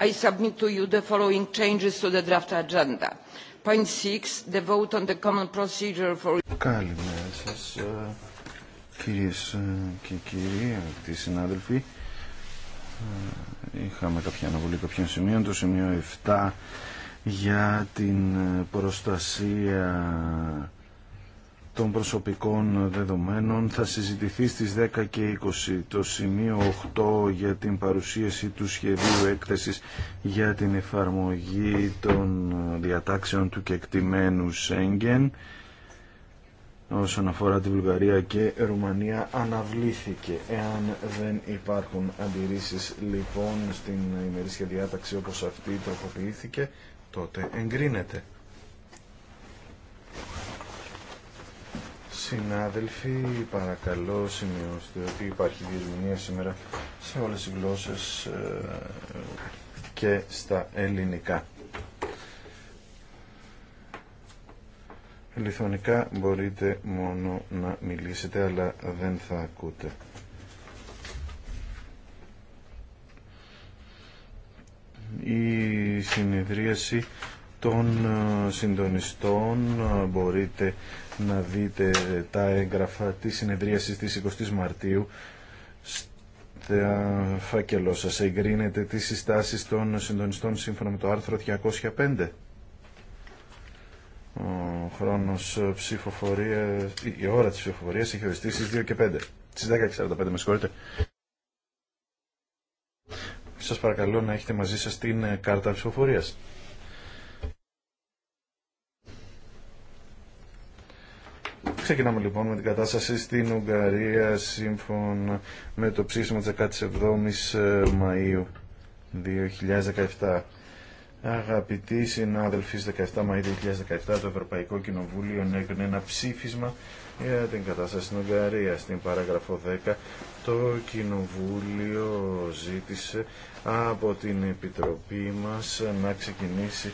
i submit to you the following changes to the agenda καλημέρα σας ε, κυρίες ε, και κύριοι αγαπητοί συνάδελφοι ε, είχαμε κάποια αναβολή κάποιων σημείων το σημείο 7 για την προστασία των προσωπικών δεδομένων θα συζητηθεί στις 10 και 20 το σημείο 8 για την παρουσίαση του σχεδίου έκθεσης για την εφαρμογή των διατάξεων του κεκτημένου Σέγγεν όσον αφορά τη Βουλγαρία και Ρουμανία αναβλήθηκε εάν δεν υπάρχουν αντιρρήσεις λοιπόν στην ημερήσια διάταξη όπως αυτή τροποποιήθηκε τότε εγκρίνεται Συνάδελφοι, παρακαλώ σημειώστε ότι υπάρχει διερμηνία σήμερα σε όλες τις γλώσσες ε, και στα ελληνικά. Λιθωνικά μπορείτε μόνο να μιλήσετε, αλλά δεν θα ακούτε. Η συνεδρίαση των ε, συντονιστών ε, μπορείτε να δείτε τα έγγραφα της συνεδρίασης της 20 Μαρτίου στα φάκελό σας. Εγκρίνετε τις συστάσεις των συντονιστών σύμφωνα με το άρθρο 205. Ο χρόνος ψηφοφορίας, η ώρα της ψηφοφορίας έχει οριστεί στις 2 και 5. Στις 10.45 με συγχωρείτε. Σας παρακαλώ να έχετε μαζί σας την κάρτα ψηφοφορίας. Ξεκινάμε λοιπόν με την κατάσταση στην Ουγγαρία σύμφωνα με το ψήφισμα της 17ης ε, Μαΐου 2017. Αγαπητοί συνάδελφοι, στις 17 Μαΐου 2017 το Ευρωπαϊκό Κοινοβούλιο έκανε ένα ψήφισμα για την κατάσταση στην Ουγγαρία. Στην παράγραφο 10 το Κοινοβούλιο ζήτησε από την Επιτροπή μας να ξεκινήσει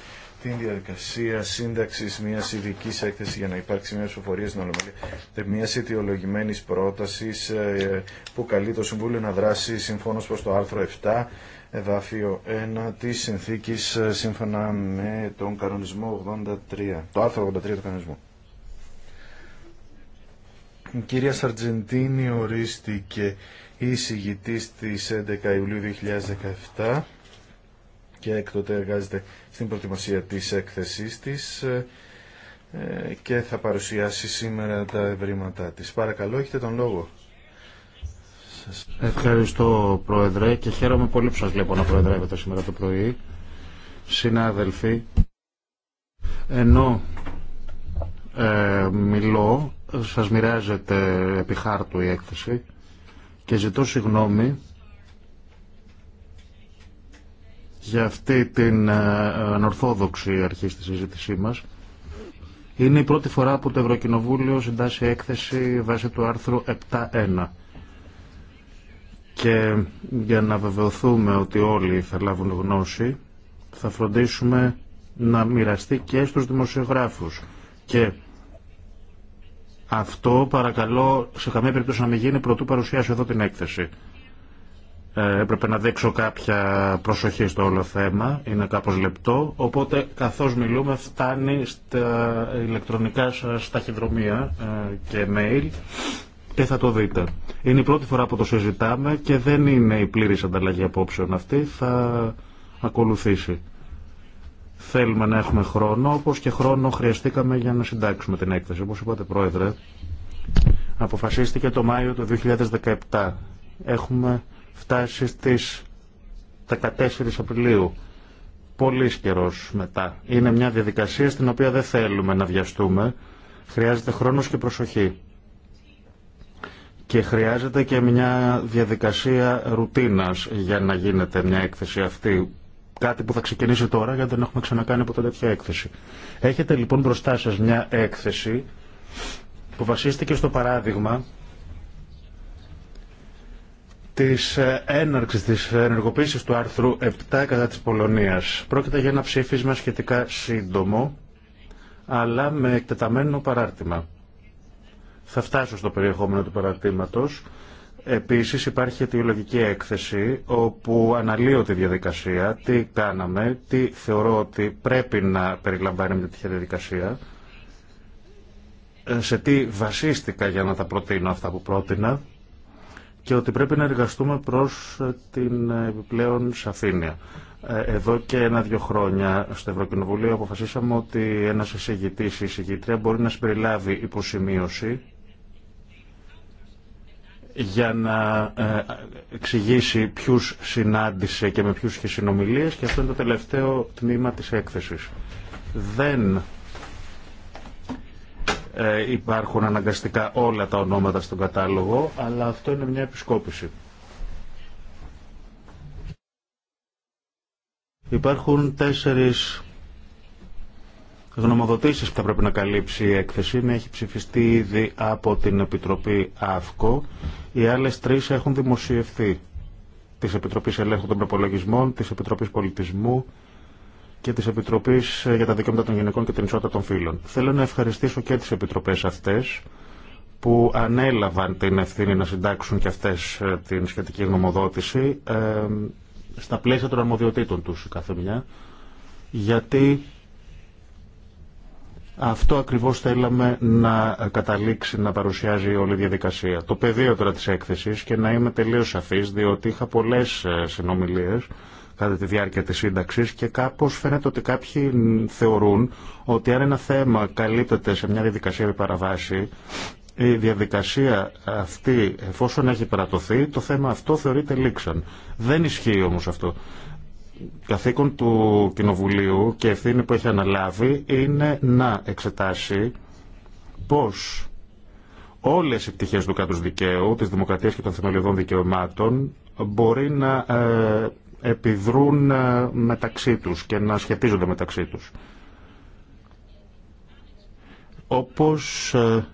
την διαδικασία σύνταξη μια ειδική έκθεση για να υπάρξει μια ψηφοφορία στην Ολομέλεια ε, μια αιτιολογημένη πρόταση ε, που καλεί το Συμβούλιο να δράσει συμφώνω προ το άρθρο 7 εδάφιο 1 τη συνθήκη. Ε, σύμφωνα με τον κανονισμό 83 το άρθρο 83 του κανονισμού η κυρία Σαρτζεντίνη ορίστηκε εισηγητής της 11 Ιουλίου 2017 και έκτοτε εργάζεται στην προετοιμασία της έκθεσής της ε, και θα παρουσιάσει σήμερα τα ευρήματά της. Παρακαλώ, έχετε τον λόγο. Ευχαριστώ, Πρόεδρε, και χαίρομαι πολύ που σας βλέπω να προεδρεύετε σήμερα το πρωί. Συνάδελφοι, ενώ ε, μιλώ, σας μοιράζεται επί χάρτου η έκθεση και ζητώ συγγνώμη για αυτή την ε, ανορθόδοξη αρχή στη συζήτησή μας. Είναι η πρώτη φορά που το Ευρωκοινοβούλιο συντάσσει έκθεση βάσει του άρθρου 7.1. Και για να βεβαιωθούμε ότι όλοι θα λάβουν γνώση, θα φροντίσουμε να μοιραστεί και στους δημοσιογράφους. Και αυτό παρακαλώ σε καμία περίπτωση να μην γίνει πρωτού παρουσιάσω εδώ την έκθεση. Ε, έπρεπε να δείξω κάποια προσοχή στο όλο θέμα, είναι κάπως λεπτό, οπότε καθώς μιλούμε φτάνει στα ηλεκτρονικά σας ταχυδρομεία ε, και mail και θα το δείτε. Είναι η πρώτη φορά που το συζητάμε και δεν είναι η πλήρης ανταλλαγή απόψεων αυτή, θα ακολουθήσει. Θέλουμε να έχουμε χρόνο, όπως και χρόνο χρειαστήκαμε για να συντάξουμε την έκθεση. Όπως είπατε, Πρόεδρε, αποφασίστηκε το Μάιο του 2017. Έχουμε φτάσει στις 14 Απριλίου. Πολύ καιρό μετά. Είναι μια διαδικασία στην οποία δεν θέλουμε να βιαστούμε. Χρειάζεται χρόνος και προσοχή. Και χρειάζεται και μια διαδικασία ρουτίνας για να γίνεται μια έκθεση αυτή. Κάτι που θα ξεκινήσει τώρα γιατί δεν έχουμε ξανακάνει ποτέ τέτοια έκθεση. Έχετε λοιπόν μπροστά σας μια έκθεση που βασίστηκε στο παράδειγμα της ε, έναρξη, τη ενεργοποίησης του άρθρου 7 κατά της Πολωνίας. Πρόκειται για ένα ψήφισμα σχετικά σύντομο, αλλά με εκτεταμένο παράρτημα. Θα φτάσω στο περιεχόμενο του παραρτήματος. Επίσης υπάρχει αιτιολογική έκθεση όπου αναλύω τη διαδικασία, τι κάναμε, τι θεωρώ ότι πρέπει να περιλαμβάνουμε τη διαδικασία, ε, σε τι βασίστηκα για να τα προτείνω αυτά που πρότεινα και ότι πρέπει να εργαστούμε προς ε, την επιπλέον σαφήνεια. Ε, εδώ και ένα-δύο χρόνια στο Ευρωκοινοβουλίο αποφασίσαμε ότι ένας εισηγητής ή εισηγητρία μπορεί να συμπεριλάβει υποσημείωση για να ε, εξηγήσει ποιους συνάντησε και με ποιους είχε συνομιλίες και αυτό είναι το τελευταίο τμήμα της έκθεσης. Δεν ε, υπάρχουν αναγκαστικά όλα τα ονόματα στον κατάλογο, αλλά αυτό είναι μια επισκόπηση. Υπάρχουν τέσσερις γνωμοδοτήσεις που θα πρέπει να καλύψει η έκθεση. έχει ψηφιστεί ήδη από την Επιτροπή ΑΦΚΟ. Οι άλλες τρεις έχουν δημοσιευθεί. Της Επιτροπής Ελέγχου των Προπολογισμών, της Επιτροπής Πολιτισμού και τη Επιτροπή ε, για τα Δικαιώματα των Γυναικών και την Ισότητα των Φίλων. Θέλω να ευχαριστήσω και τι επιτροπέ αυτέ που ανέλαβαν την ευθύνη να συντάξουν και αυτέ ε, την σχετική γνωμοδότηση ε, στα πλαίσια των αρμοδιοτήτων του κάθε μια. Γιατί αυτό ακριβώς θέλαμε να καταλήξει να παρουσιάζει όλη η διαδικασία. Το πεδίο τώρα της έκθεσης και να είμαι τελείως σαφής, διότι είχα πολλές συνομιλίες κατά τη διάρκεια της σύνταξης και κάπως φαίνεται ότι κάποιοι θεωρούν ότι αν ένα θέμα καλύπτεται σε μια διαδικασία με παραβάση η διαδικασία αυτή εφόσον έχει περατωθεί το θέμα αυτό θεωρείται λήξαν. Δεν ισχύει όμως αυτό καθήκον του Κοινοβουλίου και ευθύνη που έχει αναλάβει είναι να εξετάσει πώς όλες οι πτυχές του κράτους δικαίου, της δημοκρατίας και των θεμελιωδών δικαιωμάτων μπορεί να ε, επιδρούν ε, μεταξύ τους και να σχετίζονται μεταξύ τους. Όπως ε,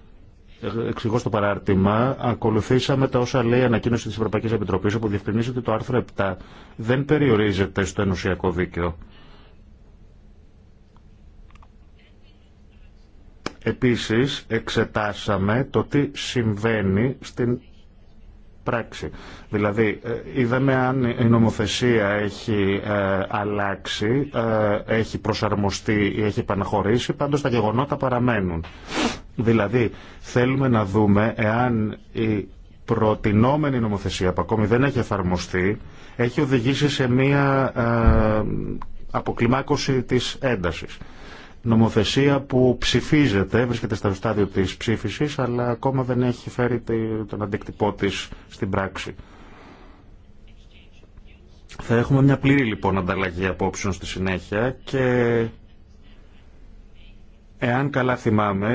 εξηγώ στο παράρτημα, ακολουθήσαμε τα όσα λέει η ανακοίνωση της Ευρωπαϊκής Επιτροπής, όπου διευκρινίζεται ότι το άρθρο 7 δεν περιορίζεται στο ενωσιακό δίκαιο. Επίσης, εξετάσαμε το τι συμβαίνει στην πράξη. Δηλαδή, ε, είδαμε αν η νομοθεσία έχει ε, αλλάξει, ε, έχει προσαρμοστεί ή έχει επαναχωρήσει, πάντως τα γεγονότα παραμένουν. Δηλαδή, θέλουμε να δούμε εάν η προτινόμενη νομοθεσία που ακόμη δεν έχει εφαρμοστεί, έχει οδηγήσει σε μία ε, αποκλιμάκωση της έντασης νομοθεσία που ψηφίζεται, βρίσκεται στο στάδιο της ψήφισή, αλλά ακόμα δεν έχει φέρει τον αντίκτυπό τη στην πράξη. Θα έχουμε μια πλήρη λοιπόν ανταλλαγή απόψεων στη συνέχεια και Εάν καλά θυμάμαι,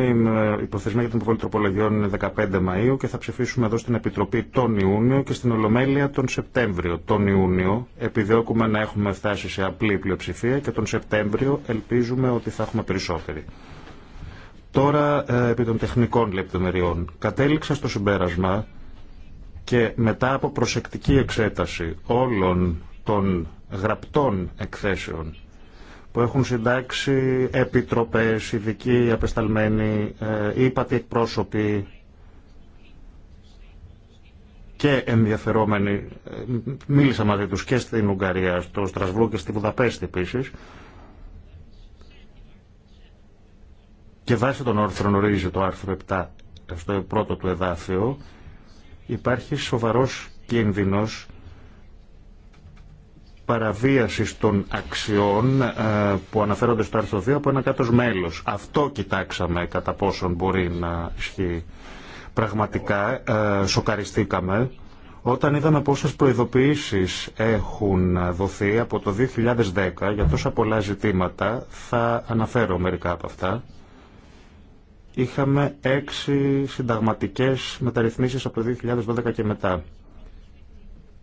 η υποθεσμένη για την υποβολή τροπολογιών είναι 15 Μαΐου και θα ψηφίσουμε εδώ στην Επιτροπή τον Ιούνιο και στην Ολομέλεια τον Σεπτέμβριο. Τον Ιούνιο επιδιώκουμε να έχουμε φτάσει σε απλή πλειοψηφία και τον Σεπτέμβριο ελπίζουμε ότι θα έχουμε περισσότεροι. Τώρα, ε, επί των τεχνικών λεπτομεριών, κατέληξα στο συμπέρασμα και μετά από προσεκτική εξέταση όλων των γραπτών εκθέσεων που έχουν συντάξει επιτροπές, ειδικοί απεσταλμένοι, ε, ύπατοι εκπρόσωποι και ενδιαφερόμενοι. Ε, μίλησα μαζί τους και στην Ουγγαρία, στο Στρασβούργο και στη Βουδαπέστη επίση. Και βάσει των όρθρων ορίζει το άρθρο 7 ε, στο πρώτο του εδάφιο, υπάρχει σοβαρός κίνδυνος Παραβίαση των αξιών ε, που αναφέρονται στο άρθρο 2 από ένα κάτω μέλος. Αυτό κοιτάξαμε κατά πόσον μπορεί να ισχύει. Πραγματικά ε, σοκαριστήκαμε όταν είδαμε πόσες προειδοποιήσεις έχουν δοθεί από το 2010 για τόσα πολλά ζητήματα, θα αναφέρω μερικά από αυτά. Είχαμε έξι συνταγματικές μεταρρυθμίσεις από το 2012 και μετά.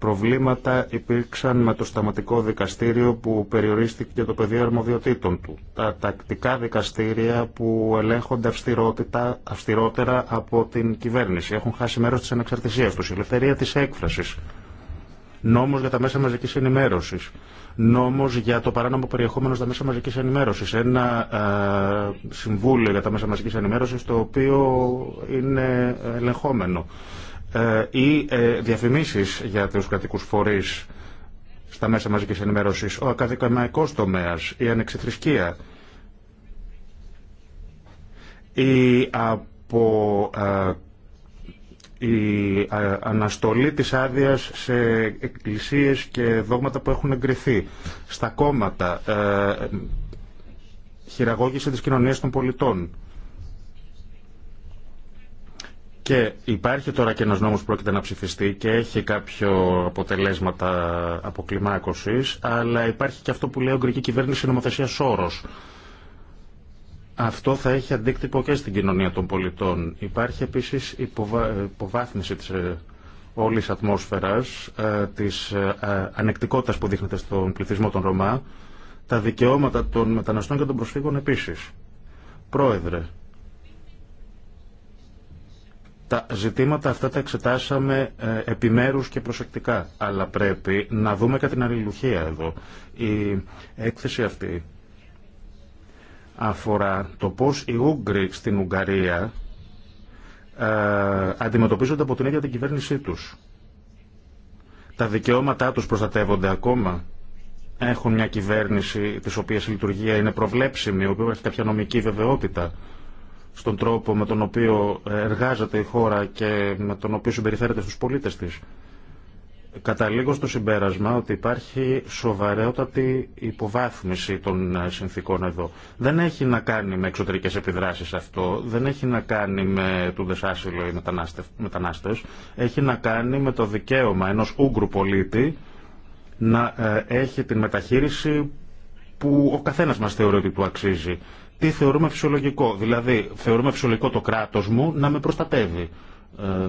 Προβλήματα υπήρξαν με το σταματικό δικαστήριο που περιορίστηκε το πεδίο αρμοδιοτήτων του. Τα τακτικά δικαστήρια που ελέγχονται αυστηρότητα, αυστηρότερα από την κυβέρνηση. Έχουν χάσει μέρος της ανεξαρτησίας τους. Η ελευθερία της έκφρασης. Νόμος για τα μέσα μαζικής ενημέρωσης. Νόμος για το παράνομο περιεχόμενο στα μέσα μαζικής ενημέρωσης. Ένα ε, συμβούλιο για τα μέσα μαζικής ενημέρωσης το οποίο είναι ελεγχόμενο. Ε, ή ε, διαφημίσεις για τους κρατικούς φορείς στα μέσα μαζικής ενημέρωσης, ο ακαδημαϊκός τομέας, η ανεξιθρησκεία, η, από, ε, η αναστολή της άδειας σε εκκλησίες και δόγματα που έχουν εγκριθεί, στα κόμματα, χειραγώγηση της κοινωνίας των πολιτών. Και υπάρχει τώρα και ένας νόμος που πρόκειται να ψηφιστεί και έχει κάποιο αποτελέσματα αποκλιμάκωσης, αλλά υπάρχει και αυτό που λέει ο Ουγγρική Κυβέρνηση Νομοθεσία Όρος. Αυτό θα έχει αντίκτυπο και στην κοινωνία των πολιτών. Υπάρχει επίσης η υποβάθμιση της ε, όλης ατμόσφαιρας, ε, της ε, ανεκτικότητας που δείχνεται στον πληθυσμό των Ρωμά, τα δικαιώματα των μεταναστών και των προσφύγων επίσης. Πρόεδρε, τα ζητήματα αυτά τα εξετάσαμε ε, επιμέρους και προσεκτικά, αλλά πρέπει να δούμε κατά την αλληλουχία εδώ. Η έκθεση αυτή αφορά το πώς οι Ούγγροι στην Ουγγαρία ε, αντιμετωπίζονται από την ίδια την κυβέρνησή τους. Τα δικαιώματά τους προστατεύονται ακόμα. Έχουν μια κυβέρνηση της οποίας η λειτουργία είναι προβλέψιμη, η οποία έχει κάποια νομική βεβαιότητα στον τρόπο με τον οποίο εργάζεται η χώρα και με τον οποίο συμπεριφέρεται στους πολίτες της. Καταλήγω στο συμπέρασμα ότι υπάρχει σοβαρότατη υποβάθμιση των ε, συνθήκων εδώ. Δεν έχει να κάνει με εξωτερικές επιδράσεις αυτό, δεν έχει να κάνει με του δεσάσυλο ή μετανάστες, έχει να κάνει με το δικαίωμα ενός Ούγκρου πολίτη να ε, έχει την μεταχείριση που ο καθένας μας θεωρεί ότι του αξίζει τι θεωρούμε φυσιολογικό. Δηλαδή, θεωρούμε φυσιολογικό το κράτος μου να με προστατεύει. Ε,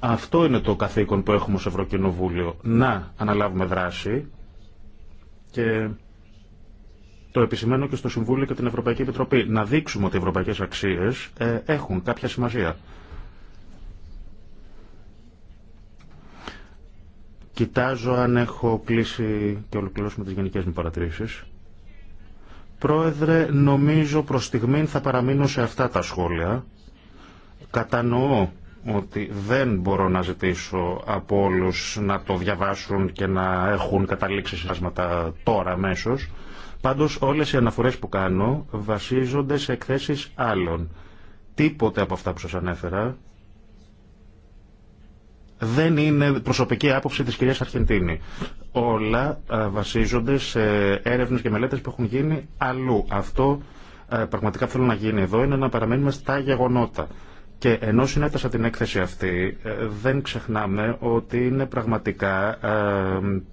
αυτό είναι το καθήκον που έχουμε ως Ευρωκοινοβούλιο. Να αναλάβουμε δράση και το επισημαίνω και στο Συμβούλιο και την Ευρωπαϊκή Επιτροπή. Να δείξουμε ότι οι ευρωπαϊκές αξίες ε, έχουν κάποια σημασία. Κοιτάζω αν έχω κλείσει και ολοκληρώσουμε τις γενικές μου παρατηρήσεις. Πρόεδρε, νομίζω προς στιγμή θα παραμείνω σε αυτά τα σχόλια. Κατανοώ ότι δεν μπορώ να ζητήσω από όλους να το διαβάσουν και να έχουν καταλήξει συνάσματα τώρα αμέσω. Πάντως όλες οι αναφορές που κάνω βασίζονται σε εκθέσεις άλλων. Τίποτε από αυτά που σας ανέφερα δεν είναι προσωπική άποψη της κυρίας Αρχεντίνη. Όλα ε, βασίζονται σε έρευνες και μελέτες που έχουν γίνει αλλού. Αυτό ε, πραγματικά θέλω να γίνει εδώ είναι να παραμένουμε στα γεγονότα. Και ενώ συνέτασα την έκθεση αυτή, ε, δεν ξεχνάμε ότι είναι πραγματικά,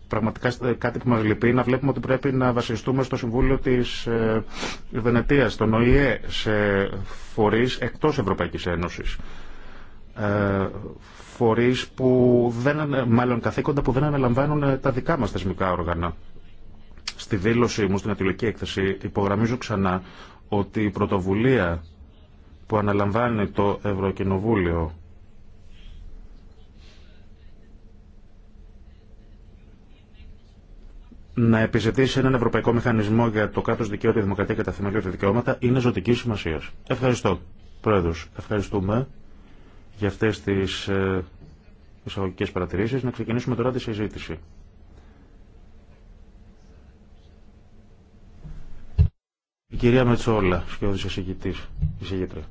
πραγματικά κάτι που μας λυπεί να βλέπουμε ότι πρέπει να βασιστούμε στο Συμβούλιο της Βενετίας, στον ΟΗΕ, σε φορείς εκτός Ευρωπαϊκής Ένωσης φορείς που δεν, μάλλον καθήκοντα που δεν αναλαμβάνουν ε, τα δικά μα θεσμικά όργανα. Στη δήλωσή μου, στην ατυλική έκθεση, υπογραμμίζω ξανά ότι η πρωτοβουλία που αναλαμβάνει το Ευρωκοινοβούλιο να επιζητήσει έναν ευρωπαϊκό μηχανισμό για το κάτω δικαιώτη, δημοκρατία και τα θεμελιώδη δικαιώματα είναι ζωτική σημασία. Ευχαριστώ. Πρόεδρος. ευχαριστούμε για αυτές τις ε, εισαγωγικές παρατηρήσεις. Να ξεκινήσουμε τώρα τη συζήτηση. Η κυρία Μετσόλα, σχεδόν εισηγητής, εισηγήτρια.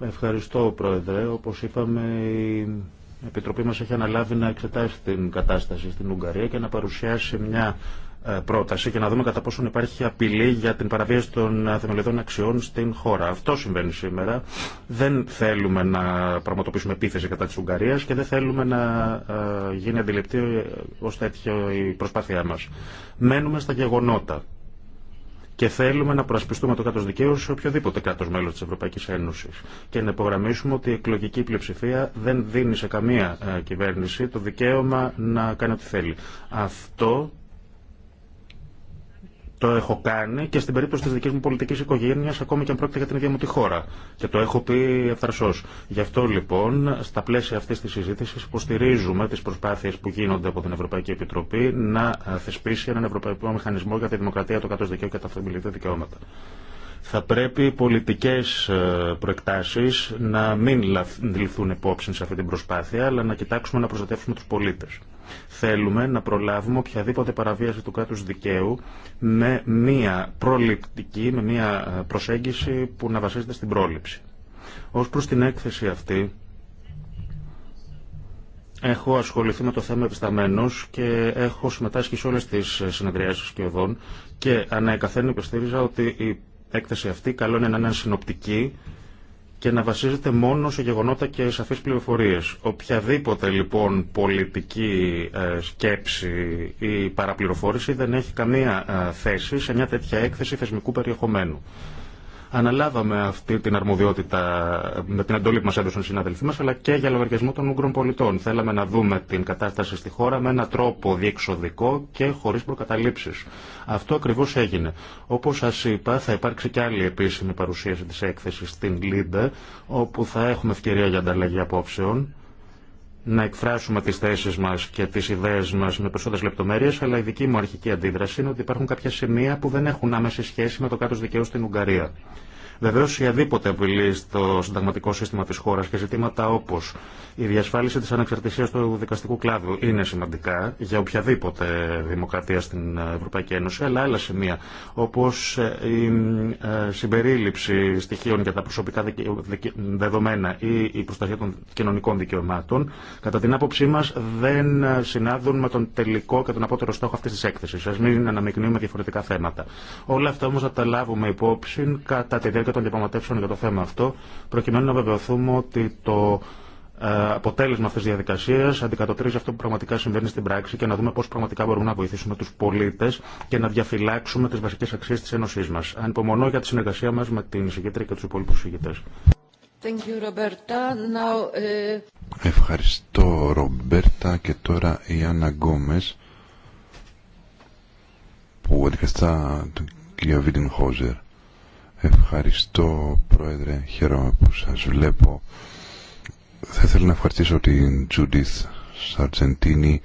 Ευχαριστώ, Πρόεδρε. Όπως είπαμε, η Επιτροπή μας έχει αναλάβει να εξετάσει την κατάσταση στην Ουγγαρία και να παρουσιάσει μια ε, πρόταση και να δούμε κατά πόσον υπάρχει απειλή για την παραβίαση των θεμελιωδών αξιών στην χώρα. Αυτό συμβαίνει σήμερα. Δεν θέλουμε να πραγματοποιήσουμε επίθεση κατά τη Ουγγαρία και δεν θέλουμε να ε, γίνει αντιληπτή ω τέτοιο η προσπάθειά μα. Μένουμε στα γεγονότα και θέλουμε να προασπιστούμε το κράτο δικαίου σε οποιοδήποτε κράτο μέλο τη Ευρωπαϊκή Ένωση. Και να υπογραμμίσουμε ότι η εκλογική πλειοψηφία δεν δίνει σε καμία ε, κυβέρνηση το δικαίωμα να κάνει ό,τι θέλει. Αυτό το έχω κάνει και στην περίπτωση τη δική μου πολιτική οικογένεια, ακόμη και αν πρόκειται για την ίδια μου τη χώρα. Και το έχω πει ευθαρσώ. Γι' αυτό λοιπόν, στα πλαίσια αυτή τη συζήτηση, υποστηρίζουμε τι προσπάθειε που γίνονται από την Ευρωπαϊκή Επιτροπή να θεσπίσει έναν ευρωπαϊκό μηχανισμό για τη δημοκρατία, το κράτο δικαίου και τα θεμελιώδη δικαιώματα. Θα πρέπει οι πολιτικές ε, προεκτάσεις να μην ληφθούν υπόψη σε αυτή την προσπάθεια, αλλά να κοιτάξουμε να προστατεύσουμε τους πολίτες. Θέλουμε να προλάβουμε οποιαδήποτε παραβίαση του κράτους δικαίου με μία προληπτική, με μία ε, προσέγγιση που να βασίζεται στην πρόληψη. Ως προς την έκθεση αυτή, Έχω ασχοληθεί με το θέμα επισταμένος και έχω συμμετάσχει σε όλε τι ε, συνεδριάσεις και οδών και αναεκαθέν υποστήριζα ότι η έκθεση αυτή καλό είναι να είναι συνοπτική και να βασίζεται μόνο σε γεγονότα και σαφείς πληροφορίες. Οποιαδήποτε λοιπόν πολιτική ε, σκέψη ή παραπληροφόρηση δεν έχει καμία ε, θέση σε μια τέτοια έκθεση θεσμικού περιεχομένου. Αναλάβαμε αυτή την αρμοδιότητα με την αντολή που μα έδωσαν οι συναδελφοί μα, αλλά και για λογαριασμό των Ούγγρων πολιτών. Θέλαμε να δούμε την κατάσταση στη χώρα με έναν τρόπο διεξοδικό και χωρί προκαταλήψει. Αυτό ακριβώ έγινε. Όπω σα είπα, θα υπάρξει και άλλη επίσημη παρουσίαση τη έκθεση στην Λίντα, όπου θα έχουμε ευκαιρία για ανταλλαγή απόψεων να εκφράσουμε τις θέσεις μας και τις ιδέες μας με περισσότερες λεπτομέρειες, αλλά η δική μου αρχική αντίδραση είναι ότι υπάρχουν κάποια σημεία που δεν έχουν άμεση σχέση με το κάτω δικαίου στην Ουγγαρία. Βεβαίω, η αδίποτε απειλή στο συνταγματικό σύστημα τη χώρα και ζητήματα όπω η διασφάλιση τη ανεξαρτησία του δικαστικού κλάδου είναι σημαντικά για οποιαδήποτε δημοκρατία στην Ευρωπαϊκή Ένωση, αλλά άλλα σημεία όπω ε, η ε, συμπερίληψη στοιχείων για τα προσωπικά δεδομένα ή η προστασία των κοινωνικών δικαιωμάτων, κατά την άποψή μα δεν συνάδουν με τον τελικό και τον απότερο στόχο αυτή τη έκθεση. Α μην αναμεικνύουμε διαφορετικά θέματα. Όλα αυτά όμω θα τα λάβουμε υπόψη κατά τη διάρκεια των διαπραγματεύσεων για το θέμα αυτό, προκειμένου να βεβαιωθούμε ότι το ε, αποτέλεσμα αυτή τη διαδικασία αντικατοπτρίζει αυτό που πραγματικά συμβαίνει στην πράξη και να δούμε πώ πραγματικά μπορούμε να βοηθήσουμε του πολίτε και να διαφυλάξουμε τι βασικέ αξίε τη Ένωσή μα. Ανυπομονώ για τη συνεργασία μα με την συγκέντρια και του υπόλοιπου συγκητέ. Ε, Ευχαριστώ Ρομπέρτα και τώρα η Άννα Γκόμε, που αντικαστά τον κυρία Βίντιν Χόζερ. Ευχαριστώ Πρόεδρε, χαίρομαι που σας βλέπω. Θα ήθελα να ευχαριστήσω την Τζουντίθ Σαρτζεντίνη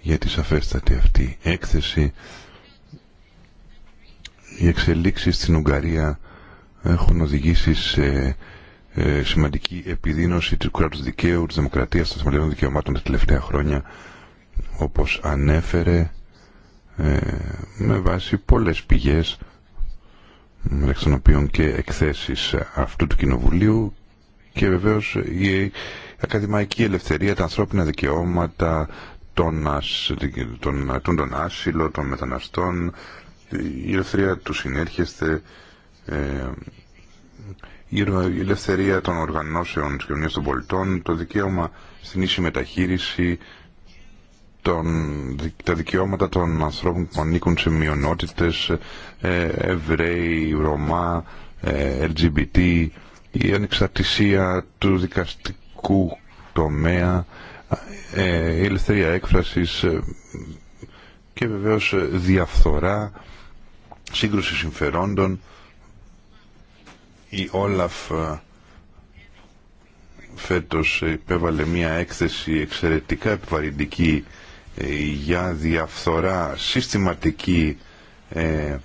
για τη σαφέστατη αυτή έκθεση. Οι εξελίξεις στην Ουγγαρία έχουν οδηγήσει σε ε, σημαντική επιδείνωση του κράτους δικαίου, της δημοκρατίας, των θεμελιών δικαιωμάτων τα τελευταία χρόνια, όπως ανέφερε ε, με βάση πολλές πηγές μεταξύ των οποίων και εκθέσεις αυτού του Κοινοβουλίου και βεβαίως η ακαδημαϊκή ελευθερία, τα ανθρώπινα δικαιώματα, τον, τον, τον, των μεταναστών, η ελευθερία του συνέρχεστε, ε, η ελευθερία των οργανώσεων της κοινωνίας των πολιτών, το δικαίωμα στην ίση μεταχείριση, τον, τα δικαιώματα των ανθρώπων που ανήκουν σε μειονότητες, ε, ε, Εβραίοι, Ρωμά, LGBT, ε, η ανεξαρτησία του δικαστικού τομέα, η ελευθερία έκφρασης και βεβαίως διαφθορά, σύγκρουση συμφερόντων. Η Όλαφ φέτος υπέβαλε μια έκθεση εξαιρετικά επιβαρυντική ε, για διαφθορά συστηματική ε,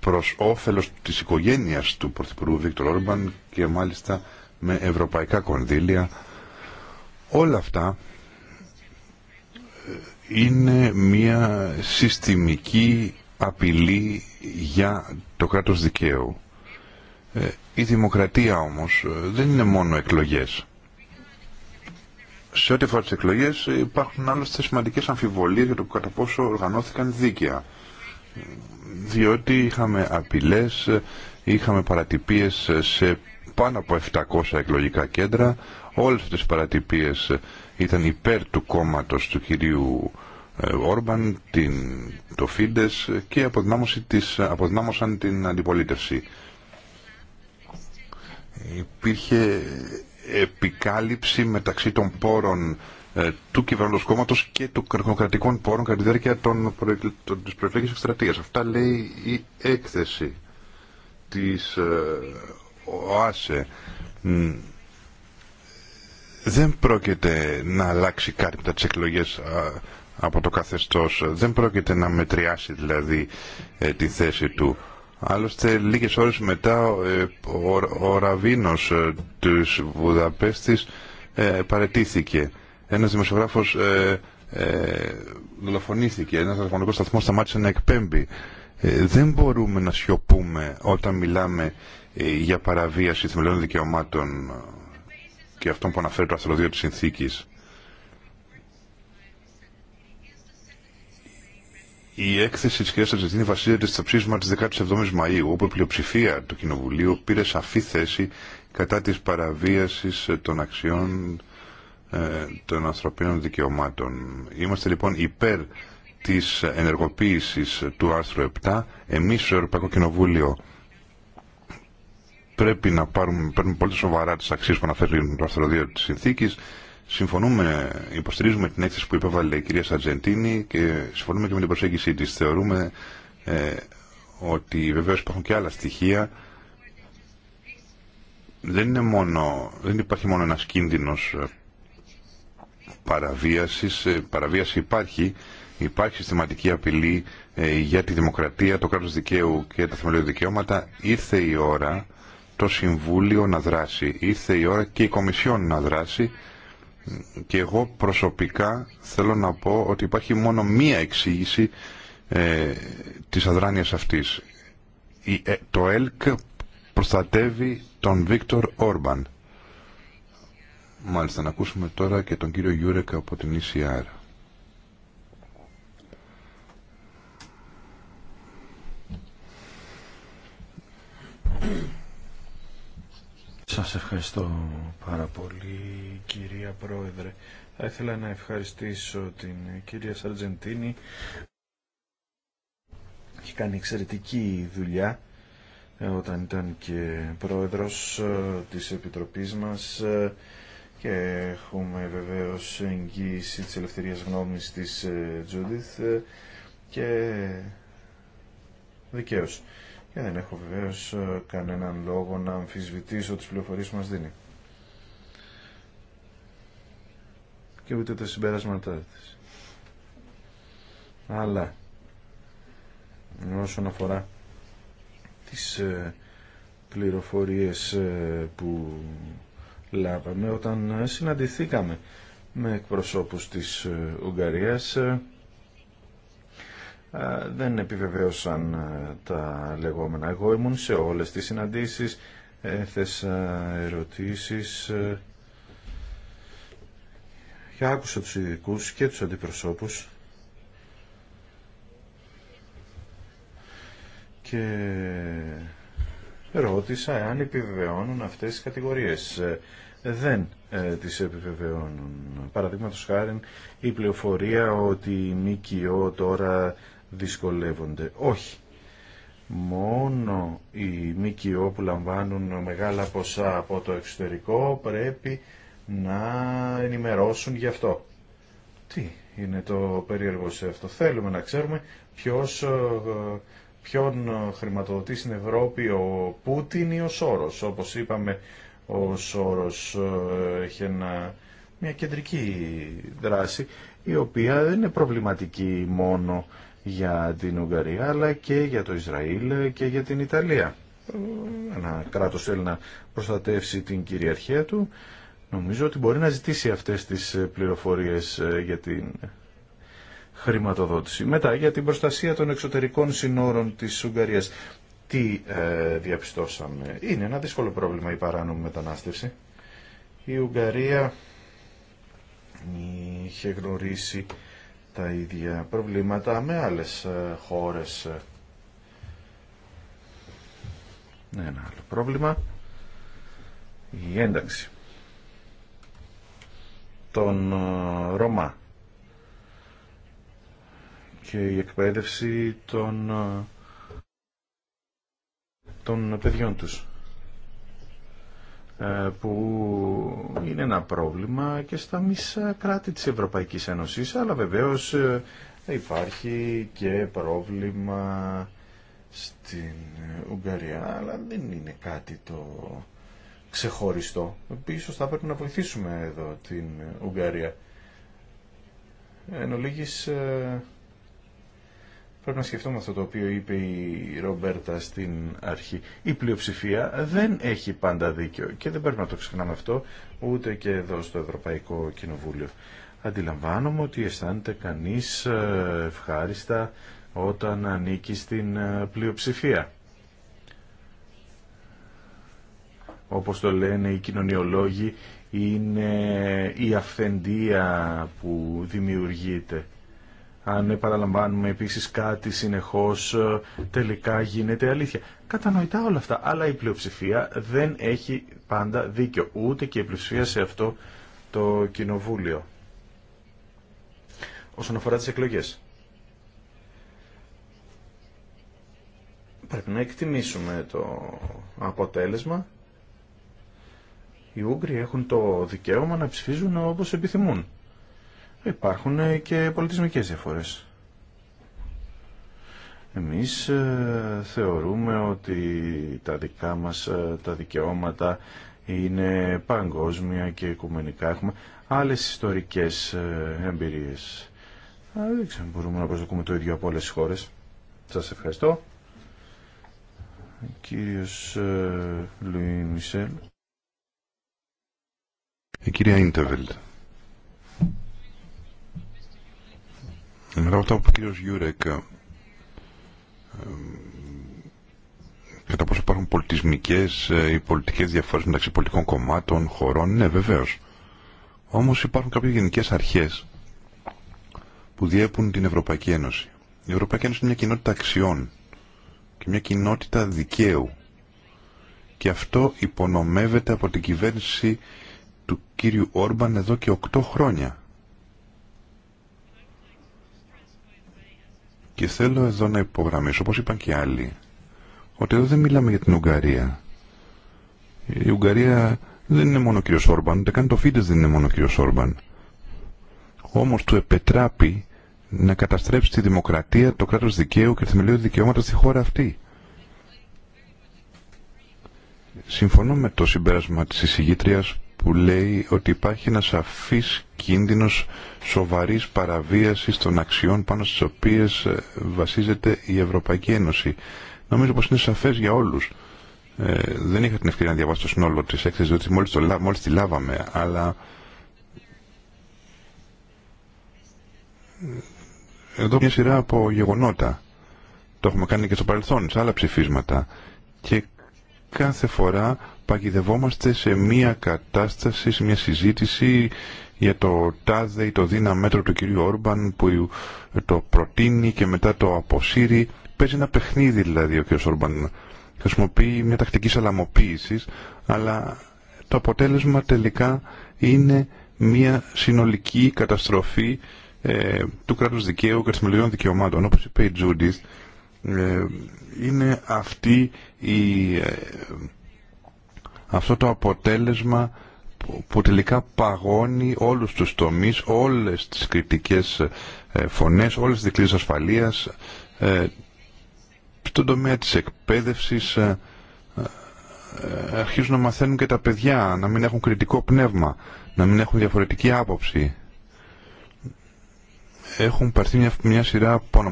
προς όφελος της οικογένειας του Πρωθυπουργού Βίκτορ Όρμπαν και μάλιστα με ευρωπαϊκά κονδύλια. Όλα αυτά ε, είναι μια συστημική απειλή για το κράτος δικαίου. Η δημοκρατία όμως δεν είναι μόνο εκλογές σε ό,τι αφορά τι εκλογέ υπάρχουν άλλωστε σημαντικέ αμφιβολίε για το κατά πόσο οργανώθηκαν δίκαια. Διότι είχαμε απειλέ, είχαμε παρατυπίε σε πάνω από 700 εκλογικά κέντρα. Όλε αυτέ οι παρατυπίε ήταν υπέρ του κόμματο του κυρίου ε, Όρμπαν, την, το Φίντε και της, αποδυνάμωσαν την αντιπολίτευση. Υπήρχε επικάλυψη μεταξύ των πόρων ε, του κυβερνώντος και των κρατικών πόρων κατά τη διάρκεια των της Αυτά λέει η έκθεση της ε, ΟΑΣΕ. Δεν πρόκειται να αλλάξει κάτι μετά τις εκλογές από το καθεστώς. Δεν πρόκειται να μετριάσει δηλαδή ε, τη θέση του. Άλλωστε λίγες ώρες μετά ο, ε, ο, ο Ραβίνος ε, της Βουδαπέστης ε, παρετήθηκε. Ένας δημοσιογράφος ε, ε, δολοφονήθηκε, ένας δημοσιογραφικός σταθμός σταμάτησε να εκπέμπει. δεν μπορούμε να σιωπούμε όταν μιλάμε για παραβίαση θεμελιών δικαιωμάτων και αυτών που αναφέρει το αστροδίο της συνθήκης. Η έκθεση τη κυρία Σαρτζετίνη βασίζεται στο ψήσμα τη 17η Μαου, όπου η πλειοψηφία του Κοινοβουλίου πήρε σαφή θέση κατά τη παραβίαση των αξιών ε, των ανθρωπίνων δικαιωμάτων. Είμαστε λοιπόν υπέρ τη ενεργοποίηση του άρθρου 7. Εμεί στο Ευρωπαϊκό Κοινοβούλιο πρέπει να πάρουμε, παίρνουμε πολύ σοβαρά τις αξίες που αναφέρει το άρθρο 2 τη συνθήκη Συμφωνούμε, υποστηρίζουμε την έκθεση που υπέβαλε η κυρία Σαρτζεντίνη και συμφωνούμε και με την προσέγγιση της. Θεωρούμε ε, ότι βεβαίως υπάρχουν και άλλα στοιχεία. Δεν, είναι μόνο, δεν υπάρχει μόνο ένας κίνδυνος ε, παραβίασης. Ε, παραβίαση υπάρχει. Υπάρχει συστηματική απειλή ε, για τη δημοκρατία, το κράτος δικαίου και τα θεμελιώδη δικαιώματα. Ήρθε η ώρα το Συμβούλιο να δράσει. Ήρθε η ώρα και η Κομισιόν να δράσει και εγώ προσωπικά θέλω να πω ότι υπάρχει μόνο μία εξήγηση ε, της αδράνειας αυτής. Ε, το ΕΛΚ προστατεύει τον Βίκτορ Όρμπαν. Μάλιστα, να ακούσουμε τώρα και τον κύριο Γιούρεκ από την ECR. Σας ευχαριστώ πάρα πολύ κυρία Πρόεδρε. Θα ήθελα να ευχαριστήσω την κυρία Σαρτζεντίνη. Έχει κάνει εξαιρετική δουλειά ε, όταν ήταν και πρόεδρος ε, της Επιτροπής μας ε, και έχουμε βεβαίως εγγύηση της ελευθερίας γνώμης της Τζούντιθ και δικαίως δεν έχω βεβαίω ε, κανέναν λόγο να αμφισβητήσω τις πληροφορίες που μας δίνει. Και ούτε τα συμπεράσματά της. Αλλά όσον αφορά τις ε, πληροφορίες ε, που λάβαμε όταν συναντηθήκαμε με εκπροσώπους της Ουγγαρίας δεν επιβεβαίωσαν τα λεγόμενα. Εγώ ήμουν σε όλες τις συναντήσεις, έθεσα ερωτήσεις και άκουσα τους ειδικού και τους αντιπροσώπους και ρώτησα αν επιβεβαιώνουν αυτές τις κατηγορίες. Δεν ε, τις επιβεβαιώνουν. Παραδείγματος χάρη η πληροφορία ότι η ΜΚΟ τώρα δυσκολεύονται. Όχι. Μόνο οι ΜΚΟ που λαμβάνουν μεγάλα ποσά από το εξωτερικό πρέπει να ενημερώσουν γι' αυτό. Τι είναι το περίεργο σε αυτό. Θέλουμε να ξέρουμε ποιος, ε, ποιον χρηματοδοτεί στην Ευρώπη ο Πούτιν ή ο Σόρος. Όπως είπαμε ο Σόρος ε, έχει ένα, μια κεντρική δράση η ο σορος οπως ειπαμε ο σορος εχει μια κεντρικη δραση η οποια δεν είναι προβληματική μόνο για την Ουγγαρία αλλά και για το Ισραήλ και για την Ιταλία. Ένα κράτος θέλει να προστατεύσει την κυριαρχία του. Νομίζω ότι μπορεί να ζητήσει αυτές τις πληροφορίες ε, για την χρηματοδότηση. Μετά για την προστασία των εξωτερικών συνόρων της Ουγγαρίας. Τι ε, διαπιστώσαμε. Είναι ένα δύσκολο πρόβλημα η παράνομη μετανάστευση. Η Ουγγαρία είχε γνωρίσει τα ίδια προβλήματα με άλλες ε, χώρες. Ένα άλλο πρόβλημα. Η ένταξη των ε, Ρωμά και η εκπαίδευση των, ε, των παιδιών τους. Ε, που είναι ένα πρόβλημα και στα μισά κράτη της Ευρωπαϊκής Ένωσης, αλλά βεβαίως ε, υπάρχει και πρόβλημα στην Ουγγαρία, αλλά δεν είναι κάτι το ξεχωριστό. Ίσως θα πρέπει να βοηθήσουμε εδώ την Ουγγαρία. Εν ε, Πρέπει να σκεφτούμε αυτό το οποίο είπε η Ρομπέρτα στην αρχή. Η πλειοψηφία δεν έχει πάντα δίκιο και δεν πρέπει να το ξεχνάμε αυτό ούτε και εδώ στο Ευρωπαϊκό Κοινοβούλιο. Αντιλαμβάνομαι ότι αισθάνεται κανείς ε, ευχάριστα όταν ανήκει στην ε, πλειοψηφία. Όπως το λένε οι κοινωνιολόγοι, είναι η αυθεντία που δημιουργείται αν επαναλαμβάνουμε επίσης κάτι συνεχώς ε, τελικά γίνεται αλήθεια. Κατανοητά όλα αυτά, αλλά η πλειοψηφία δεν έχει πάντα δίκιο, ούτε και η πλειοψηφία σε αυτό το κοινοβούλιο. Όσον αφορά τις εκλογές. Πρέπει να εκτιμήσουμε το αποτέλεσμα. Οι Ούγγροι έχουν το δικαίωμα να ψηφίζουν όπως επιθυμούν υπάρχουν ε, και πολιτισμικές διαφορές. Εμείς ε, θεωρούμε ότι τα δικά μας ε, τα δικαιώματα είναι παγκόσμια και οικουμενικά. Έχουμε άλλες ιστορικές εμπειρίες. Δεν ξέρω μπορούμε να προσδοκούμε το ίδιο από όλες τις χώρες. Σας ευχαριστώ. Κύριος Λουί Η κυρία Ιντεβελτ. Μετά από ο κύριος Γιούρεκ ε, ε, κατά πόσο υπάρχουν πολιτισμικές ε, ή πολιτικές διαφορές μεταξύ πολιτικών κομμάτων, χωρών, ναι βεβαίως. Όμως υπάρχουν κάποιες γενικές αρχές που διέπουν την Ευρωπαϊκή Ένωση. Η Ευρωπαϊκή Ένωση είναι μια κοινότητα αξιών και μια κοινότητα δικαίου. Και αυτό υπονομεύεται από την κυβέρνηση του κύριου Όρμπαν εδώ και 8 χρόνια. Και θέλω εδώ να υπογραμμίσω, όπως είπαν και άλλοι, ότι εδώ δεν μιλάμε για την Ουγγαρία. Η Ουγγαρία δεν είναι μόνο ο κ. Σόρμπαν ούτε καν το Φίντες δεν είναι μόνο ο κ. Σόρμπαν Όμως του επετράπει να καταστρέψει τη δημοκρατία, το κράτος δικαίου και τη θεμελιώδη δικαιώματα στη χώρα αυτή. Συμφωνώ με το συμπέρασμα της εισηγήτριας που λέει ότι υπάρχει ένας σαφής κίνδυνος σοβαρής παραβίασης των αξιών πάνω στις οποίες ε, βασίζεται η Ευρωπαϊκή Ένωση. Νομίζω πως είναι σαφές για όλους. Ε, δεν είχα την ευκαιρία να διαβάσω το συνόλο της έκθεσης, διότι μόλις, το, μόλις τη λάβαμε, αλλά ε, εδώ μια σειρά από γεγονότα. Το έχουμε κάνει και στο παρελθόν, σε άλλα ψηφίσματα. Και κάθε φορά παγιδευόμαστε σε μια κατάσταση, σε μια συζήτηση για το τάδε ή το δίνα μέτρο του κυρίου Όρμπαν που το προτείνει και μετά το αποσύρει. Παίζει ένα παιχνίδι δηλαδή ο κύριος Όρμπαν. Χρησιμοποιεί μια τακτική σαλαμοποίησης, αλλά το αποτέλεσμα τελικά είναι μια συνολική καταστροφή ε, του κράτους δικαίου και των δικαιωμάτων. Όπως είπε η ε, είναι αυτή η... Ε, αυτό το αποτέλεσμα που τελικά παγώνει όλους τους τομείς, όλες τις κριτικές ε, φωνές, όλες τις δικλείες ασφαλείας, ε, στον τομέα της εκπαίδευσης ε, αρχίζουν να μαθαίνουν και τα παιδιά να μην έχουν κριτικό πνεύμα, να μην έχουν διαφορετική άποψη έχουν παρθεί μια, σειρά από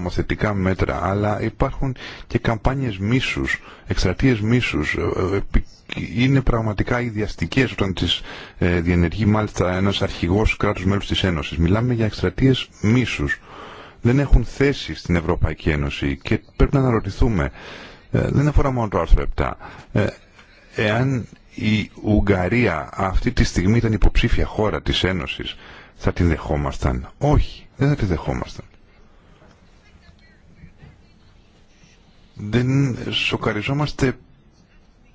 μέτρα, αλλά υπάρχουν και καμπάνιες μίσους, εκστρατείες μίσους. Ε, ε, είναι πραγματικά ιδιαστικές όταν τις ε, διενεργεί μάλιστα ένας αρχηγός κράτους μέλους της Ένωσης. Μιλάμε για εκστρατείες μίσους. Δεν έχουν θέση στην Ευρωπαϊκή Ένωση και πρέπει να αναρωτηθούμε. Ε, δεν αφορά μόνο το άρθρο 7. εάν η Ουγγαρία αυτή τη στιγμή ήταν υποψήφια χώρα της Ένωσης, θα τη δεχόμασταν. Όχι, δεν θα τη δεχόμασταν. Δεν σοκαριζόμαστε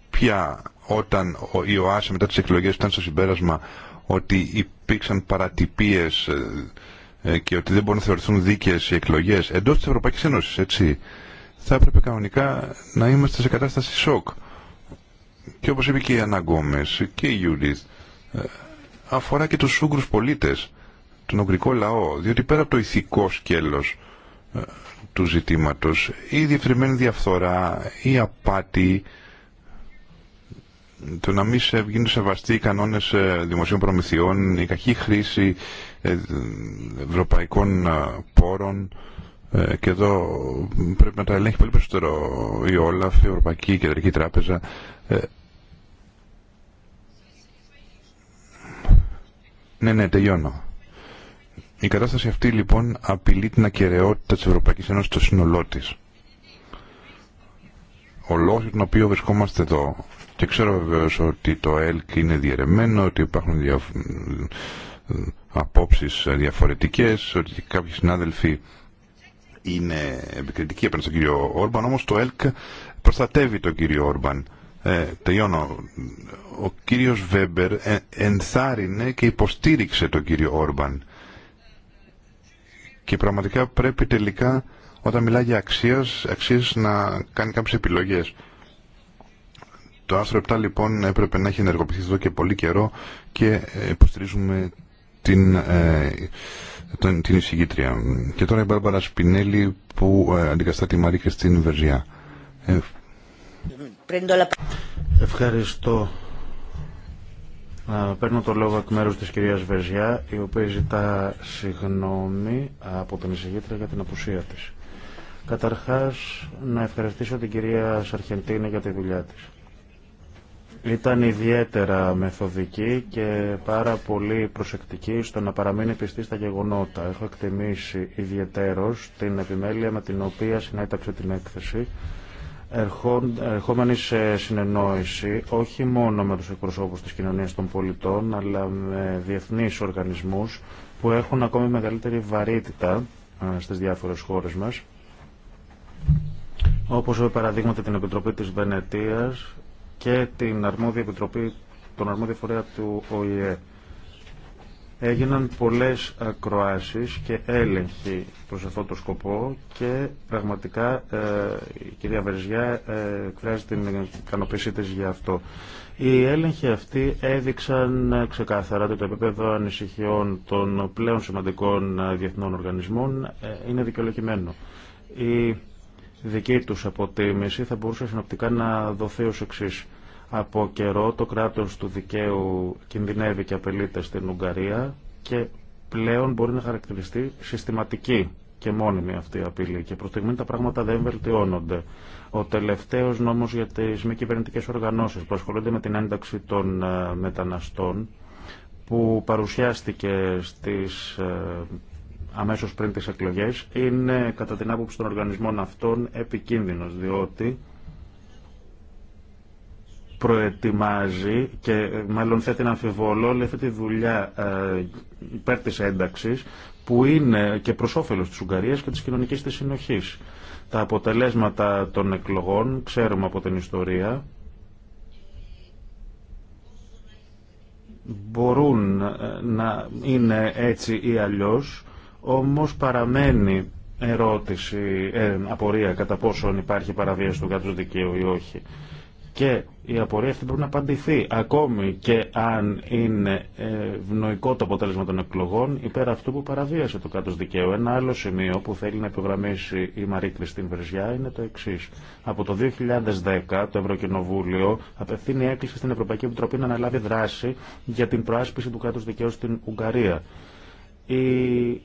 πια όταν η ΟΑΣΕ μετά τις εκλογές ήταν στο συμπέρασμα ότι υπήρξαν παρατυπίες ε, ε, και ότι δεν μπορούν να θεωρηθούν δίκαιες οι εκλογές εντός της Ευρωπαϊκής Ένωσης, έτσι. Θα έπρεπε κανονικά να είμαστε σε κατάσταση σοκ. Και όπως είπε και η Αναγκόμες και η Γιούριθ. Ε, αφορά και τους Ούγγρους πολίτες, τον Ουγγρικό λαό, διότι πέρα από το ηθικό σκέλος ε, του ζητήματος, η διευθυνμένη διαφθορά, η απάτη, το να μην σε γίνουν σεβαστοί οι κανόνες ε, δημοσίων προμηθειών, η κακή χρήση ε, ευρωπαϊκών πόρων και εδώ πρέπει να τα ελέγχει πολύ περισσότερο η Όλαφ, η Ευρωπαϊκή Κεντρική Τράπεζα Ναι, ναι, τελειώνω. Η κατάσταση αυτή λοιπόν απειλεί την ακαιρεότητα της Ευρωπαϊκής Ένωσης στο σύνολό τη. Ο λόγος για τον οποίο βρισκόμαστε εδώ και ξέρω βεβαίω ότι το ΕΛΚ είναι διαιρεμένο, ότι υπάρχουν δια... απόψεις διαφορετικές, ότι κάποιοι συνάδελφοι είναι επικριτικοί απέναντι στον κύριο Όρμπαν, όμως το ΕΛΚ προστατεύει τον κύριο Όρμπαν. Ε, τελειώνω ο κύριος Βέμπερ ε, ενθάρρυνε και υποστήριξε τον κύριο Όρμπαν. Και πραγματικά πρέπει τελικά όταν μιλάει για αξίες, να κάνει κάποιες επιλογές. Το άρθρο 7 λοιπόν έπρεπε να έχει ενεργοποιηθεί εδώ και πολύ καιρό και ε, υποστηρίζουμε την, ε, την εισηγήτρια. Και τώρα η Μπάρμπαρα Σπινέλη που ε, αντικαστά τη Μαρή στην Βεζιά Ευχαριστώ Παίρνω το λόγο εκ μέρους της κυρίας Βεζιά, η οποία ζητά συγγνώμη από την εισηγήτρια για την απουσία της. Καταρχάς, να ευχαριστήσω την κυρία Σαρχεντίνη για τη δουλειά της. Ήταν ιδιαίτερα μεθοδική και πάρα πολύ προσεκτική στο να παραμείνει πιστή στα γεγονότα. Έχω εκτιμήσει ιδιαίτερος την επιμέλεια με την οποία συνέταξε την έκθεση ερχόμενοι σε συνεννόηση όχι μόνο με τους εκπροσώπους της κοινωνίας των πολιτών αλλά με διεθνείς οργανισμούς που έχουν ακόμη μεγαλύτερη βαρύτητα ε, στις διάφορες χώρες μας όπως ε, παραδείγματα την Επιτροπή της Βενετίας και την αρμόδια Επιτροπή, τον αρμόδιο φορέα του ΟΗΕ Έγιναν πολλές ακροάσεις και έλεγχοι προς αυτό το σκοπό και πραγματικά ε, η κυρία Βεριζιά ε, εκφράζει την ικανοποίησή της για αυτό. Οι έλεγχοι αυτοί έδειξαν ε, ξεκάθαρα ότι το επίπεδο ανησυχιών των πλέον σημαντικών διεθνών οργανισμών είναι δικαιολογημένο. Η δική τους αποτίμηση θα μπορούσε συνοπτικά να δοθεί ως εξής από καιρό το κράτος του δικαίου κινδυνεύει και απελείται στην Ουγγαρία και πλέον μπορεί να χαρακτηριστεί συστηματική και μόνιμη αυτή η απειλή. Και προ στιγμή τα πράγματα δεν βελτιώνονται. Ο τελευταίος νόμος για τις μη κυβερνητικέ οργανώσει που ασχολούνται με την ένταξη των ε, μεταναστών, που παρουσιάστηκε στι ε, αμέσω πριν τι εκλογέ, είναι κατά την άποψη των οργανισμών αυτών επικίνδυνος διότι προετοιμάζει και ε, μάλλον θέτει να αμφιβόλο όλη αυτή τη δουλειά ε, υπέρ της ένταξης που είναι και προς όφελος της Ουγγαρίας και της κοινωνικής της συνοχής. Τα αποτελέσματα των εκλογών ξέρουμε από την ιστορία μπορούν ε, να είναι έτσι ή αλλιώς όμως παραμένει ερώτηση, απορία κατά πόσον υπάρχει παραβίαση του κράτους δικαίου ή όχι. Και η απορία αυτή πρέπει να απαντηθεί. Ακόμη και αν είναι ευνοϊκό το αποτέλεσμα των εκλογών υπέρ αυτού που παραβίασε το κράτο δικαίου. Ένα άλλο σημείο που θέλει να υπογραμμίσει η Μαρή Κριστίν Βερζιά είναι το εξή. Από το 2010 το Ευρωκοινοβούλιο απευθύνει έκκληση στην Ευρωπαϊκή Επιτροπή να αναλάβει δράση για την προάσπιση του κράτου δικαίου στην Ουγγαρία. Η ε,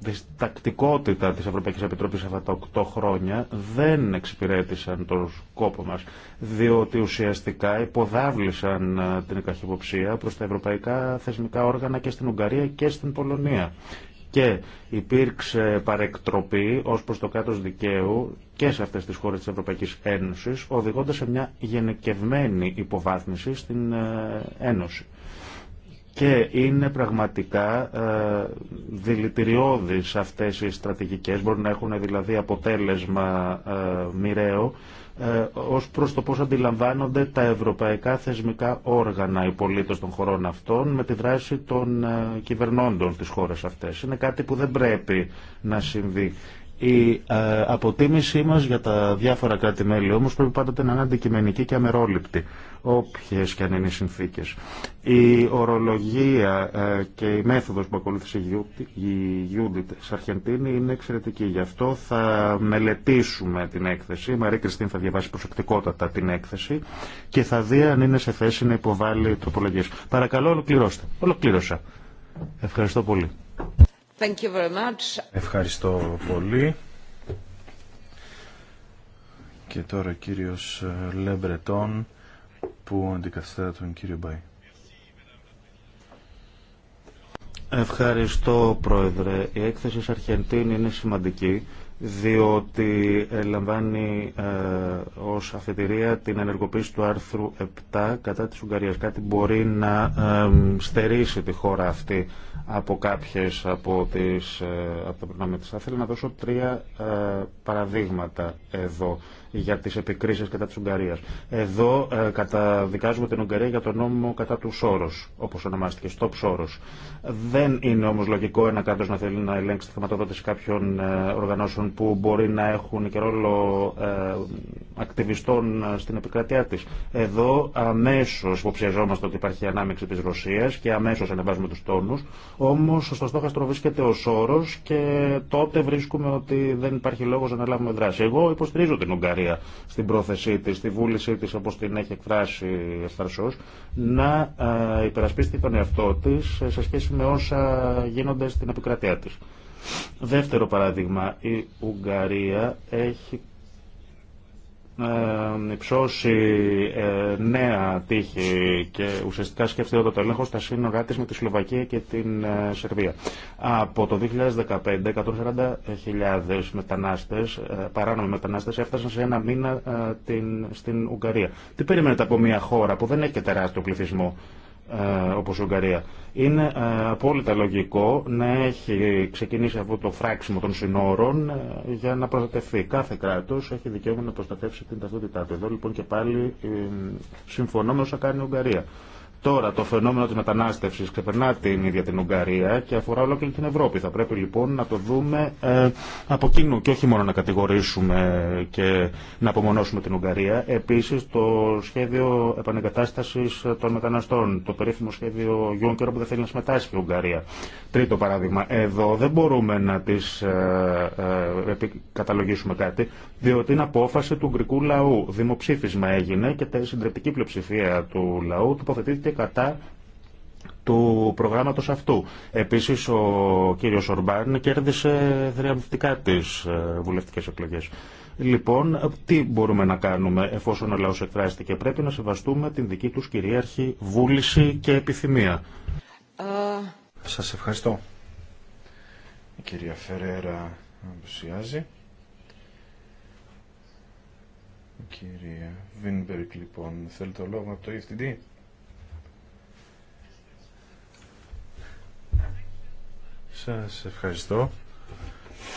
διστακτικότητα της Ευρωπαϊκής Επιτροπής αυτά τα 8 χρόνια δεν εξυπηρέτησαν τον σκόπο μας, διότι ουσιαστικά υποδάβλησαν ε, την καχυποψία προς τα ευρωπαϊκά θεσμικά όργανα και στην Ουγγαρία και στην Πολωνία. Και υπήρξε παρεκτροπή ως προς το κάτω δικαίου και σε αυτές τις χώρες της Ευρωπαϊκής Ένωσης, οδηγώντας σε μια γενικευμένη υποβάθμιση στην ε, Ένωση. Και είναι πραγματικά ε, δηλητηριώδεις αυτές οι στρατηγικές, μπορεί να έχουν δηλαδή αποτέλεσμα ε, μοιραίο, ε, ως προς το πώς αντιλαμβάνονται τα ευρωπαϊκά θεσμικά όργανα οι πολίτες των χωρών αυτών με τη δράση των ε, κυβερνώντων της χώρας αυτές. Είναι κάτι που δεν πρέπει να συμβεί. Η ε, αποτίμησή μα για τα διάφορα κράτη-μέλη όμω πρέπει πάντοτε να είναι αντικειμενική και αμερόληπτη, όποιε και αν είναι οι συνθήκε. Η ορολογία ε, και η μέθοδο που ακολούθησε η Γιούντιτ Αρχεντίνη είναι εξαιρετική. Γι' αυτό θα μελετήσουμε την έκθεση. Η Μαρή Κριστίν θα διαβάσει προσεκτικότατα την έκθεση και θα δει αν είναι σε θέση να υποβάλει τροπολογίε. Παρακαλώ, ολοκληρώστε. Ολοκλήρωσα. Ευχαριστώ πολύ. Ευχαριστώ πολύ. Και τώρα κύριος ε, Λεμπρετών που αντικαθιστά τον κύριο Μπάι. Ευχαριστώ Πρόεδρε. Η έκθεση αρχεντίνη είναι σημαντική διότι ε, λαμβάνει ε, ως αφετηρία την ενεργοποίηση του άρθρου 7 κατά της Ουγγαρίας. Κάτι μπορεί να ε, στερήσει τη χώρα αυτή από κάποιες από, τις, ε, από τα Θα ήθελα να δώσω τρία ε, παραδείγματα εδώ για τις επικρίσεις κατά της Ουγγαρίας. Εδώ ε, καταδικάζουμε την Ουγγαρία για τον νόμο κατά του Σόρος, όπως ονομάστηκε, Stop Σόρος. Δεν είναι όμως λογικό ένα κράτος να θέλει να ελέγξει τη χρηματοδότηση κάποιων οργανώσεων που μπορεί να έχουν και ρόλο ε, ακτιβιστών ε, στην επικρατεία της. Εδώ αμέσως υποψιαζόμαστε ότι υπάρχει ανάμειξη της Ρωσίας και αμέσως ανεβάζουμε τους τόνους, όμως στο στόχαστρο βρίσκεται ο Σόρος και τότε βρίσκουμε ότι δεν υπάρχει λόγος να λάβουμε δράση. Εγώ υποστηρίζω την Ουγγαρία στην πρόθεσή της, στη βούλησή της όπως την έχει εκφράσει ευθαρσός, να ε, υπερασπίσει τον εαυτό της σε σχέση με όσα γίνονται στην επικρατεία της. Δεύτερο παράδειγμα, η Ουγγαρία έχει ε, υψώσει ε, νέα τύχη και ουσιαστικά σκέφτεται το έλεγχο στα σύνορά της με τη Σλοβακία και την ε, Σερβία. Από το 2015, 140.000 μετανάστες, ε, παράνομοι μετανάστες, έφτασαν σε ένα μήνα την, στην Ουγγαρία. Τι περιμένετε από μια χώρα που δεν έχει τεράστιο πληθυσμό ε, όπως η Ουγγαρία. Είναι ε, απόλυτα λογικό να έχει ξεκινήσει αυτό το φράξιμο των συνόρων ε, για να προστατευτεί. Κάθε κράτος έχει δικαίωμα να προστατεύσει την ταυτότητά του. Εδώ λοιπόν και πάλι συμφωνώ με όσα κάνει η Ουγγαρία. Τώρα το φαινόμενο της μετανάστευσης ξεπερνά την ίδια την Ουγγαρία και αφορά ολόκληρη την Ευρώπη. Θα πρέπει λοιπόν να το δούμε ε, από κοινού και όχι μόνο να κατηγορήσουμε και να απομονώσουμε την Ουγγαρία. Επίσης το σχέδιο επανεγκατάστασης των μεταναστών, το περίφημο σχέδιο Κέρο που δεν θέλει να συμμετάσχει η Ουγγαρία. Τρίτο παράδειγμα, εδώ δεν μπορούμε να τις ε, ε καταλογίσουμε κάτι, διότι είναι απόφαση του Ουγγρικού λαού. Δημοψήφισμα έγινε και τα συντριπτική πλειοψηφία του λαού τοποθετήθηκε κατά του προγράμματος αυτού. Επίσης ο κύριος Ορμπάν κέρδισε θριαμβευτικά τις ε, βουλευτικές εκλογές. Λοιπόν, τι μπορούμε να κάνουμε εφόσον ο λαός εκφράστηκε. Πρέπει να σεβαστούμε την δική τους κυρίαρχη βούληση και επιθυμία. Ε, σας ευχαριστώ. Η κυρία Φερέρα ενθουσιάζει. Η κυρία Βίνμπερκ λοιπόν θέλει το λόγο από το EFTD. Σας ευχαριστώ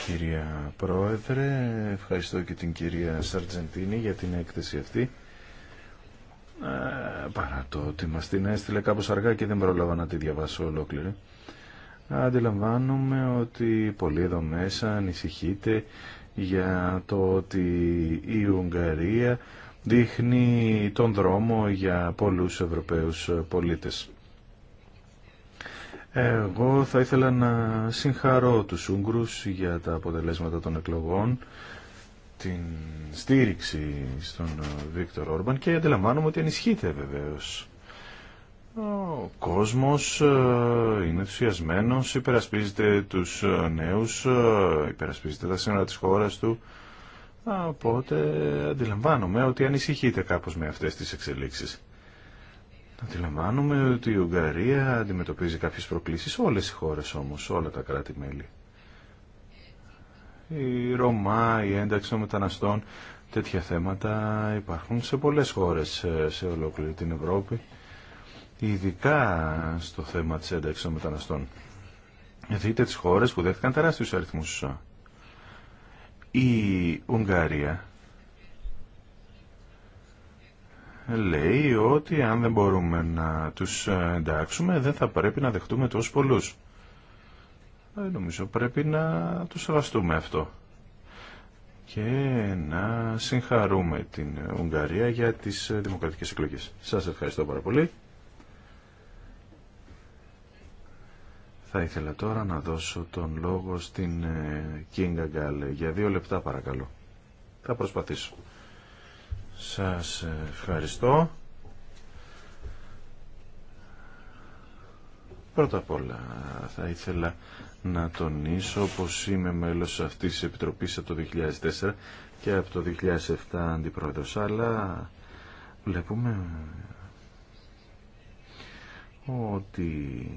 κυρία Πρόεδρε, ευχαριστώ και την κυρία Σαρτζεντίνη για την έκθεση αυτή. Ε, παρά το ότι μας την έστειλε κάπως αργά και δεν προλάβα να τη διαβάσω ολόκληρη. Αντιλαμβάνομαι ότι πολλοί εδώ μέσα ανησυχείτε για το ότι η Ουγγαρία δείχνει τον δρόμο για πολλούς Ευρωπαίους πολίτες. Εγώ θα ήθελα να συγχαρώ τους Ούγγρους για τα αποτελέσματα των εκλογών, την στήριξη στον Βίκτορ Όρμπαν και αντιλαμβάνομαι ότι ενισχύεται βεβαίως. Ο κόσμος ε, είναι ενθουσιασμένος, υπερασπίζεται τους ε, νέους, ε, υπερασπίζεται τα σύνορα της χώρας του, οπότε αντιλαμβάνομαι ότι ανησυχείται κάπως με αυτές τις εξελίξεις. Αντιλαμβάνομαι ότι η Ουγγαρία αντιμετωπίζει κάποιε προκλήσεις, όλες οι χώρες όμως, όλα τα κράτη-μέλη. Η Ρωμά, η ένταξη των μεταναστών, τέτοια θέματα υπάρχουν σε πολλές χώρες σε ολόκληρη την Ευρώπη, ειδικά στο θέμα της ένταξη των μεταναστών. Δείτε τις χώρες που δέχτηκαν τεράστιου αριθμού. Η Ουγγαρία λέει ότι αν δεν μπορούμε να τους ε, εντάξουμε δεν θα πρέπει να δεχτούμε τόσους πολλούς. Ε, νομίζω πρέπει να τους σεβαστούμε αυτό και να συγχαρούμε την Ουγγαρία για τις ε, δημοκρατικές εκλογές. Σας ευχαριστώ πάρα πολύ. Θα ήθελα τώρα να δώσω τον λόγο στην Κίνγκα Γκάλε. Για δύο λεπτά παρακαλώ. Θα προσπαθήσω. Σας ευχαριστώ. Πρώτα απ' όλα θα ήθελα να τονίσω πως είμαι μέλος αυτής της Επιτροπής από το 2004 και από το 2007 αντιπρόεδρος, αλλά βλέπουμε ότι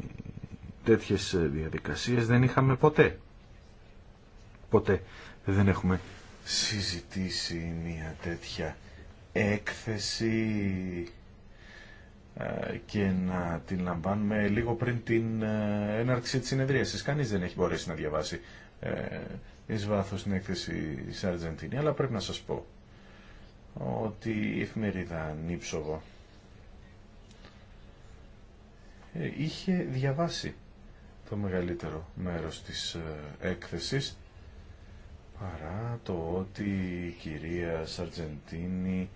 τέτοιες διαδικασίες δεν είχαμε ποτέ. Ποτέ δεν έχουμε συζητήσει μια τέτοια έκθεση ε, και να την λαμβάνουμε λίγο πριν την ε, έναρξη της συνεδρίασης. Κανείς δεν έχει μπορέσει να διαβάσει ε, εις βάθος την έκθεση της Αργεντινή, αλλά πρέπει να σας πω ότι η εφημερίδα Νύψοβο είχε διαβάσει το μεγαλύτερο μέρος της έκθεσης παρά το ότι η κυρία Σαρτζεντίνη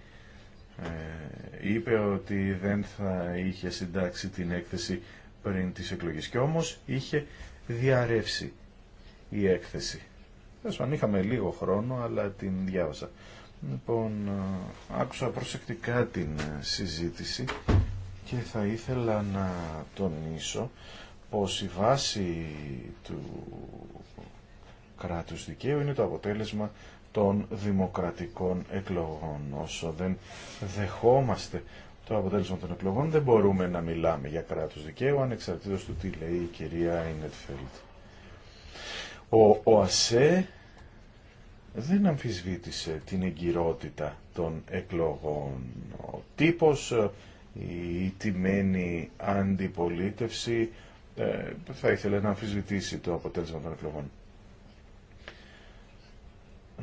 ε, είπε ότι δεν θα είχε συντάξει την έκθεση πριν τις εκλογές και όμως είχε διαρρεύσει η έκθεση. αν είχαμε λίγο χρόνο αλλά την διάβασα. Λοιπόν, ε, άκουσα προσεκτικά την συζήτηση και θα ήθελα να τονίσω πως η βάση του κράτους δικαίου είναι το αποτέλεσμα των δημοκρατικών εκλογών. Όσο δεν δεχόμαστε το αποτέλεσμα των εκλογών δεν μπορούμε να μιλάμε για κράτος δικαίου ανεξαρτήτως του τι λέει η κυρία Ινετφέλτ. Ο ΟΑΣΕ δεν αμφισβήτησε την εγκυρότητα των εκλογών. Ο τύπος, η τιμένη αντιπολίτευση ε, θα ήθελε να αμφισβητήσει το αποτέλεσμα των εκλογών.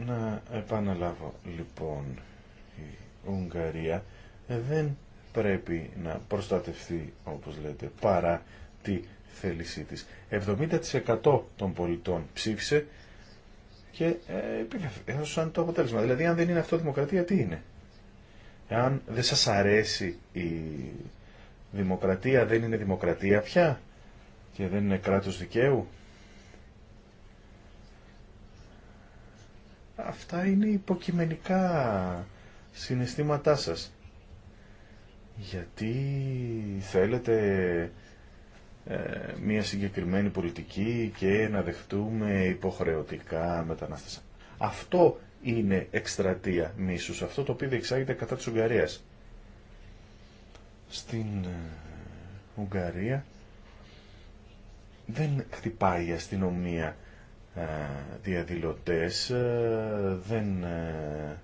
Να επαναλάβω λοιπόν η Ουγγαρία δεν πρέπει να προστατευτεί όπως λέτε παρά τη θέλησή της. 70% των πολιτών ψήφισε και ε, έδωσαν το αποτέλεσμα. Δηλαδή αν δεν είναι αυτό δημοκρατία τι είναι. Αν δεν σας αρέσει η δημοκρατία δεν είναι δημοκρατία πια και δεν είναι κράτος δικαίου αυτά είναι υποκειμενικά συναισθήματά σας. Γιατί θέλετε ε, μια συγκεκριμένη πολιτική και να δεχτούμε υποχρεωτικά μετανάστες. Αυτό είναι εκστρατεία μίσους, αυτό το οποίο διεξάγεται κατά της Ουγγαρίας. Στην ε, Ουγγαρία δεν χτυπάει η αστυνομία ε, διαδηλωτές ε, δεν ε,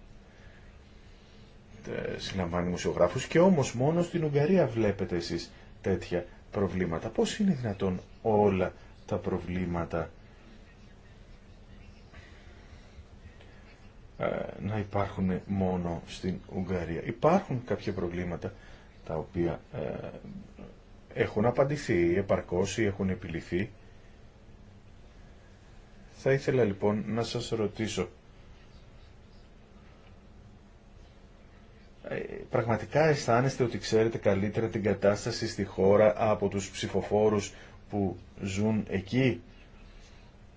συλλαμβάνει δημοσιογράφους και όμως μόνο στην Ουγγαρία βλέπετε εσείς τέτοια προβλήματα. Πώς είναι δυνατόν όλα τα προβλήματα να υπάρχουν μόνο στην Ουγγαρία. Υπάρχουν κάποια προβλήματα τα οποία έχουν απαντηθεί επαρκώς ή έχουν επιληθεί θα ήθελα λοιπόν να σας ρωτήσω. Ε, πραγματικά αισθάνεστε ότι ξέρετε καλύτερα την κατάσταση στη χώρα από τους ψηφοφόρους που ζουν εκεί.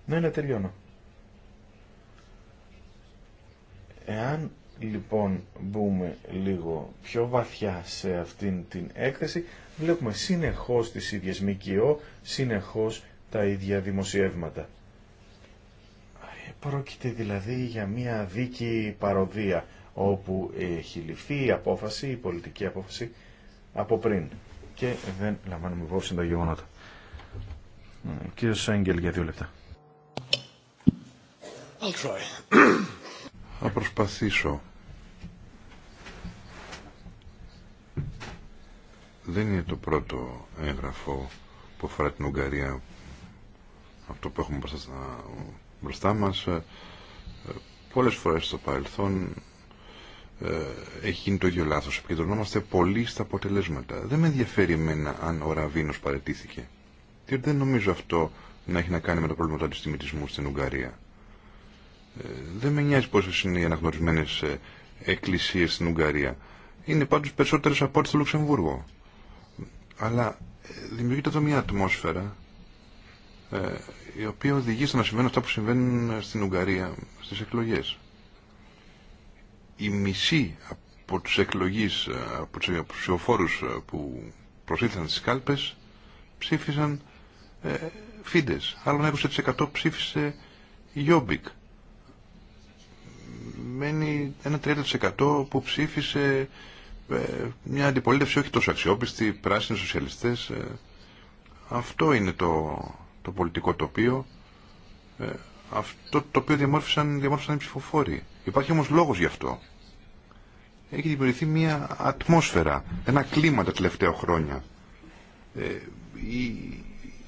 Ναι, ναι, τελειώνω. Εάν λοιπόν μπούμε λίγο πιο βαθιά σε αυτήν την έκθεση, βλέπουμε συνεχώς τις ίδιες ΜΚΟ, συνεχώς τα ίδια δημοσιεύματα. Πρόκειται δηλαδή για μια δίκη παροδία όπου έχει ληφθεί η απόφαση, η πολιτική απόφαση από πριν και δεν λαμβάνουμε υπόψη τα γεγονότα. Ε, Κύριο Σέγγελ για δύο λεπτά. Θα προσπαθήσω. Δεν είναι το πρώτο έγγραφο που αφορά την Ουγγαρία αυτό που έχουμε μπροστά μπροστά μας. Ε, ε, πολλές φορές στο παρελθόν ε, έχει γίνει το ίδιο λάθος. Επικεντρωνόμαστε πολύ στα αποτελέσματα. Δεν με ενδιαφέρει εμένα αν ο Ραβίνος παρετήθηκε. Διότι δεν νομίζω αυτό να έχει να κάνει με το πρόβλημα του αντιστημιτισμού στην Ουγγαρία. δεν με νοιάζει πόσες είναι οι αναγνωρισμένες εκκλησίες στην Ουγγαρία. Είναι πάντως περισσότερες από ό,τι στο Λουξεμβούργο. Αλλά δημιουργείται εδώ μια ατμόσφαιρα ε, η οποία οδηγεί στο να συμβαίνουν αυτά που συμβαίνουν στην Ουγγαρία, στις εκλογές. Η μισή από τους εκλογείς, από τους ψηφοφόρους που προσήλθαν στις κάλπες, ψήφισαν ε, φίντες. Άλλο 20% ψήφισε Ιόμπικ. Μένει ένα 30% που ψήφισε ε, μια αντιπολίτευση όχι τόσο αξιόπιστη, πράσινοι σοσιαλιστές. Ε. αυτό είναι το το πολιτικό τοπίο, ε, αυτό το οποίο διαμόρφωσαν, διαμόρφωσαν οι ψηφοφόροι. Υπάρχει όμως λόγος γι' αυτό. Έχει δημιουργηθεί μια ατμόσφαιρα, ένα κλίμα τα τελευταία χρόνια. Ε,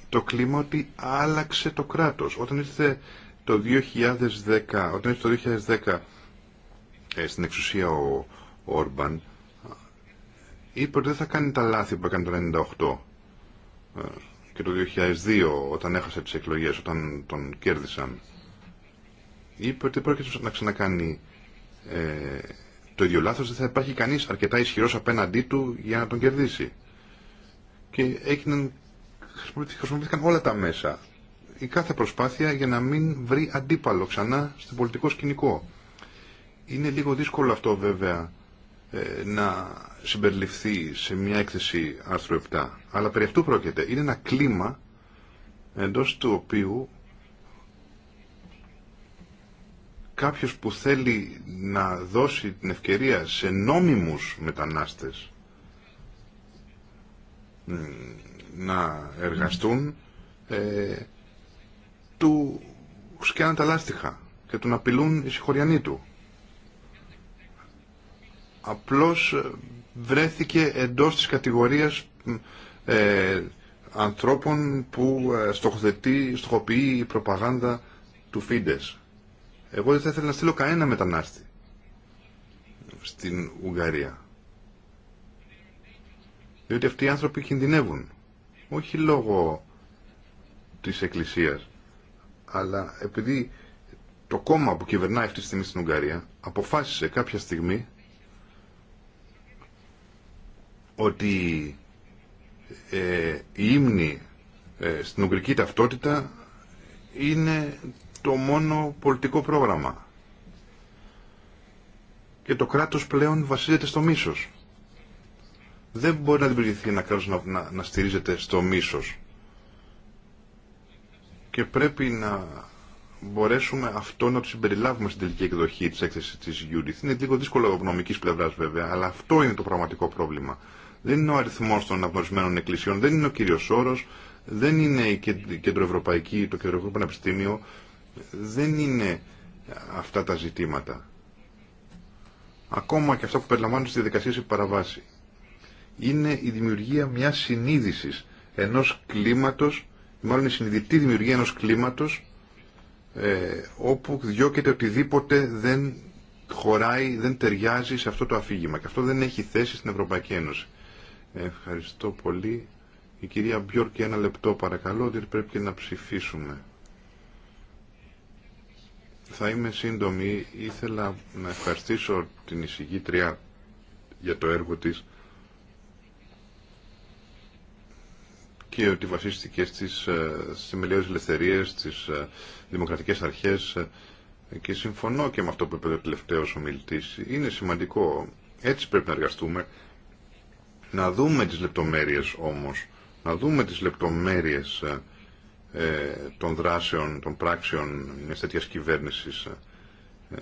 το κλίμα ότι άλλαξε το κράτος. Όταν ήρθε το 2010, όταν ήρθε το 2010 ε, στην εξουσία ο, Όρμπαν, ε, είπε ότι δεν θα κάνει τα λάθη που έκανε το 1998 και το 2002 όταν έχασε τις εκλογές, όταν τον κέρδισαν, είπε ότι πρόκειται να ξανακάνει ε, το ίδιο λάθος, δεν θα υπάρχει κανείς αρκετά ισχυρός απέναντί του για να τον κερδίσει. Και έγιναν, χρησιμοποιήθηκαν όλα τα μέσα, η κάθε προσπάθεια για να μην βρει αντίπαλο ξανά στο πολιτικό σκηνικό. Είναι λίγο δύσκολο αυτό βέβαια ε, να συμπεριληφθεί σε μια έκθεση άρθρο 7. Αλλά περί αυτού πρόκειται. Είναι ένα κλίμα εντός του οποίου κάποιος που θέλει να δώσει την ευκαιρία σε νόμιμους μετανάστες να εργαστούν ε, του σκιάνε τα λάστιχα και τον απειλούν οι συγχωριανοί του απλώς ε, βρέθηκε εντός της κατηγορίας ε, ανθρώπων που ε, στοχοθετεί, στοχοποιεί η προπαγάνδα του Φίντες. Εγώ δεν θα ήθελα να στείλω κανένα μετανάστη στην Ουγγαρία. Διότι αυτοί οι άνθρωποι κινδυνεύουν. Όχι λόγω της Εκκλησίας, αλλά επειδή το κόμμα που κυβερνάει αυτή τη στιγμή στην Ουγγαρία αποφάσισε κάποια στιγμή ότι ε, η ύμνη ε, στην Ουγγρική ταυτότητα είναι το μόνο πολιτικό πρόγραμμα. Και το κράτος πλέον βασίζεται στο μίσος. Δεν μπορεί να δημιουργηθεί ένα κράτος να, να, να στηρίζεται στο μίσος. Και πρέπει να μπορέσουμε αυτό να το συμπεριλάβουμε στην τελική εκδοχή της έκθεσης της Γιούριθ. Είναι λίγο δύσκολο από νομικής πλευράς βέβαια, αλλά αυτό είναι το πραγματικό πρόβλημα δεν είναι ο αριθμό των αναγνωρισμένων εκκλησιών, δεν είναι ο κύριο όρο, δεν είναι η κεντροευρωπαϊκή, το κεντροευρωπαϊκό πανεπιστήμιο, δεν είναι αυτά τα ζητήματα. Ακόμα και αυτά που περιλαμβάνουν στη διαδικασία σε παραβάση. Είναι η δημιουργία μια συνείδηση ενό κλίματο, μάλλον η συνειδητή δημιουργία ενό κλίματο, ε, όπου διώκεται οτιδήποτε δεν χωράει, δεν ταιριάζει σε αυτό το αφήγημα. Και αυτό δεν έχει θέση στην Ευρωπαϊκή Ένωση. Ευχαριστώ πολύ. Η κυρία Μπιόρκη ένα λεπτό παρακαλώ, διότι πρέπει να ψηφίσουμε. Θα είμαι σύντομη. Ήθελα να ευχαριστήσω την εισηγήτρια για το έργο της και ότι βασίστηκε στις ε, θεμελιώδεις ελευθερίες, στις ε, δημοκρατικές αρχές ε, και συμφωνώ και με αυτό που είπε ο τελευταίος ομιλητής. Είναι σημαντικό. Έτσι πρέπει να εργαστούμε να δούμε τις λεπτομέρειες όμως, να δούμε τις λεπτομέρειες ε, ε, των δράσεων, των πράξεων μιας τέτοιας κυβέρνησης ε,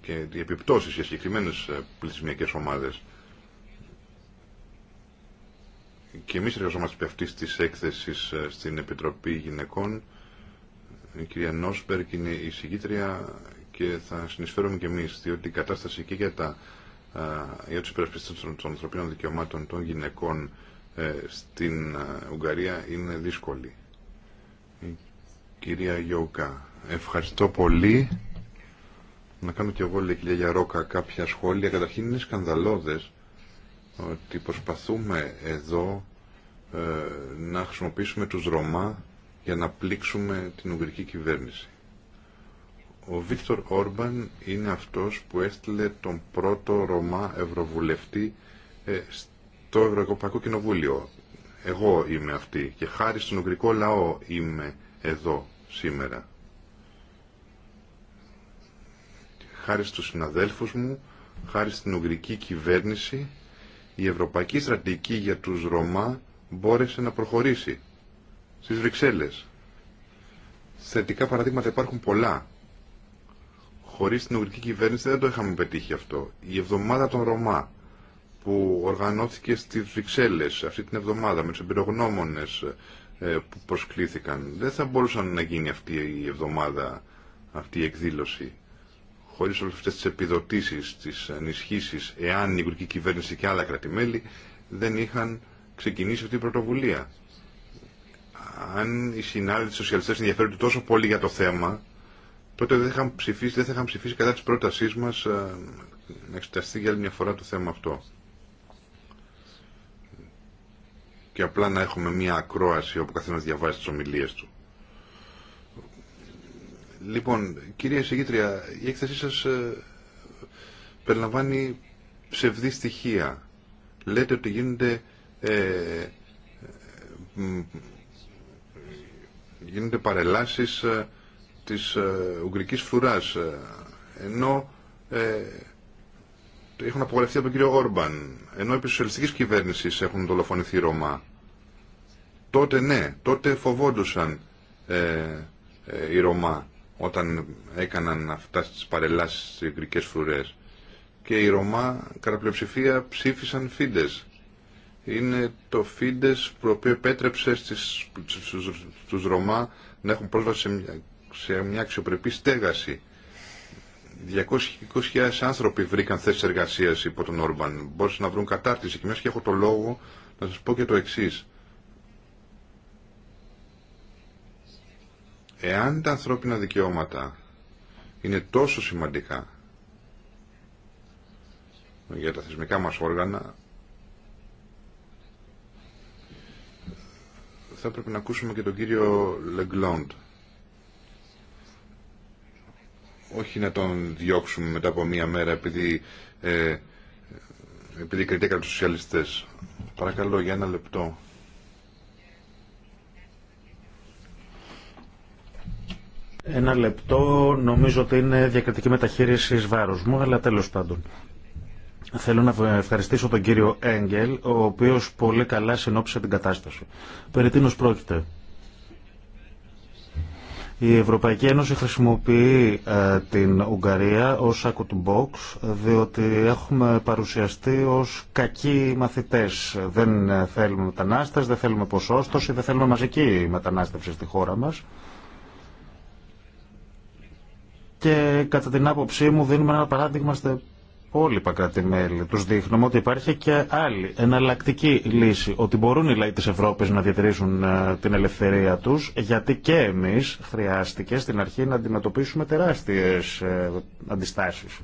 και οι επιπτώσεις για συγκεκριμένες πληθυσμιακές ομάδες. Και εμείς εργαζόμαστε επί αυτής της έκθεσης στην Επιτροπή Γυναικών. Η κυρία Νόσπερκ είναι η συγκήτρια και θα συνεισφέρουμε και εμείς, διότι η κατάσταση και για τα για τους υπερασπιστές των, των ανθρωπίνων δικαιωμάτων των γυναικών ε, στην ε, Ουγγαρία είναι δύσκολη. κυρία Γιώκα, ευχαριστώ πολύ. Να κάνω και εγώ, λέει κυρία Γιαρόκα, κάποια σχόλια. Καταρχήν είναι σκανδαλώδες ότι προσπαθούμε εδώ ε, να χρησιμοποιήσουμε τους Ρωμά για να πλήξουμε την Ουγγρική κυβέρνηση. Ο Βίκτορ Όρμπαν είναι αυτός που έστειλε τον πρώτο Ρωμά Ευρωβουλευτή ε, στο Ευρωπαϊκό Κοινοβούλιο. Εγώ είμαι αυτή και χάρη στον Ουγγρικό λαό είμαι εδώ σήμερα. Χάρη στους συναδέλφους μου, χάρη στην Ουγγρική κυβέρνηση, η Ευρωπαϊκή Στρατηγική για τους Ρωμά μπόρεσε να προχωρήσει στις Βρυξέλλες. Θετικά παραδείγματα υπάρχουν πολλά χωρίς την Ουγγρική κυβέρνηση δεν το είχαμε πετύχει αυτό. Η εβδομάδα των Ρωμά που οργανώθηκε στις Βρυξέλλες αυτή την εβδομάδα με τους εμπειρογνώμονες ε, που προσκλήθηκαν. Δεν θα μπορούσαν να γίνει αυτή η εβδομάδα, αυτή η εκδήλωση χωρίς όλες αυτές τις επιδοτήσεις, τις ενισχύσεις, εάν η Ουγγρική κυβέρνηση και άλλα κρατημέλη δεν είχαν ξεκινήσει αυτή η πρωτοβουλία. Αν οι συνάδελφοι σοσιαλιστές ενδιαφέρονται τόσο πολύ για το θέμα, οπότε δεν θα είχαν ψηφίσει, δεν ψηφίσει κατά της πρότασής μας ε, να εξεταστεί για άλλη μια φορά το θέμα αυτό. Και απλά να έχουμε μια ακρόαση όπου καθένα διαβάζει τις ομιλίες του. Λοιπόν, κυρία Συγήτρια, η έκθεσή σας ε, περιλαμβάνει ψευδή στοιχεία. Λέτε ότι γίνονται, ε, ε γίνονται παρελάσεις της ε, Ουγγρικής φρουράς ε, ενώ ε, έχουν απογορευτεί από τον κύριο Όρμπαν ενώ επί σοσιαλιστικής κυβέρνησης έχουν δολοφονηθεί Ρωμά τότε ναι, τότε φοβόντουσαν ε, ε, οι Ρωμά όταν έκαναν αυτά τις παρελάσεις στις Ουγγρικές φρουρές και οι Ρωμά κατά πλειοψηφία ψήφισαν φίντες είναι το Φίντες που επέτρεψε στις, στους, στους Ρωμά να έχουν πρόσβαση σε μια σε μια αξιοπρεπή στέγαση. 220.000 άνθρωποι βρήκαν θέσει εργασία υπό τον Όρμπαν. Μπορούσαν να βρουν κατάρτιση. Και μέσα και έχω το λόγο να σα πω και το εξή. Εάν τα ανθρώπινα δικαιώματα είναι τόσο σημαντικά για τα θεσμικά μας όργανα, θα πρέπει να ακούσουμε και τον κύριο Λεγκλόντ. όχι να τον διώξουμε μετά από μία μέρα επειδή, ε, επειδή κριτήκαν τους σοσιαλιστές. Παρακαλώ για ένα λεπτό. Ένα λεπτό νομίζω ότι είναι διακριτική μεταχείριση εις βάρος μου, αλλά τέλος πάντων. Θέλω να ευχαριστήσω τον κύριο Έγγελ, ο οποίος πολύ καλά συνόψε την κατάσταση. Περί τίνος πρόκειται. Η Ευρωπαϊκή Ένωση χρησιμοποιεί ε, την Ουγγαρία ως άκου του box, διότι έχουμε παρουσιαστεί ως κακοί μαθητές. Δεν ε, θέλουμε μετανάστες, δεν θέλουμε ποσόστοση, δεν θέλουμε μαζική μετανάστευση στη χώρα μας. Και κατά την άποψή μου δίνουμε ένα παράδειγμα όλοι τα κράτη-μέλη. Τους δείχνουμε ότι υπάρχει και άλλη εναλλακτική λύση, ότι μπορούν οι λαοί τη Ευρώπη να διατηρήσουν ε, την ελευθερία τους, γιατί και εμείς χρειάστηκε στην αρχή να αντιμετωπίσουμε τεράστιες ε, αντιστάσεις.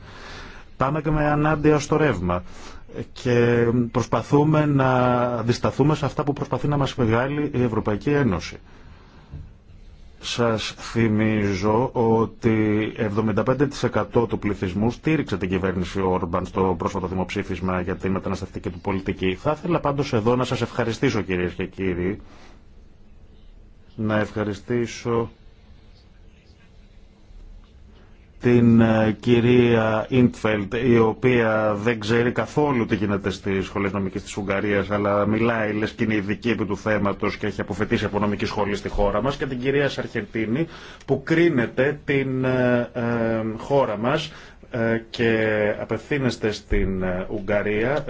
Πάμε και με ανάντια στο ρεύμα και προσπαθούμε να αντισταθούμε σε αυτά που προσπαθεί να μας μεγάλει η Ευρωπαϊκή Ένωση. Σας θυμίζω ότι 75% του πληθυσμού στήριξε την κυβέρνηση Όρμπαν στο πρόσφατο δημοψήφισμα για τη μεταναστευτική του πολιτική. Θα ήθελα πάντως εδώ να σας ευχαριστήσω κυρίες και κύριοι. Να ευχαριστήσω την ε, κυρία Ιντφελτ, η οποία δεν ξέρει καθόλου τι γίνεται στι σχολέ νομική τη Ουγγαρία, αλλά μιλάει λε και είναι ειδική επί του θέματο και έχει αποφετήσει από νομική σχολή στη χώρα μα, και την κυρία Σαρχεντίνη, που κρίνεται την ε, ε, χώρα μα και απευθύνεστε στην Ουγγαρία,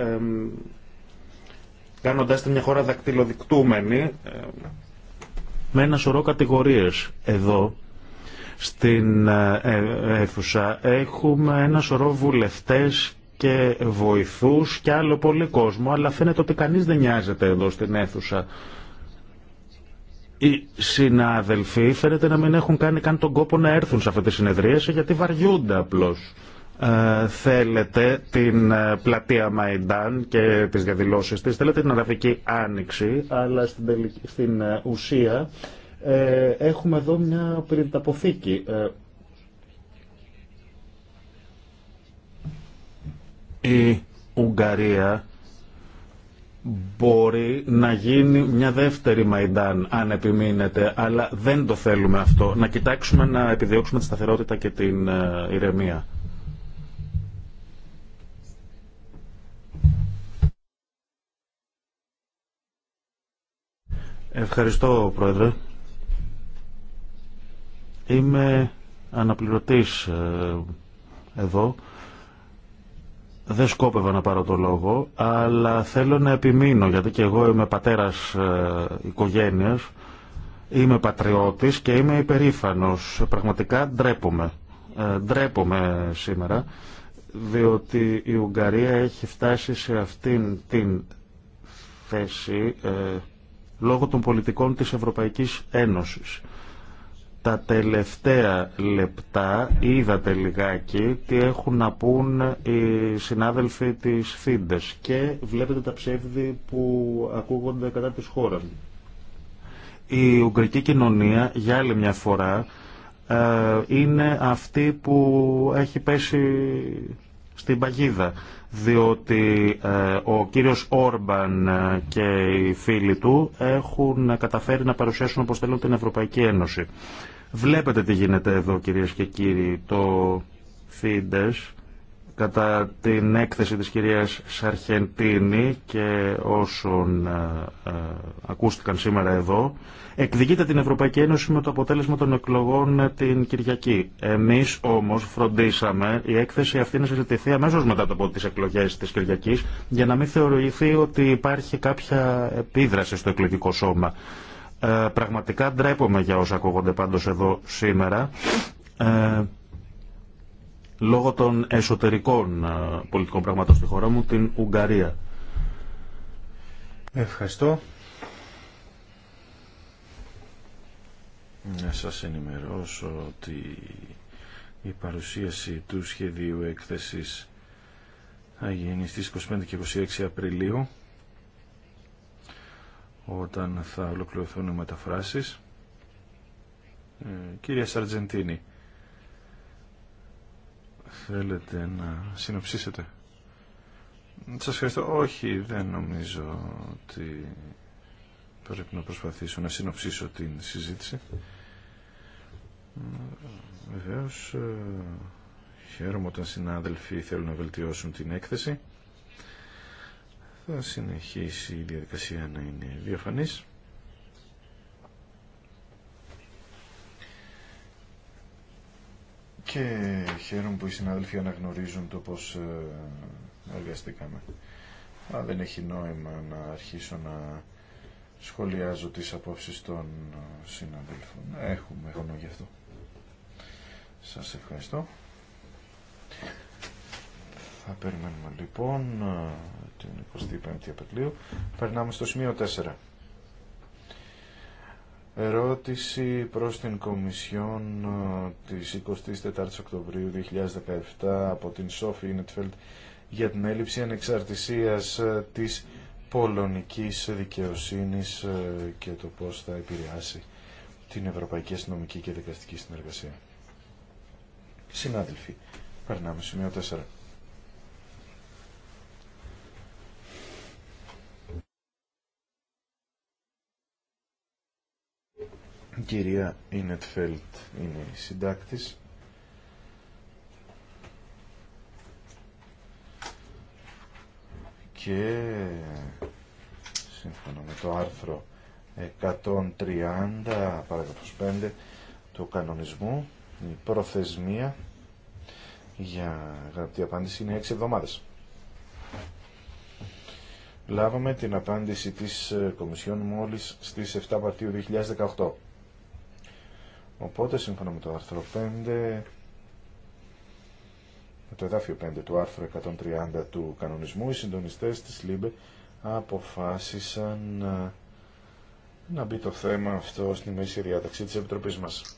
κάνοντά την μια χώρα δακτυλοδεικτούμενη με ένα σωρό κατηγορίε. Εδώ στην ε, ε, αίθουσα έχουμε ένα σωρό βουλευτές και βοηθούς και άλλο πολύ κόσμο, αλλά φαίνεται ότι κανείς δεν νοιάζεται εδώ στην αίθουσα. Οι συνάδελφοι φαίνεται να μην έχουν κάνει καν τον κόπο να έρθουν σε αυτή τη συνεδρία γιατί βαριούνται απλώς. Ε, θέλετε την πλατεία Μαϊντάν και τις διαδηλώσεις της, θέλετε την Αραβική Άνοιξη, αλλά στην ουσία ε, έχουμε εδώ μια Ε, η Ουγγαρία μπορεί να γίνει μια δεύτερη Μαϊντάν αν επιμείνεται, αλλά δεν το θέλουμε αυτό. Να κοιτάξουμε να επιδιώξουμε τη σταθερότητα και την ε, ηρεμία. Ευχαριστώ, Πρόεδρε. Είμαι αναπληρωτής ε, εδώ. Δεν σκόπευα να πάρω το λόγο, αλλά θέλω να επιμείνω, γιατί και εγώ είμαι πατέρας ε, οικογένειας, είμαι πατριώτης και είμαι υπερήφανος. Πραγματικά ντρέπομαι. Ε, ντρέπομαι σήμερα, διότι η Ουγγαρία έχει φτάσει σε αυτήν την θέση λόγω των πολιτικών της Ευρωπαϊκής Ένωσης τα τελευταία λεπτά είδατε λιγάκι τι έχουν να πούν οι συνάδελφοι της Φίντες και βλέπετε τα ψεύδη που ακούγονται κατά της χώρας. Η Ουγγρική κοινωνία για άλλη μια φορά ε, είναι αυτή που έχει πέσει στην παγίδα διότι ε, ο κύριος Όρμπαν και οι φίλοι του έχουν καταφέρει να παρουσιάσουν όπως θέλουν την Ευρωπαϊκή Ένωση. Βλέπετε τι γίνεται εδώ κυρίες και κύριοι. Το Φίντες κατά την έκθεση της κυρίας Σαρχεντίνη και όσων ε, ε, ακούστηκαν σήμερα εδώ, εκδικείται την Ευρωπαϊκή Ένωση με το αποτέλεσμα των εκλογών την Κυριακή. Εμείς όμως φροντίσαμε η έκθεση αυτή να συζητηθεί αμέσως μετά από τις εκλογές της Κυριακής για να μην θεωρηθεί ότι υπάρχει κάποια επίδραση στο εκλογικό σώμα. Ε, πραγματικά ντρέπομαι για όσα ακούγονται πάντως εδώ σήμερα. Ε, λόγω των εσωτερικών ε, πολιτικών πραγμάτων στη χώρα μου, την Ουγγαρία. Ευχαριστώ. Να σας ενημερώσω ότι η παρουσίαση του σχεδίου έκθεσης θα γίνει στις 25 και 26 Απριλίου όταν θα ολοκληρωθούν οι μεταφράσεις. Ε, κύριε Σαρτζεντίνη, θέλετε να συνοψίσετε. Σας ευχαριστώ. Όχι, δεν νομίζω ότι πρέπει να προσπαθήσω να συνοψίσω την συζήτηση. Βεβαίω, ε, χαίρομαι όταν συνάδελφοι θέλουν να βελτιώσουν την έκθεση. Θα συνεχίσει η διαδικασία να είναι διαφανής. Και χαίρομαι που οι συνάδελφοι αναγνωρίζουν το πώς ε, εργαστήκαμε. Αλλά δεν έχει νόημα να αρχίσω να σχολιάζω τις απόψεις των ε, συναδέλφων. Έχουμε γνώμη γι' αυτό. Σας ευχαριστώ. Θα περιμένουμε λοιπόν ε, την 25η Απριλίου. Περνάμε στο σημείο 4. Ερώτηση προς την Κομισιόν ε, της 24ης Οκτωβρίου 2017 από την Σόφη Ινετφέλτ για την έλλειψη ανεξαρτησίας ε, της πολωνικής δικαιοσύνης και το πώς θα επηρεάσει την Ευρωπαϊκή Αστυνομική και Δικαστική Συνεργασία. Συνάδελφοι, περνάμε σημείο 4. Η κυρία Ινετφέλτ είναι η συντάκτης. Και σύμφωνα με το άρθρο 130 παράγραφος 5 του κανονισμού η προθεσμία για γραπτή απάντηση είναι 6 εβδομάδες. Λάβαμε την απάντηση της ε, Κομισιόν μόλις στις 7 Μαρτίου 2018. Οπότε, σύμφωνα με το άρθρο 5, με το εδάφιο 5 του άρθρου 130 του κανονισμού, οι συντονιστές της ΛΥΜΠΕ αποφάσισαν να, ε, να μπει το θέμα αυτό στη μέση διάταξη της Επιτροπής μας.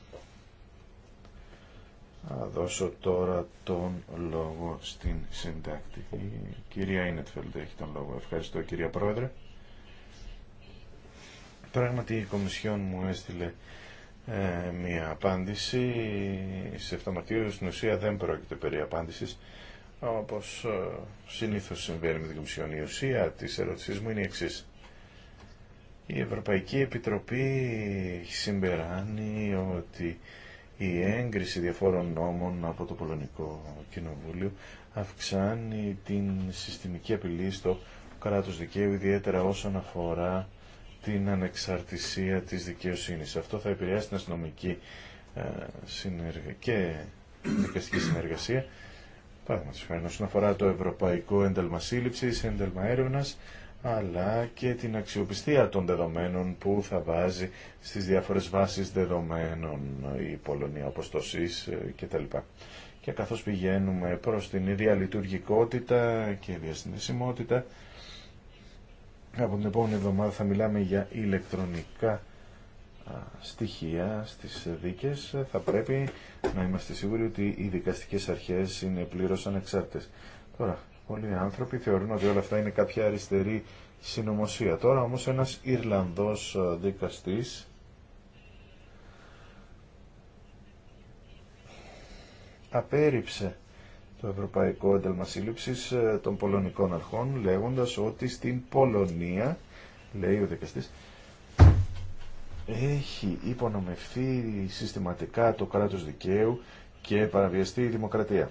Θα δώσω τώρα τον λόγο στην συντάκτη. Η κυρία Ίνετφελντ έχει τον λόγο. Ευχαριστώ κυρία Πρόεδρε. Πράγματι η Κομισιόν μου έστειλε ε, μια απάντηση. Σε Μαρτίου. στην ουσία δεν πρόκειται περί απάντησης. Όπως ε, συνήθως συμβαίνει με την Κομισιόν, η ουσία της ερώτησής μου είναι η εξής. Η Ευρωπαϊκή Επιτροπή συμπεράνει ότι η έγκριση διαφόρων νόμων από το Πολωνικό Κοινοβούλιο αυξάνει την συστημική απειλή στο κράτος δικαίου, ιδιαίτερα όσον αφορά την ανεξαρτησία της δικαιοσύνης. Αυτό θα επηρεάσει την αστυνομική ε, συνεργα... και δικαστική συνεργασία. Παραδείγματο χάρη, όσον αφορά το ευρωπαϊκό ένταλμα σύλληψη, ένταλμα έρευνα, αλλά και την αξιοπιστία των δεδομένων που θα βάζει στις διάφορες βάσεις δεδομένων η Πολωνία, όπως το ΣΥΣ ε, κτλ. Και καθώς πηγαίνουμε προς την ίδια λειτουργικότητα και διασυνδεσιμότητα, από την επόμενη εβδομάδα θα μιλάμε για ηλεκτρονικά στοιχεία στις δίκες θα πρέπει να είμαστε σίγουροι ότι οι δικαστικές αρχές είναι πλήρως ανεξάρτητες. Τώρα, πολλοί άνθρωποι θεωρούν ότι όλα αυτά είναι κάποια αριστερή συνωμοσία. Τώρα όμως ένας Ιρλανδός δικαστής απέρριψε το Ευρωπαϊκό Ένταλμα Σύλληψης ε, των Πολωνικών Αρχών λέγοντας ότι στην Πολωνία, λέει ο δικαστής, έχει υπονομευθεί συστηματικά το κράτος δικαίου και παραβιαστεί η δημοκρατία.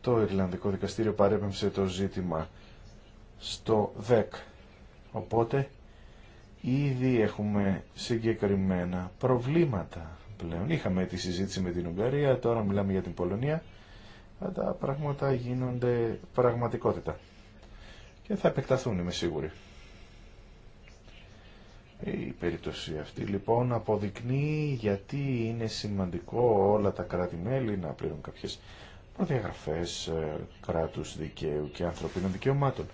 Το Ιρλανδικό Δικαστήριο παρέπεμψε το ζήτημα στο ΔΕΚ. Οπότε ήδη έχουμε συγκεκριμένα προβλήματα πλέον. Είχαμε τη συζήτηση με την Ουγγαρία, τώρα μιλάμε για την Πολωνία. Τα πράγματα γίνονται πραγματικότητα. Και θα επεκταθούν, είμαι σίγουρη. Η περίπτωση αυτή λοιπόν αποδεικνύει γιατί είναι σημαντικό όλα τα κράτη-μέλη να πληρούν κάποιες προδιαγραφές ε, κράτους δικαίου και ανθρωπίνων δικαιωμάτων.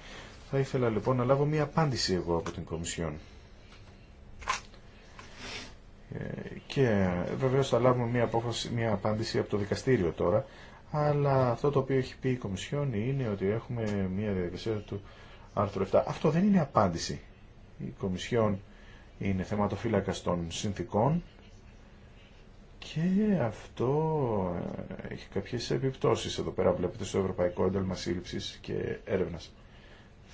Θα ήθελα λοιπόν να λάβω μία απάντηση εγώ από την Κομισιόν και βεβαίως θα λάβουμε μια, απόφαση, μια απάντηση από το δικαστήριο τώρα, αλλά αυτό το οποίο έχει πει η Κομισιόν είναι ότι έχουμε μια διαδικασία του άρθρου 7. Αυτό δεν είναι απάντηση. Η Κομισιόν είναι θεματοφύλακα των συνθήκων και αυτό ε, έχει κάποιες επιπτώσεις εδώ πέρα βλέπετε στο Ευρωπαϊκό Ένταλμα Σύλληψης και Έρευνας.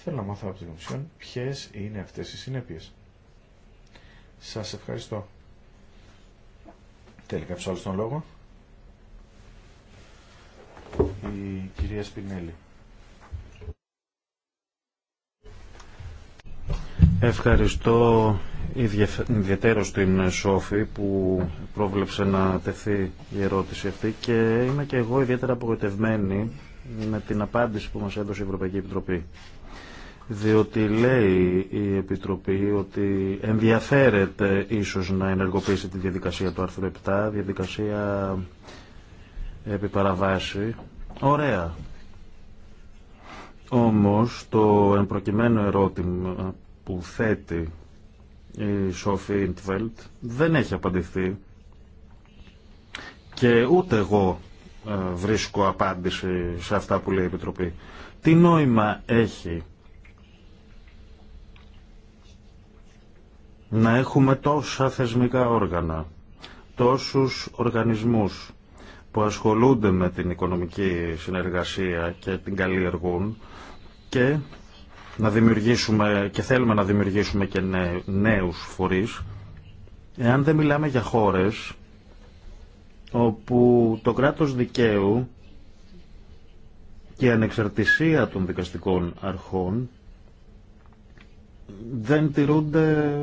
Θέλω να μάθω από την Κομισιόν ποιες είναι αυτές οι συνέπειες. Σας ευχαριστώ. Θέλει κάποιο άλλο τον λόγο. Η κυρία Σπινέλη. Ευχαριστώ ιδιαίτερο στην Σόφη που πρόβλεψε να τεθεί η ερώτηση αυτή και είμαι και εγώ ιδιαίτερα απογοητευμένη με την απάντηση που μας έδωσε η Ευρωπαϊκή Επιτροπή διότι λέει η Επιτροπή ότι ενδιαφέρεται ίσως να ενεργοποιήσει τη διαδικασία του άρθρου 7, διαδικασία επί παραβάση. Ωραία. Όμως το εμπροκειμένο ερώτημα που θέτει η Σόφη Ιντβέλτ δεν έχει απαντηθεί και ούτε εγώ ε, βρίσκω απάντηση σε αυτά που λέει η Επιτροπή. Τι νόημα έχει να έχουμε τόσα θεσμικά όργανα, τόσους οργανισμούς που ασχολούνται με την οικονομική συνεργασία και την καλλιεργούν και να δημιουργήσουμε και θέλουμε να δημιουργήσουμε και νέους φορείς εάν δεν μιλάμε για χώρες όπου το κράτος δικαίου και η ανεξαρτησία των δικαστικών αρχών δεν τηρούνται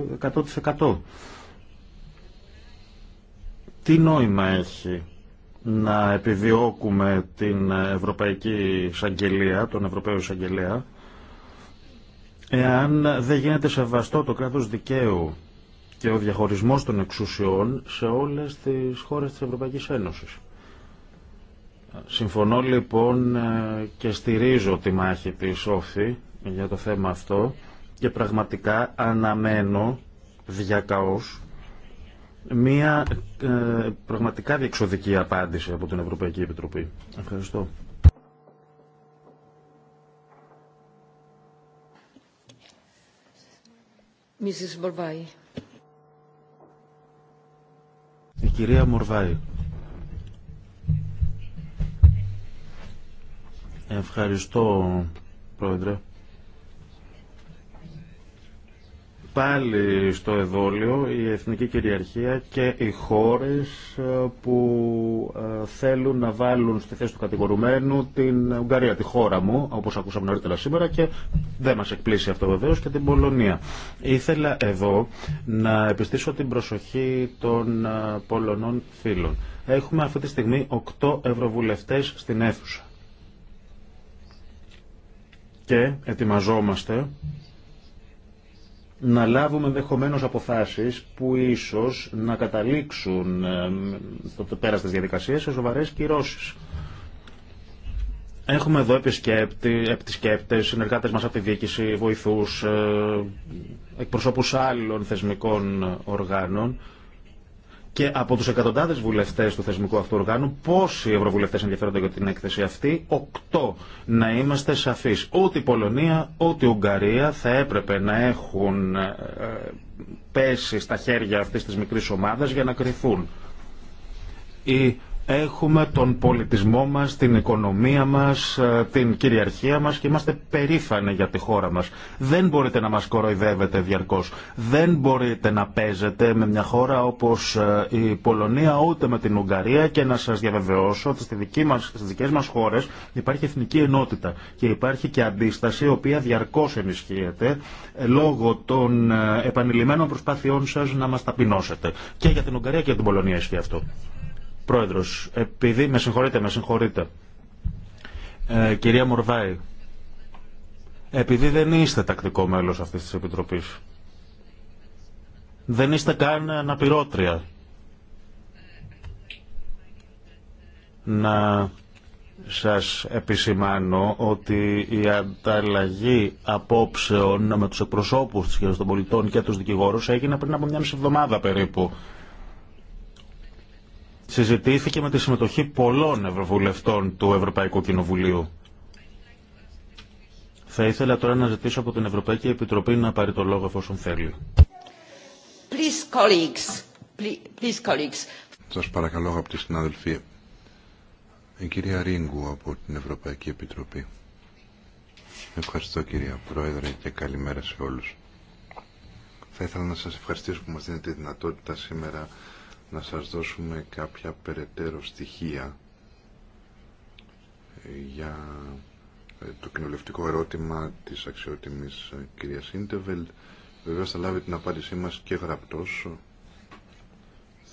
100%. Τι νόημα έχει να επιδιώκουμε την Ευρωπαϊκή Εισαγγελία, τον Ευρωπαίο Εισαγγελία, εάν δεν γίνεται σεβαστό το κράτος δικαίου και ο διαχωρισμός των εξουσιών σε όλες τις χώρες της Ευρωπαϊκής Ένωσης. Συμφωνώ λοιπόν και στηρίζω τη μάχη της Όφη για το θέμα αυτό και πραγματικά αναμένω διακαώς μία ε, πραγματικά διεξοδική απάντηση από την Ευρωπαϊκή Επιτροπή. Ευχαριστώ. Η κυρία Μορβάη. Ευχαριστώ, Πρόεδρε. πάλι στο εδόλιο η εθνική κυριαρχία και οι χώρες ε, που ε, θέλουν να βάλουν στη θέση του κατηγορουμένου την Ουγγαρία, τη χώρα μου, όπως ακούσαμε νωρίτερα σήμερα και δεν μας εκπλήσει αυτό βεβαίω και την Πολωνία. Ήθελα εδώ να επιστήσω την προσοχή των ε, Πολωνών φίλων. Έχουμε αυτή τη στιγμή 8 ευρωβουλευτές στην αίθουσα. Και ετοιμαζόμαστε να λάβουμε ενδεχομένω αποφάσει που ίσως να καταλήξουν ε, στο πέρα της διαδικασία σε σοβαρέ κυρώσει. Έχουμε εδώ επισκέπτε, συνεργάτες μας από τη διοίκηση, βοηθούς, ε, εκπροσώπους άλλων θεσμικών οργάνων και από του εκατοντάδε βουλευτέ του θεσμικού αυτού οργάνου, πόσοι ευρωβουλευτέ ενδιαφέρονται για την έκθεση αυτή, οκτώ. Να είμαστε σαφεί. Ό,τι η Πολωνία, ό,τι η Ουγγαρία θα έπρεπε να έχουν ε, ε, πέσει στα χέρια αυτή τη μικρή ομάδα για να κρυθούν. Έχουμε τον πολιτισμό μας, την οικονομία μας, ε, την κυριαρχία μας και είμαστε περήφανοι για τη χώρα μας. Δεν μπορείτε να μας κοροϊδεύετε διαρκώς. Δεν μπορείτε να παίζετε με μια χώρα όπως ε, η Πολωνία ούτε με την Ουγγαρία και να σας διαβεβαιώσω ότι στη δική μας, στις δικές μας χώρες υπάρχει εθνική ενότητα και υπάρχει και αντίσταση η οποία διαρκώς ενισχύεται ε, λόγω των επανειλημμένων προσπάθειών σας να μας ταπεινώσετε. Και για την Ουγγαρία και για την Πολωνία ισχύει αυτό. Πρόεδρος, επειδή με συγχωρείτε, με συγχωρείτε. Ε, κυρία Μορβάη, επειδή δεν είστε τακτικό μέλος αυτής της Επιτροπής, δεν είστε καν αναπηρώτρια να σας επισημάνω ότι η ανταλλαγή απόψεων με τους εκπροσώπους της κοινωνίας των πολιτών και τους δικηγόρους έγινε πριν από μια μισή εβδομάδα περίπου συζητήθηκε με τη συμμετοχή πολλών ευρωβουλευτών του Ευρωπαϊκού Κοινοβουλίου. Θα ήθελα τώρα να ζητήσω από την Ευρωπαϊκή Επιτροπή να πάρει το λόγο εφόσον θέλει. Please, colleagues. Please, colleagues. Σας παρακαλώ τη συνάδελφοι, η κυρία Ρίγκου από την Ευρωπαϊκή Επιτροπή. Ευχαριστώ κυρία Πρόεδρε και καλημέρα σε όλους. Θα ήθελα να σας ευχαριστήσω που μας δίνετε τη δυνατότητα σήμερα να σας δώσουμε κάποια περαιτέρω στοιχεία για ε, το κοινοβουλευτικό ερώτημα της αξιότιμης ε, κυρίας Σίντεβελ, Βέβαια θα λάβει την απάντησή μας και γραπτός.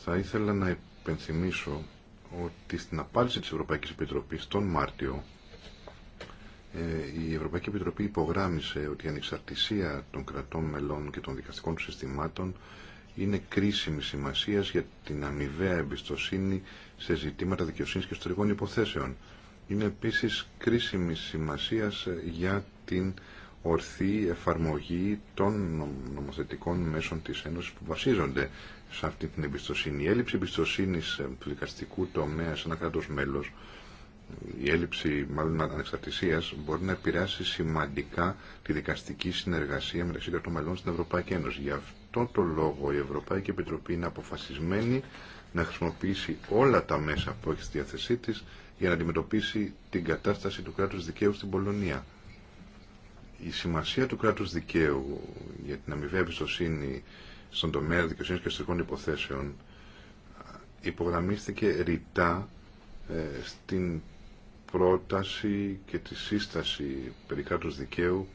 Θα ήθελα να επενθυμίσω ότι στην απάντηση της Ευρωπαϊκής Επιτροπής τον Μάρτιο ε, η Ευρωπαϊκή Επιτροπή υπογράμμισε ότι η ανεξαρτησία των κρατών μελών και των δικαστικών συστημάτων είναι κρίσιμη σημασία για την αμοιβαία εμπιστοσύνη σε ζητήματα δικαιοσύνη και ιστορικών υποθέσεων. Είναι επίση κρίσιμη σημασία για την ορθή εφαρμογή των νομοθετικών μέσων της Ένωσης που βασίζονται σε αυτή την εμπιστοσύνη. Η έλλειψη εμπιστοσύνης του δικαστικού τομέα σε ένα κράτος μέλος, η έλλειψη μάλλον ανεξαρτησίας, μπορεί να επηρεάσει σημαντικά τη δικαστική συνεργασία μεταξύ των μελών στην Ευρωπαϊκή Ένωση. Γι' τον το λόγο η Ευρωπαϊκή Επιτροπή είναι αποφασισμένη να χρησιμοποιήσει όλα τα μέσα που έχει στη διάθεσή της για να αντιμετωπίσει την κατάσταση του κράτους δικαίου στην Πολωνία. Η σημασία του κράτους δικαίου για την αμοιβαία εμπιστοσύνη στον τομέα δικαιοσύνης και αστυνομικών υποθέσεων υπογραμμίστηκε ρητά ε, στην πρόταση και τη σύσταση περί κράτους δικαίου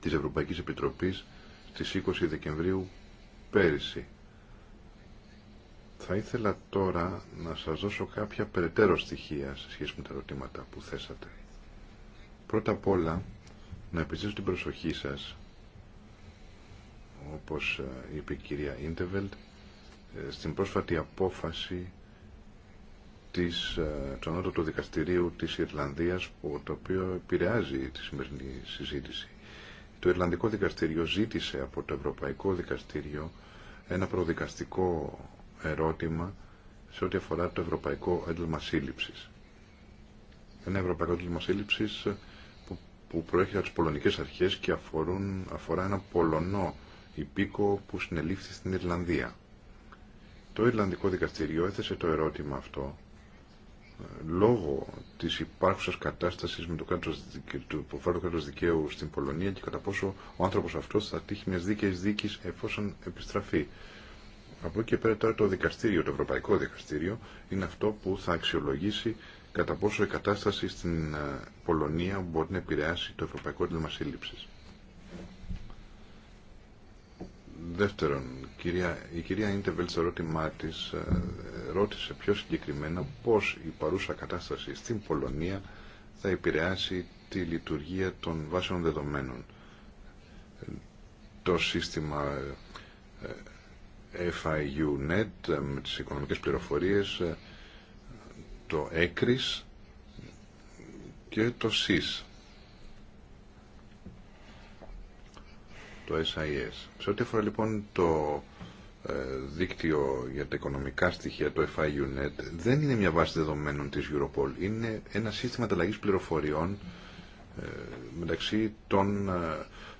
της Ευρωπαϊκής Επιτροπής στις 20 Δεκεμβρίου πέρυσι. Θα ήθελα τώρα να σας δώσω κάποια περαιτέρω στοιχεία σε σχέση με τα ερωτήματα που θέσατε. Πρώτα απ' όλα, να επιζήσω την προσοχή σας, όπως ε, είπε η κυρία Ιντεβελτ, ε, στην πρόσφατη απόφαση της, ε, του Ανώτατου Δικαστηρίου της Ιρλανδίας, που, το οποίο επηρεάζει τη σημερινή συζήτηση. Το Ιρλανδικό Δικαστήριο ζήτησε από το Ευρωπαϊκό Δικαστήριο ένα προδικαστικό ερώτημα σε ό,τι αφορά το Ευρωπαϊκό Έντλμα Σύλληψη. Ένα Ευρωπαϊκό Έντλμα Σύλληψη που, προέρχεται από τι πολωνικές αρχές και αφορούν, αφορά ένα πολωνό υπήκο που συνελήφθη στην Ιρλανδία. Το Ιρλανδικό Δικαστήριο έθεσε το ερώτημα αυτό λόγω τη υπάρχουσας κατάσταση με το κράτος, του υποφέρου κράτου δικαίου στην Πολωνία και κατά πόσο ο άνθρωπος αυτός θα τύχει μια δίκαιη δίκη εφόσον επιστραφεί. Από εκεί και πέρα τώρα το δικαστήριο, το Ευρωπαϊκό Δικαστήριο, είναι αυτό που θα αξιολογήσει κατά πόσο η κατάσταση στην ε, Πολωνία μπορεί να επηρεάσει το Ευρωπαϊκό Σύλληψης. Δεύτερον, κυρία, η κυρία Ίντεβελ στο ερώτημά τη ε, ρώτησε πιο συγκεκριμένα πώς η παρούσα κατάσταση στην Πολωνία θα επηρεάσει τη λειτουργία των βάσεων δεδομένων. Το σύστημα ε, FIU-NET ε, με τις οικονομικές πληροφορίες, το ECRIS και το SIS. το SIS. Σε ό,τι αφορά λοιπόν το ε, δίκτυο για τα οικονομικά στοιχεία, το FIUNET, δεν είναι μια βάση δεδομένων της Europol. Είναι ένα σύστημα ανταλλαγής πληροφοριών ε, μεταξύ των ε,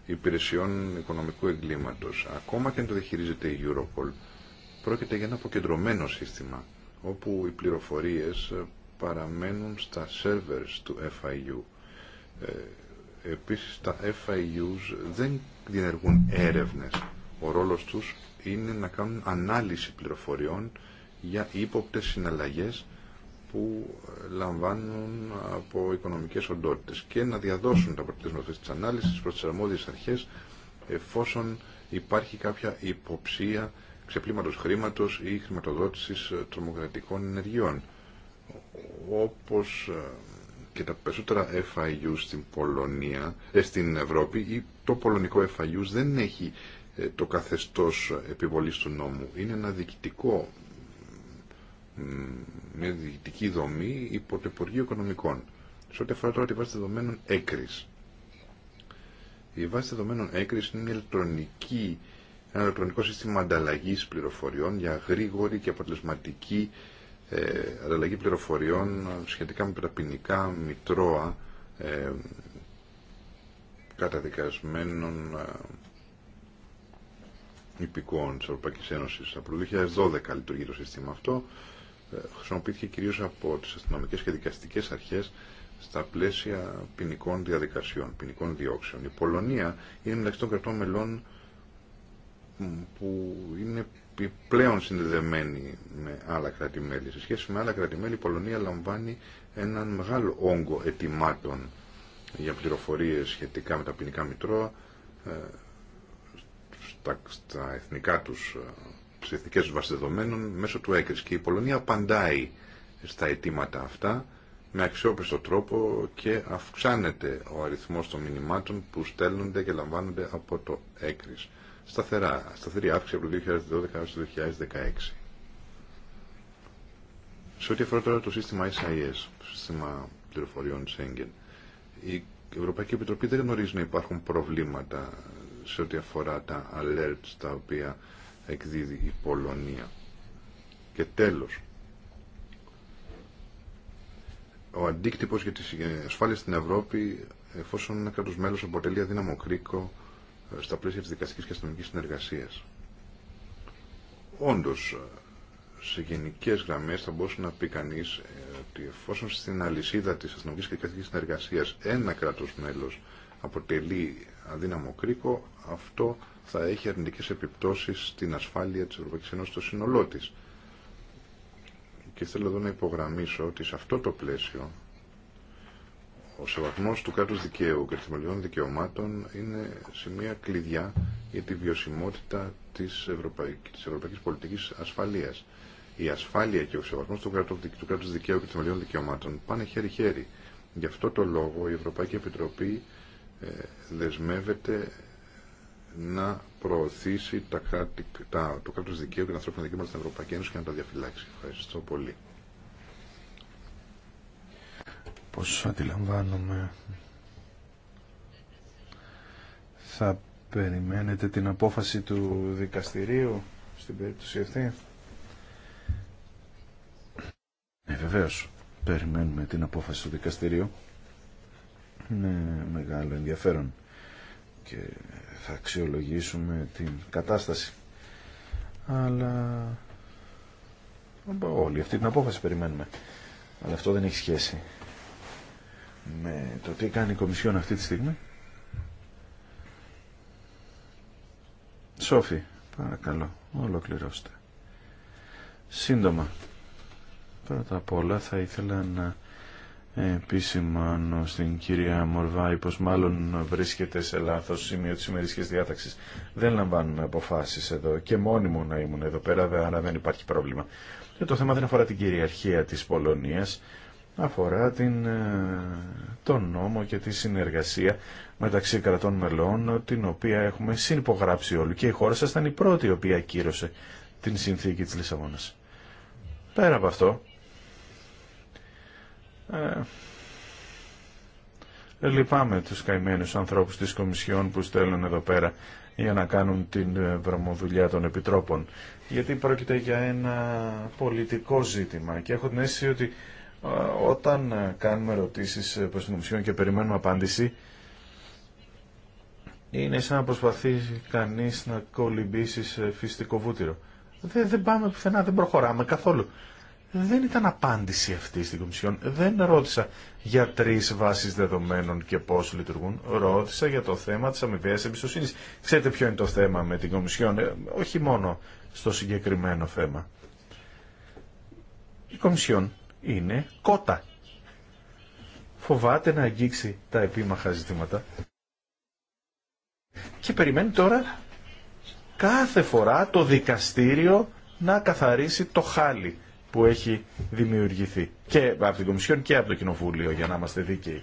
υπηρεσιών οικονομικού εγκλήματος. Ακόμα και αν το διαχειρίζεται η Europol, πρόκειται για ένα αποκεντρωμένο σύστημα, όπου οι πληροφορίες παραμένουν στα servers του FIU. Επίσης τα FIUs δεν διενεργούν έρευνες. Ο ρόλος τους είναι να κάνουν ανάλυση πληροφοριών για ύποπτες συναλλαγές που ε, λαμβάνουν από οικονομικές οντότητες και να διαδώσουν τα αποτελέσματα της ανάλυσης προς τις αρμόδιες αρχές εφόσον υπάρχει κάποια υποψία ξεπλήματος χρήματος ή χρηματοδότησης τρομοκρατικών ενεργειών. Όπως ε, και τα περισσότερα FIU στην Πολωνία, ε, στην Ευρώπη ή το πολωνικό FIU δεν έχει ε, το καθεστώς επιβολής του νόμου. Είναι ένα διοικητικό, μια διοικητική δομή υπό το Υπουργείο Οικονομικών. Σε ό,τι αφορά τώρα τη βάση δεδομένων έκρης. Η βάση δεδομένων έκρης είναι ηλεκτρονική, ένα ηλεκτρονικό σύστημα ανταλλαγής πληροφοριών για γρήγορη και αποτελεσματική ε, πληροφοριών σχετικά με τα ποινικά μητρώα ε, καταδικασμένων ε, υπηκών της Ευρωπαϊκής Ένωσης. Από το 2012 λειτουργεί το σύστημα αυτό. Ε, χρησιμοποιήθηκε κυρίως από τις αστυνομικές και δικαστικές αρχές στα πλαίσια ποινικών διαδικασιών, ποινικών διώξεων. Η Πολωνία είναι μεταξύ των κρατών μελών που είναι πλέον συνδεδεμένη με άλλα Σε σχέση με άλλα η Πολωνία λαμβάνει έναν μεγάλο όγκο ετοιμάτων για πληροφορίες σχετικά με τα ποινικά μητρώα ε, στα, εθνικά τους, στις ε, εθνικές μέσω του έκρης. Και η Πολωνία απαντάει στα αιτήματα αυτά με αξιόπιστο τρόπο και αυξάνεται ο αριθμός των μηνυμάτων που στέλνονται και λαμβάνονται από το έκρης σταθερά, σταθερή αύξηση από το 2012 έως το 2016. Σε ό,τι αφορά τώρα το σύστημα SIS, το σύστημα πληροφοριών Schengen, η Ευρωπαϊκή Επιτροπή δεν γνωρίζει να υπάρχουν προβλήματα σε ό,τι αφορά τα alerts τα οποία εκδίδει η Πολωνία. Και τέλος, ο αντίκτυπος για τη ε, ασφάλεια στην Ευρώπη εφόσον ένα κράτος μέλος αποτελεί αδύναμο κρίκο στα πλαίσια της δικαστικής και αστυνομικής συνεργασίας. Όντως, σε γενικές γραμμές θα μπορούσε να πει κανεί ε, ότι εφόσον στην αλυσίδα της αστυνομικής και δικαστικής συνεργασίας ένα κράτος μέλος αποτελεί αδύναμο κρίκο, αυτό θα έχει αρνητικές επιπτώσεις στην ασφάλεια τη Ευρωπαϊκής Ένωσης στο σύνολό της. Και θέλω εδώ να υπογραμμίσω ότι σε αυτό το πλαίσιο ο σεβασμός του κράτους δικαίου και των δικαιωμάτων είναι σημεία κλειδιά για τη βιωσιμότητα της ευρωπαϊκής, της ευρωπαϊκής πολιτικής ασφαλείας. Η ασφάλεια και ο σεβασμός του κράτους, δικαίου και των θεμελιών δικαιωμάτων πάνε χέρι-χέρι. Γι' αυτό το λόγο η Ευρωπαϊκή Επιτροπή ε, δεσμεύεται να προωθήσει τα κράτη, τα, το κράτος δικαίου και τα ανθρώπινα δικαιώματα στην Ευρωπαϊκή Ένωση και να τα διαφυλάξει. Ευχαριστώ πολύ όπως αντιλαμβάνομαι θα περιμένετε την απόφαση του δικαστηρίου στην περίπτωση αυτή. Ε, βεβαίως, περιμένουμε την απόφαση του δικαστηρίου με μεγάλο ενδιαφέρον και θα αξιολογήσουμε την κατάσταση. Αλλά όλη αυτή την απόφαση περιμένουμε. Αλλά αυτό δεν έχει σχέση με το τι κάνει η Κομισιόν αυτή τη στιγμή. Σόφι, παρακαλώ, ολοκληρώστε. Σύντομα, πρώτα απ' όλα θα ήθελα να επισημάνω στην κυρία Μορβάη πως μάλλον βρίσκεται σε λάθος σημείο της ημερήσια διάταξης. Δεν λαμβάνουμε αποφάσεις εδώ και μόνοι μου να ήμουν εδώ πέρα, άρα δεν υπάρχει πρόβλημα. Και το θέμα δεν αφορά την κυριαρχία της Πολωνίας, αφορά την, ε, τον νόμο και τη συνεργασία μεταξύ κρατών μελών, την οποία έχουμε συνυπογράψει όλοι. Και η χώρα σας ήταν η πρώτη η οποία ακύρωσε την συνθήκη της Λισαβόνας. Πέρα από αυτό, ε, λυπάμαι τους καημένους ανθρώπους της Κομισιόν που στέλνουν εδώ πέρα για να κάνουν την ε, βρωμοδουλειά των επιτρόπων. Γιατί πρόκειται για ένα πολιτικό ζήτημα και έχω την αίσθηση ότι όταν ε, κάνουμε ερωτήσεις ε, προς την Κομισιόν και περιμένουμε απάντηση, είναι σαν να προσπαθεί κανείς να κολυμπήσει σε βούτυρο. Δεν, δεν πάμε πουθενά, δεν προχωράμε καθόλου. Δεν ήταν απάντηση αυτή στην Κομισιόν. Δεν ρώτησα για τρεις βάσεις δεδομένων και πώς λειτουργούν. Ρώτησα για το θέμα της αμοιβαία εμπιστοσύνη. Ξέρετε ποιο είναι το θέμα με την Κομισιόν, ε, όχι μόνο στο συγκεκριμένο θέμα. Η Κομισιόν είναι κότα. Φοβάται να αγγίξει τα επίμαχα ζητήματα. Και περιμένει τώρα κάθε φορά το δικαστήριο να καθαρίσει το χάλι που έχει δημιουργηθεί. Και από την Κομισιόν και από το Κοινοβούλιο, για να είμαστε δίκαιοι.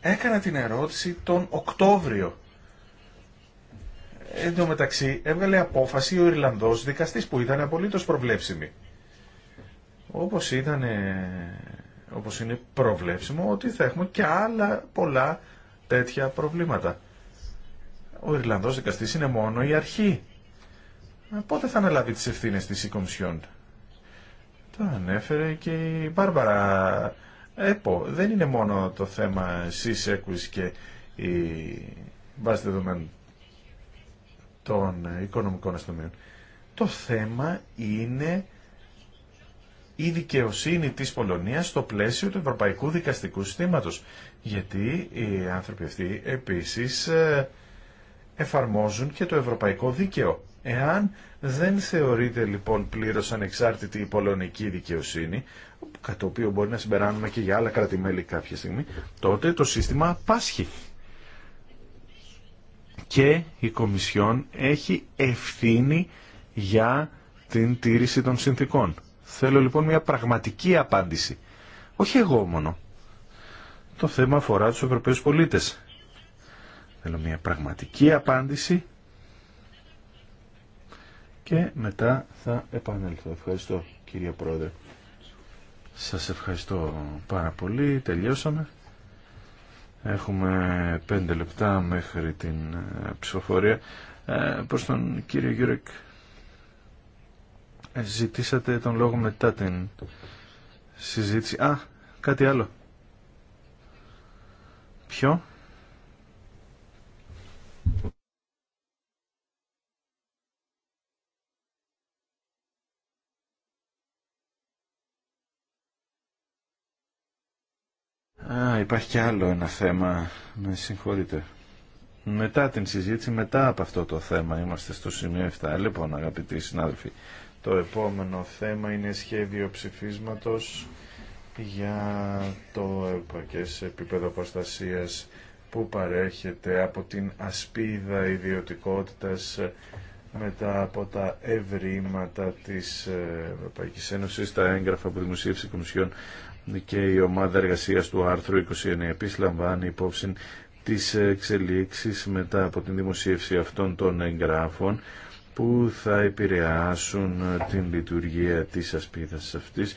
Έκανα την ερώτηση τον Οκτώβριο. Εν τω μεταξύ έβγαλε απόφαση ο Ιρλανδός δικαστής που ήταν απολύτως προβλέψιμη όπως, ήταν, όπως είναι προβλέψιμο ότι θα έχουμε και άλλα πολλά τέτοια προβλήματα. Ο Ιρλανδός δικαστής είναι μόνο η αρχή. Ε, πότε θα αναλάβει τις ευθύνες της Οικομισιόν. Το ανέφερε και η Μπάρμπαρα ΕΠΟ. Δεν είναι μόνο το θέμα εσείς έκουης και η βάση δεδομένων των οικονομικών αστυνομίων. Το θέμα είναι η δικαιοσύνη της Πολωνίας στο πλαίσιο του Ευρωπαϊκού Δικαστικού Συστήματος. Γιατί οι άνθρωποι αυτοί επίσης ε, εφαρμόζουν και το ευρωπαϊκό δίκαιο. Εάν δεν θεωρείται λοιπόν πλήρως ανεξάρτητη η πολωνική δικαιοσύνη, κατά το οποίο μπορεί να συμπεράνουμε και για άλλα κρατημέλη κάποια στιγμή, τότε το σύστημα πάσχει. Και η Κομισιόν έχει ευθύνη για την τήρηση των συνθήκων. Θέλω λοιπόν μια πραγματική απάντηση. Όχι εγώ μόνο. Το θέμα αφορά τους Ευρωπαίους πολίτες. Θέλω μια πραγματική απάντηση και μετά θα επανέλθω. Ευχαριστώ κύριε Πρόεδρε. Σας ευχαριστώ πάρα πολύ. Τελειώσαμε. Έχουμε πέντε λεπτά μέχρι την ε, ψηφοφορία. Ε, προς τον κύριο Γιούρεκ Ζητήσατε τον λόγο μετά την συζήτηση. Α, κάτι άλλο. Ποιο? Α, υπάρχει και άλλο ένα θέμα. Με συγχωρείτε. Μετά την συζήτηση, μετά από αυτό το θέμα, είμαστε στο σημείο 7. Λοιπόν, αγαπητοί συνάδελφοι, το επόμενο θέμα είναι σχέδιο ψηφίσματος για το επαρκές επίπεδο προστασίας που παρέχεται από την ασπίδα ιδιωτικότητας μετά από τα ευρήματα της ε, Ευρωπαϊκής Ένωσης, τα έγγραφα που δημοσίευσε η Κομισιόν και η ομάδα εργασίας του άρθρου 29. Επίσης λαμβάνει υπόψη τις εξελίξεις μετά από την δημοσίευση αυτών των εγγράφων που θα επηρεάσουν την λειτουργία της ασπίδας αυτής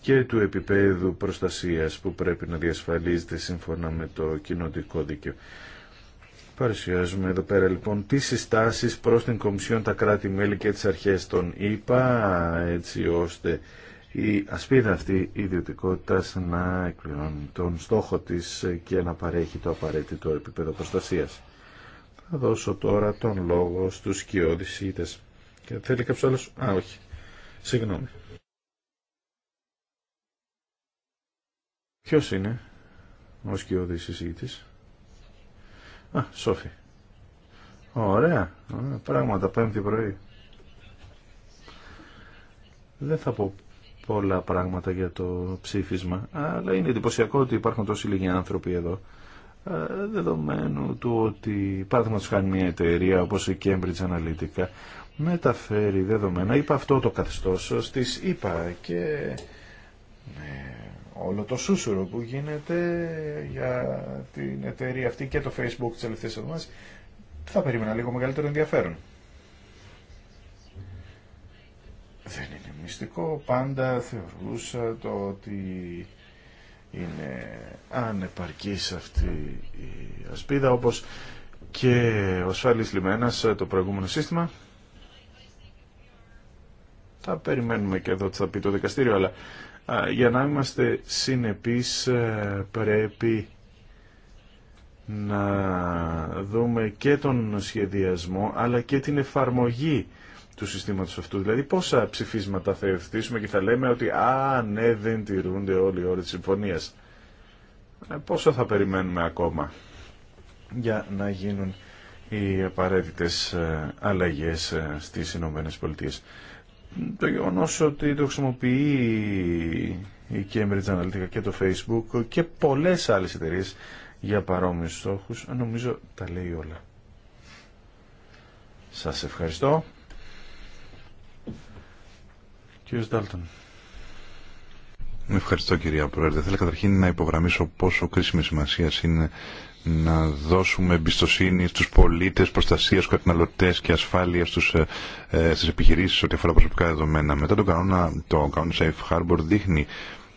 και του επίπεδου προστασίας που πρέπει να διασφαλίζεται σύμφωνα με το κοινοτικό δίκαιο. Παρουσιάζουμε εδώ πέρα λοιπόν τις συστάσεις προς την Κομισιόν, τα κράτη-μέλη και τις αρχές των ΙΠΑ έτσι ώστε η ασπίδα αυτή ιδιωτικότητα να εκπληρώνει τον στόχο της και να παρέχει το απαραίτητο επίπεδο προστασίας. Θα δώσω τώρα τον λόγο στους κοιόδησίτε. Και θέλει κάποιος άλλος. Α, όχι. Συγγνώμη. Ποιο είναι ο σκιώδης Α, Σόφη. Ωραία. πράγματα πέμπτη πρωί. Δεν θα πω πολλά πράγματα για το ψήφισμα, αλλά είναι εντυπωσιακό ότι υπάρχουν τόσοι λίγοι άνθρωποι εδώ ε, δεδομένου του ότι παράδειγμα τους κάνει μια εταιρεία όπως η Cambridge Analytica μεταφέρει δεδομένα είπα αυτό το καθεστώς στις είπα και όλο το σούσουρο που γίνεται για την εταιρεία αυτή και το facebook της μας θα περίμενα λίγο μεγαλύτερο ενδιαφέρον δεν είναι μυστικό πάντα θεωρούσα το ότι είναι ανεπαρκής αυτή η ασπίδα όπως και ο ασφαλής λιμένας το προηγούμενο σύστημα θα περιμένουμε και εδώ τι θα πει το δικαστήριο αλλά για να είμαστε συνεπείς ε, πρέπει να δούμε και τον σχεδιασμό αλλά και την εφαρμογή του συστήματο αυτού. Δηλαδή πόσα ψηφίσματα θα ευθύσουμε και θα λέμε ότι «Α, ναι, δεν τηρούνται όλοι οι όροι της συμφωνίας». Ε, πόσο θα περιμένουμε ακόμα για να γίνουν οι απαραίτητε ε, αλλαγές ε, στις Ηνωμένε Πολιτείε. Το γεγονό ότι το χρησιμοποιεί η Cambridge Analytica και το Facebook και πολλές άλλες εταιρείε για παρόμοιους στόχους, νομίζω τα λέει όλα. Σας ευχαριστώ. Κύριε Ντάλτον. Ευχαριστώ κυρία Πρόεδρε. Θέλω καταρχήν να υπογραμμίσω πόσο κρίσιμη σημασία είναι να δώσουμε εμπιστοσύνη στους πολίτες, προστασία στου καταναλωτές και ασφάλεια στι επιχειρήσει στις επιχειρήσεις ό,τι αφορά προσωπικά δεδομένα. Μετά τον κανόνα, το κανόνα Safe Harbor δείχνει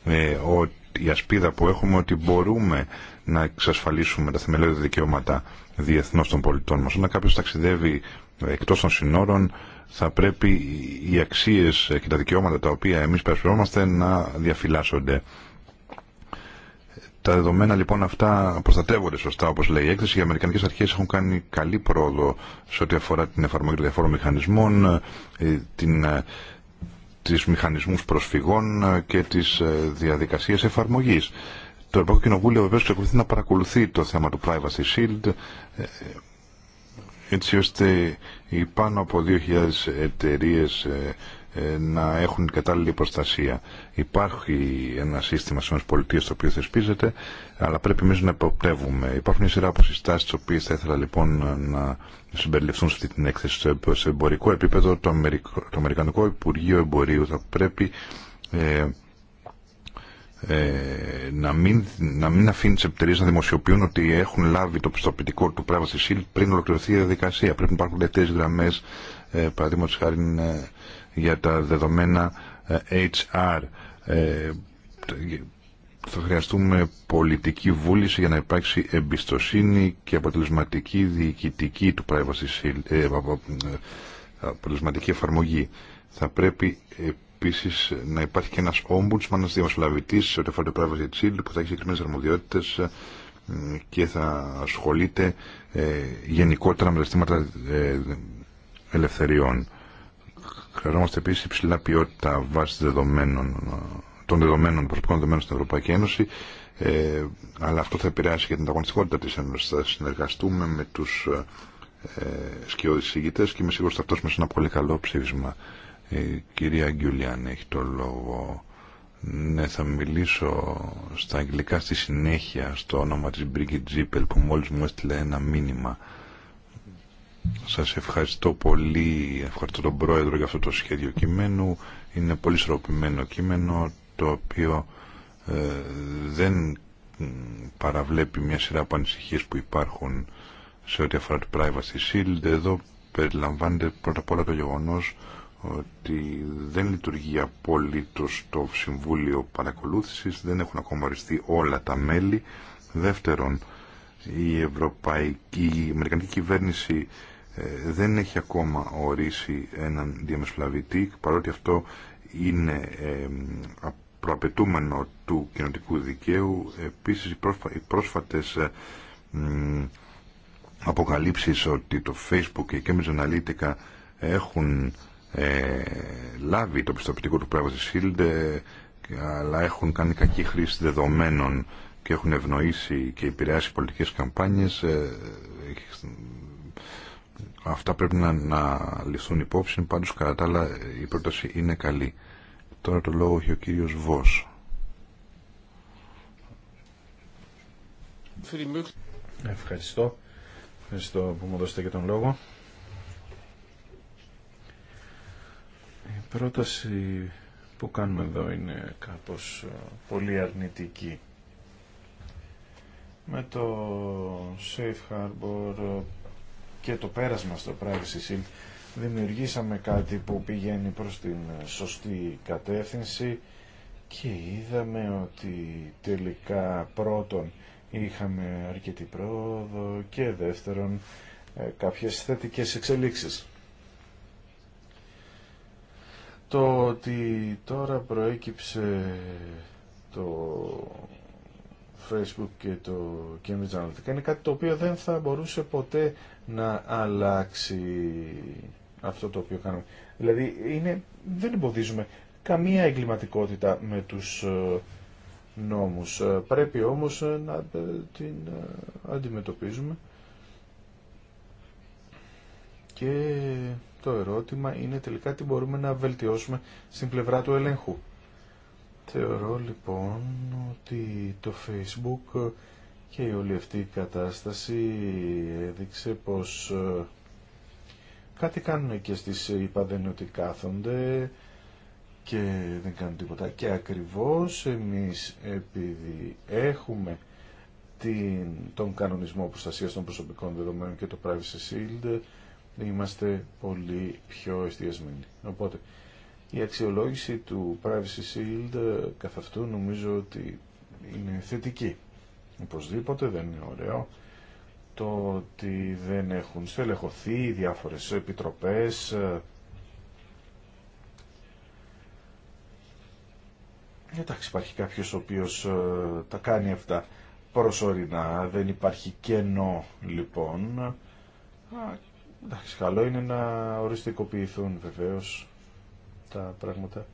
ε, ότι η ασπίδα που έχουμε ότι μπορούμε να εξασφαλίσουμε τα θεμελιώδη δικαιώματα διεθνώς των πολιτών μας. Όταν κάποιος ταξιδεύει ε, εκτός των συνόρων θα πρέπει οι αξίες και τα δικαιώματα τα οποία εμείς περισπευόμαστε να διαφυλάσσονται. Τα δεδομένα λοιπόν αυτά προστατεύονται σωστά όπως λέει η έκθεση. Οι Αμερικανικές αρχές έχουν κάνει καλή πρόοδο σε ό,τι αφορά την εφαρμογή των διαφόρων μηχανισμών, ε, την, ε, τις μηχανισμούς προσφυγών ε, και τις διαδικασίες εφαρμογής. Το Ευρωπαϊκό Κοινοβούλιο βεβαίως ξεκολουθεί να παρακολουθεί το θέμα του Privacy Shield έτσι ώστε οι πάνω από 2.000 εταιρείε ε, ε, να έχουν κατάλληλη προστασία. Υπάρχει ένα σύστημα στι ΗΠΑ το οποίο θεσπίζεται, αλλά πρέπει εμεί να υποπτεύουμε. Υπάρχουν μια σειρά από συστάσεις τι οποίε θα ήθελα λοιπόν να συμπεριληφθούν σε αυτή την έκθεση. Στο εμπορικό επίπεδο, το, το Αμερικανικό Υπουργείο Εμπορίου θα πρέπει ε, ε, να, μην, να μην αφήνει τι εταιρείε να δημοσιοποιούν ότι έχουν λάβει το πιστοποιητικό του Privacy Shield πριν ολοκληρωθεί η διαδικασία. Πρέπει να υπάρχουν λεπτέ γραμμέ, ε, παραδείγματο χάρη ε, για τα δεδομένα ε, HR. Ε, θα χρειαστούμε πολιτική βούληση για να υπάρξει εμπιστοσύνη και αποτελεσματική διοικητική του Privacy Shield, ε, αποτελεσματική εφαρμογή. Θα πρέπει επίση να υπάρχει και ένα ombudsman, ένα διαμεσολαβητή σε ό,τι αφορά το Privacy Shield που θα έχει συγκεκριμένε αρμοδιότητε ε, και θα ασχολείται ε, γενικότερα με τα ζητήματα ε, ελευθεριών. Χρειαζόμαστε επίση υψηλά ποιότητα βάσει δεδομένων, των δεδομένων, προσωπικών δεδομένων στην Ευρωπαϊκή Ένωση. Ε, αλλά αυτό θα επηρεάσει και την ανταγωνιστικότητα της Ένωση. Θα συνεργαστούμε με τους ε, και είμαι σίγουρο ότι θα φτάσουμε σε ένα πολύ καλό ψήφισμα. Η ε, κυρία Γκιουλιάν έχει το λόγο. Ναι, θα μιλήσω στα αγγλικά στη συνέχεια στο όνομα της Μπρίγκη Τζίπελ που μόλις μου έστειλε ένα μήνυμα. Σας ευχαριστώ πολύ, ευχαριστώ τον Πρόεδρο για αυτό το σχέδιο κειμένου. Είναι πολύ στροπημένο κείμενο το οποίο ε, δεν παραβλέπει μια σειρά από ανησυχίες που υπάρχουν σε ό,τι αφορά το Privacy Shield. Εδώ περιλαμβάνεται πρώτα απ' όλα το γεγονός ότι δεν λειτουργεί απολύτως το Συμβούλιο Παρακολούθησης, δεν έχουν ακόμα οριστεί όλα τα μέλη. Δεύτερον, η, Ευρωπαϊκή, η Αμερικανική κυβέρνηση ε, δεν έχει ακόμα ορίσει έναν διαμεσολαβητή, παρότι αυτό είναι προαπαιτούμενο του κοινωνικού δικαίου. Επίσης, οι πρόσφατες ε, αποκαλύψεις ότι το Facebook και η Cambridge Analytica έχουν ε, λάβει το πιστοποιητικό του πράγμα Shield αλλά έχουν κάνει κακή χρήση δεδομένων και έχουν ευνοήσει και επηρεάσει πολιτικές καμπάνιες ε, αυτά πρέπει να, να ληφθούν υπόψη πάντως κατά τα άλλα η πρόταση είναι καλή τώρα το λόγο έχει ο κύριος Βος Ευχαριστώ Ευχαριστώ που μου δώσετε και τον λόγο πρόταση που κάνουμε εδώ είναι κάπως ε, πολύ αρνητική. Με το Safe Harbor και το πέρασμα στο Privacy Shield δημιουργήσαμε κάτι που πηγαίνει προς την σωστή κατεύθυνση και είδαμε ότι τελικά πρώτον είχαμε αρκετή πρόοδο και δεύτερον ε, κάποιες θετικές εξελίξεις. Το ότι τώρα προέκυψε το Facebook και το Cambridge Analytica είναι κάτι το οποίο δεν θα μπορούσε ποτέ να αλλάξει αυτό το οποίο κάνουμε. Δηλαδή είναι, δεν εμποδίζουμε καμία εγκληματικότητα με τους ε, νόμους. Ε, πρέπει όμως ε, να την αντιμετωπίζουμε και το ερώτημα είναι τελικά τι μπορούμε να βελτιώσουμε στην πλευρά του ελέγχου. Θεωρώ λοιπόν ότι το Facebook και η όλη αυτή η κατάσταση έδειξε πως ε, κάτι κάνουν και στις ε, είπα δεν ότι κάθονται και δεν κάνουν τίποτα. Και ακριβώς εμείς επειδή έχουμε την, τον κανονισμό προστασίας των προσωπικών δεδομένων και το Privacy Shield είμαστε πολύ πιο εστιασμένοι. Οπότε, η αξιολόγηση του Privacy Shield ε, καθ' αυτού νομίζω ότι είναι θετική. Οπωσδήποτε δεν είναι ωραίο το ότι δεν έχουν στελεχωθεί διάφορες επιτροπές ε, Εντάξει, υπάρχει κάποιος ο οποίος ε, τα κάνει αυτά προσωρινά, δεν υπάρχει κενό λοιπόν Εντάξει, καλό είναι να οριστικοποιηθούν βεβαίως τα πράγματα.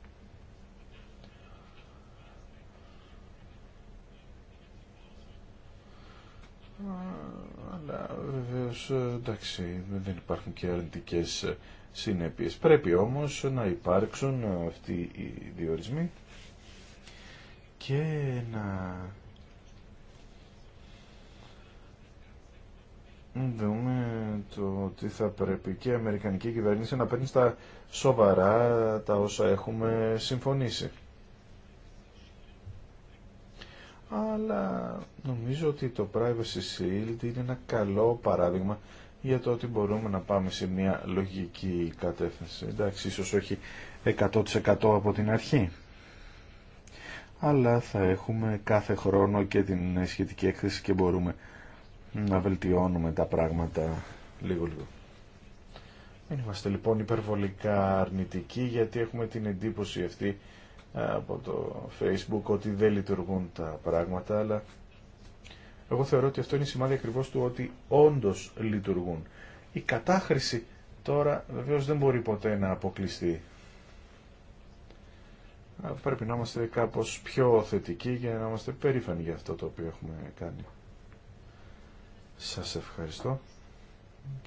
Αλλά βεβαίως, εντάξει, δεν υπάρχουν και αρνητικές συνέπειες. Πρέπει όμως να υπάρξουν αυτοί οι διορισμοί και να δούμε το ότι θα πρέπει και η Αμερικανική κυβέρνηση να παίρνει στα σοβαρά τα όσα έχουμε συμφωνήσει. Αλλά νομίζω ότι το Privacy Shield είναι ένα καλό παράδειγμα για το ότι μπορούμε να πάμε σε μια λογική κατεύθυνση. Εντάξει, ίσως όχι 100% από την αρχή. Αλλά θα έχουμε κάθε χρόνο και την σχετική έκθεση και μπορούμε να βελτιώνουμε τα πράγματα λίγο λίγο. Μην είμαστε λοιπόν υπερβολικά αρνητικοί γιατί έχουμε την εντύπωση αυτή ε, από το facebook ότι δεν λειτουργούν τα πράγματα αλλά εγώ θεωρώ ότι αυτό είναι σημάδι ακριβώς του ότι όντως λειτουργούν. Η κατάχρηση τώρα βεβαίως δεν μπορεί ποτέ να αποκλειστεί. Ε, πρέπει να είμαστε κάπως πιο θετικοί για να είμαστε περήφανοι για αυτό το οποίο έχουμε κάνει. Σας ευχαριστώ.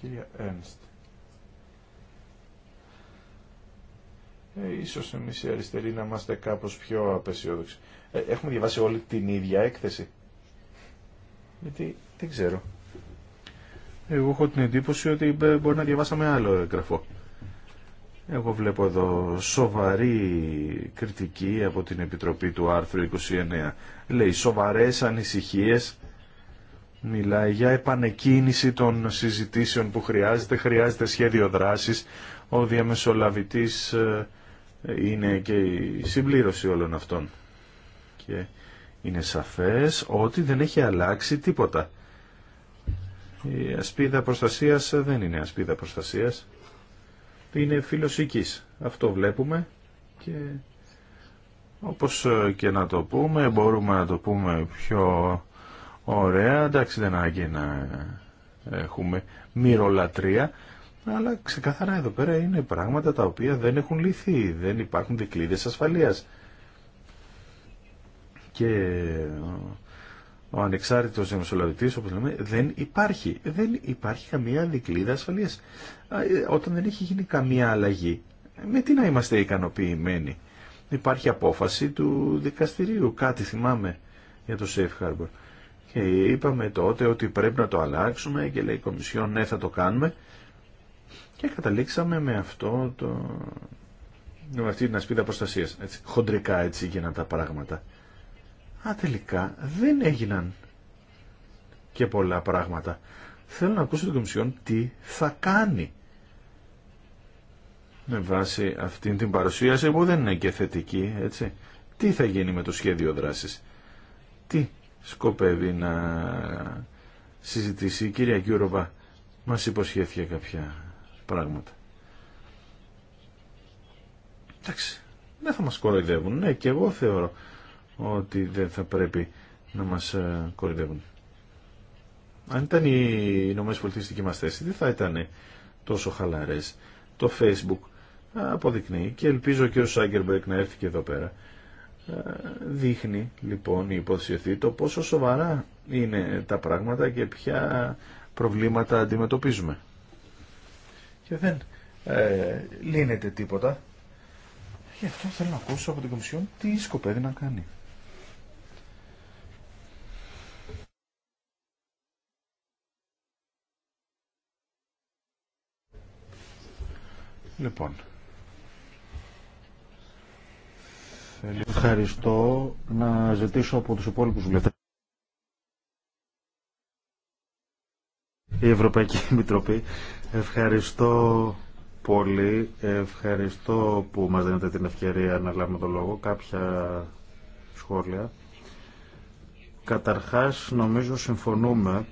Κυρία Ένστ. Ε, ίσως εμείς οι αριστεροί να είμαστε κάπως πιο απεσιόδοξοι. Ε, έχουμε διαβάσει όλη την ίδια έκθεση. Γιατί δεν ξέρω. Εγώ έχω την εντύπωση ότι μπορεί να διαβάσαμε άλλο εγγραφό. Εγώ βλέπω εδώ σοβαρή κριτική από την Επιτροπή του άρθρου 29. Λέει σοβαρές ανησυχίες μιλάει για επανεκκίνηση των συζητήσεων που χρειάζεται, χρειάζεται σχέδιο δράσης, ο διαμεσολαβητής ε, είναι και η συμπλήρωση όλων αυτών. Και είναι σαφές ότι δεν έχει αλλάξει τίποτα. Η ασπίδα προστασίας δεν είναι ασπίδα προστασίας. Είναι φιλοσικής. Αυτό βλέπουμε και όπως και να το πούμε, μπορούμε να το πούμε πιο Ωραία, εντάξει δεν άγγε να έχουμε μυρολατρεία, αλλά ξεκαθαρά εδώ πέρα είναι πράγματα τα οποία δεν έχουν λυθεί, δεν υπάρχουν δικλείδες ασφαλείας. Και ο ανεξάρτητος δημοσιολογητής, όπως λέμε, δεν υπάρχει. Δεν υπάρχει καμία δικλείδα ασφαλείας. Ε, όταν δεν έχει γίνει καμία αλλαγή, με τι να είμαστε ικανοποιημένοι. Υπάρχει απόφαση του δικαστηρίου, κάτι θυμάμαι για το Safe Harbor. Και είπαμε τότε ότι πρέπει να το αλλάξουμε και λέει η Κομισιόν ναι θα το κάνουμε και καταλήξαμε με αυτό το... με αυτή την ασπίδα προστασίας. Έτσι, χοντρικά έτσι γίναν τα πράγματα. Α, τελικά δεν έγιναν και πολλά πράγματα. Θέλω να ακούσω την Κομισιόν τι θα κάνει με βάση αυτή την παρουσίαση που δεν είναι και θετική, έτσι. Τι θα γίνει με το σχέδιο δράσης. Τι σκοπεύει να συζητήσει. Η κυρία Κιούροβα μας υποσχέθηκε κάποια πράγματα. Εντάξει, δεν θα μας κοροϊδεύουν. Ναι, και εγώ θεωρώ ότι δεν θα πρέπει να μας ε, κοροϊδεύουν. Αν ήταν οι Ηνωμένες Πολιτείες μας θέση, δεν θα ήταν τόσο χαλαρές. Το Facebook αποδεικνύει και ελπίζω και ο Σάγκερμπερκ να έρθει και εδώ πέρα Δείχνει λοιπόν η υπόθεση το πόσο σοβαρά είναι τα πράγματα και ποια προβλήματα αντιμετωπίζουμε. Και δεν ε, λύνεται τίποτα. Γι' αυτό θέλω να ακούσω από την Κομισιόν τι σκοπεύει να κάνει. Λοιπόν, Ευχαριστώ να ζητήσω από τους υπόλοιπους βουλευτές. Η Ευρωπαϊκή Μητροπή Ευχαριστώ πολύ. Ευχαριστώ που μας δίνετε την ευκαιρία να λάβουμε το λόγο. Κάποια σχόλια. Καταρχάς, νομίζω συμφωνούμε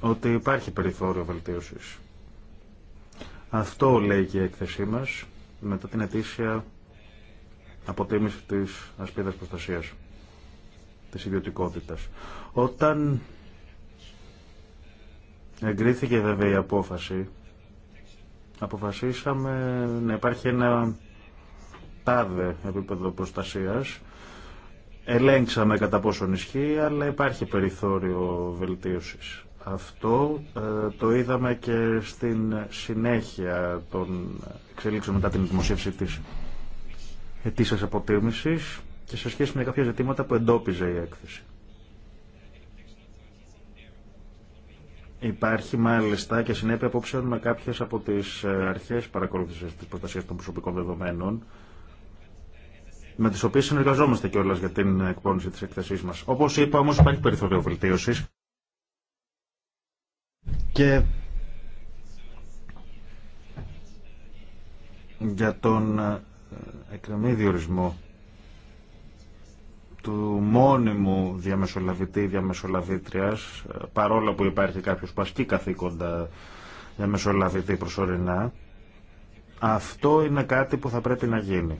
ότι υπάρχει περιθώριο βελτίωσης. Αυτό λέει και η έκθεσή μας μετά την αιτήσια αποτίμηση της ασπίδας προστασίας, της ιδιωτικότητας. Όταν εγκρίθηκε βέβαια η απόφαση, αποφασίσαμε να υπάρχει ένα τάδε επίπεδο προστασίας. Ελέγξαμε κατά πόσο ισχύει, αλλά υπάρχει περιθώριο βελτίωσης. Αυτό ε, το είδαμε και στην συνέχεια των εξελίξεων μετά την δημοσίευση της ετήσιας αποτίμηση και σε σχέση με κάποια ζητήματα που εντόπιζε η έκθεση. Υπάρχει μάλιστα και συνέπεια απόψεων με κάποιες από τις ε, αρχές παρακολούθησης της προστασίας των προσωπικών δεδομένων με τις οποίες συνεργαζόμαστε κιόλας για την εκπόνηση της εκθεσής μας. Όπως είπα όμως υπάρχει περιθώριο βελτίωσης και για τον ε, ε, εκκρεμή διορισμό του μόνιμου διαμεσολαβητή διαμεσολαβήτριας ε, παρόλο που υπάρχει κάποιος που ασκεί καθήκοντα διαμεσολαβητή προσωρινά αυτό είναι κάτι που θα πρέπει να γίνει.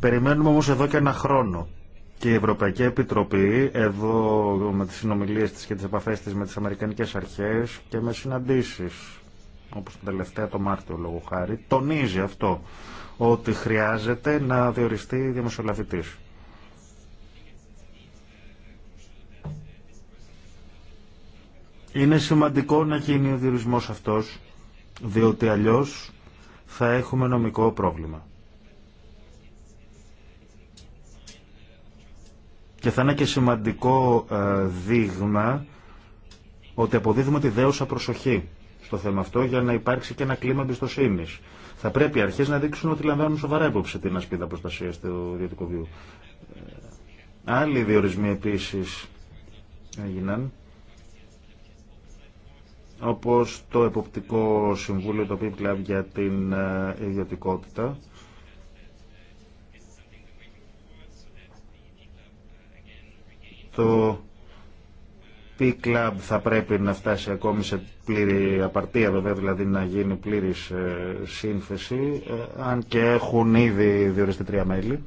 Περιμένουμε όμως εδώ και ένα χρόνο και η Ευρωπαϊκή Επιτροπή εδώ με τις συνομιλίες της και τις επαφές της με τις Αμερικανικές Αρχές και με συναντήσεις όπως τον τελευταία το Μάρτιο λόγω χάρη, τονίζει αυτό ότι χρειάζεται να διοριστεί δημοσιολαβητής Είναι σημαντικό να γίνει ο διορισμός αυτός, διότι αλλιώς θα έχουμε νομικό πρόβλημα. Και θα είναι και σημαντικό ε, δείγμα ότι αποδίδουμε τη δέουσα προσοχή στο θέμα αυτό για να υπάρξει και ένα κλίμα εμπιστοσύνη. Θα πρέπει οι αρχέ να δείξουν ότι λαμβάνουν σοβαρά υπόψη την ασπίδα προστασία του ιδιωτικού βίου. Ε, άλλοι διορισμοί επίση έγιναν όπως το Εποπτικό Συμβούλιο, το πλέον για την ε, ιδιωτικότητα. Το τι κλαμπ θα πρέπει να φτάσει ακόμη σε πλήρη απαρτία βέβαια, δηλαδή να γίνει πλήρης ε, σύνθεση, ε, αν και έχουν ήδη διοριστεί τρία μέλη.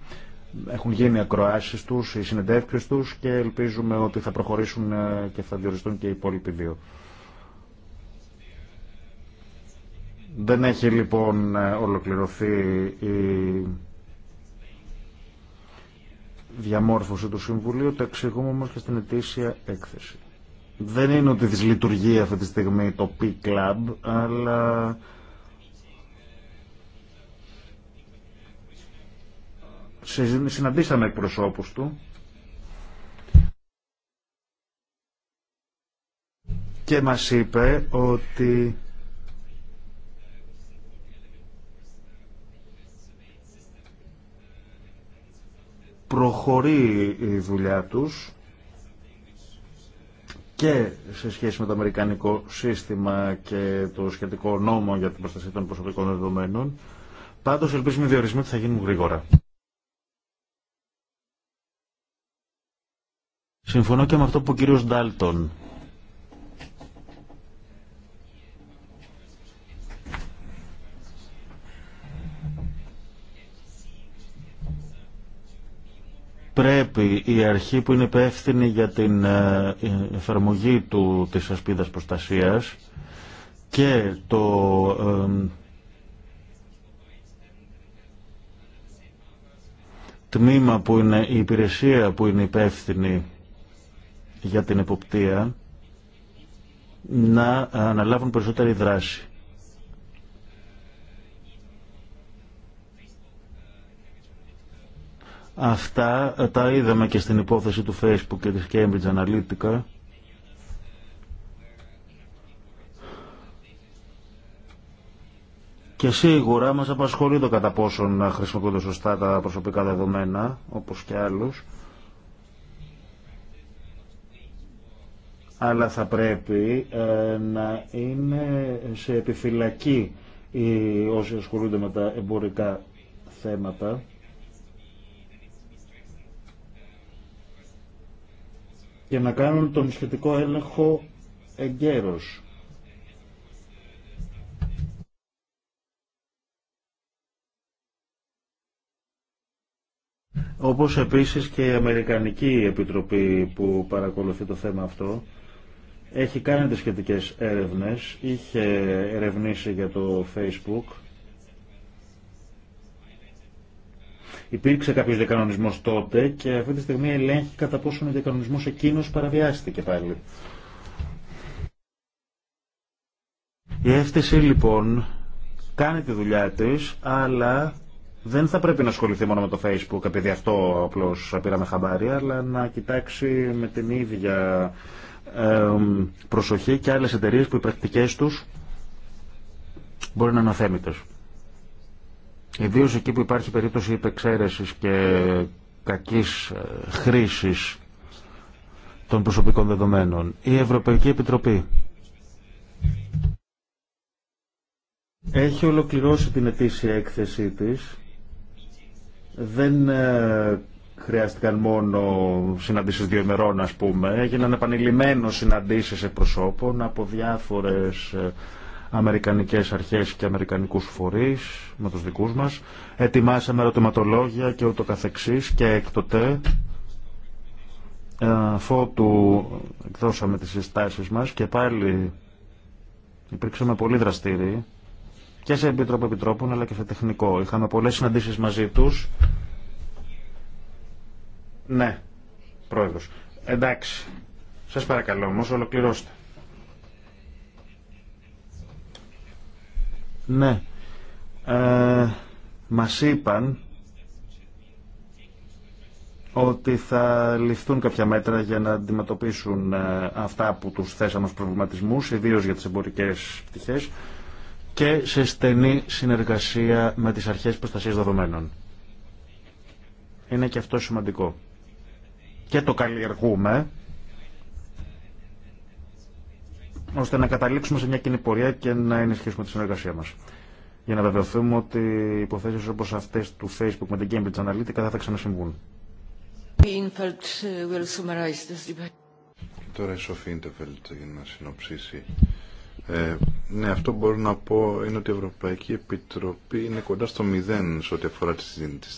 Έχουν γίνει ακροάσεις τους, οι συνεντεύξεις τους και ελπίζουμε ότι θα προχωρήσουν ε, και θα διοριστούν και οι υπόλοιποι δύο. Δεν έχει λοιπόν ολοκληρωθεί η διαμόρφωση του Συμβουλίου, το εξηγούμε όμως και στην ετήσια έκθεση. Δεν είναι ότι δυσλειτουργεί αυτή τη στιγμή το P-Club, αλλά συναντήσαμε εκπροσώπους του και μας είπε ότι προχωρεί η δουλειά τους και σε σχέση με το αμερικανικό σύστημα και το σχετικό νόμο για την προστασία των προσωπικών δεδομένων. Πάντως ελπίζουμε οι διορισμοί ότι θα γίνουν γρήγορα. Συμφωνώ και με αυτό που ο κύριος Ντάλτον πρέπει η αρχή που είναι υπεύθυνη για την ε, εφαρμογή του, της ασπίδας προστασίας και το τμήμα που είναι η υπηρεσία που είναι υπεύθυνη για την εποπτεία να αναλάβουν περισσότερη δράση. Αυτά ε, τα είδαμε και στην υπόθεση του Facebook και της Cambridge Analytica. Και σίγουρα μας απασχολεί το κατά να χρησιμοποιούνται σωστά τα προσωπικά δεδομένα, όπως και άλλους. Αλλά θα πρέπει ε, να είναι σε επιφυλακή όσοι ασχολούνται με τα εμπορικά θέματα. και να κάνουν τον σχετικό έλεγχο εγκαίρως. Όπως επίσης και η Αμερικανική Επιτροπή που παρακολουθεί το θέμα αυτό έχει κάνει τις σχετικές έρευνες, είχε ερευνήσει για το Facebook Υπήρξε κάποιο διακανονισμό τότε και αυτή τη στιγμή ελέγχει κατά πόσον ο διακανονισμό εκείνο παραβιάστηκε πάλι. Η αίσθηση λοιπόν κάνει τη δουλειά τη, αλλά δεν θα πρέπει να ασχοληθεί μόνο με το Facebook, επειδή αυτό απλώ πήραμε χαμπάρι, αλλά να κοιτάξει με την ίδια προσοχή και άλλες εταιρείε που οι πρακτικέ του μπορεί να είναι αθέμητες. Ιδίω εκεί που υπάρχει περίπτωση υπεξαίρεση και κακής ε, χρήσης των προσωπικών δεδομένων. Η Ευρωπαϊκή Επιτροπή έχει ολοκληρώσει την ετήσια έκθεσή της. Δεν ε, χρειάστηκαν μόνο συναντήσεις δύο ημερών, ας πούμε. Έγιναν επανειλημμένο συναντήσεις εκπροσώπων από διάφορες ε, αμερικανικές αρχές και αμερικανικούς φορείς, με τους δικούς μας. Ετοιμάσαμε ερωτηματολόγια και ούτω καθεξής και εκτοτέ ε, αφότου εκδώσαμε τις συστάσεις μας και πάλι υπήρξαμε πολύ δραστήριοι και σε επίτροπο επιτρόπων αλλά και σε τεχνικό. Είχαμε πολλές συναντήσεις μαζί τους. Ναι, πρόεδρος. Εντάξει. Σας παρακαλώ όμως, ολοκληρώστε. Ναι. Ε, μας είπαν ότι θα ληφθούν κάποια μέτρα για να αντιμετωπίσουν ε, αυτά που τους θέσαμε ως προβληματισμούς, ιδίως για τις εμπορικές πτυχές και σε στενή συνεργασία με τις αρχές προστασίας δεδομένων. Είναι και αυτό σημαντικό. Και το καλλιεργούμε ώστε να καταλήξουμε σε μια κοινή πορεία και να ενισχύσουμε τη συνεργασία μα. Για να βεβαιωθούμε ότι υποθέσει όπω αυτέ του Facebook με την Cambridge Analytica θα, θα ξανασυμβούν. Uh, τώρα η Σοφή Ιντεφελτ για να συνοψίσει. Ε, ναι, αυτό μπορώ να πω είναι ότι η Ευρωπαϊκή Επιτροπή είναι κοντά στο μηδέν σε ό,τι αφορά τις, δυνατότητε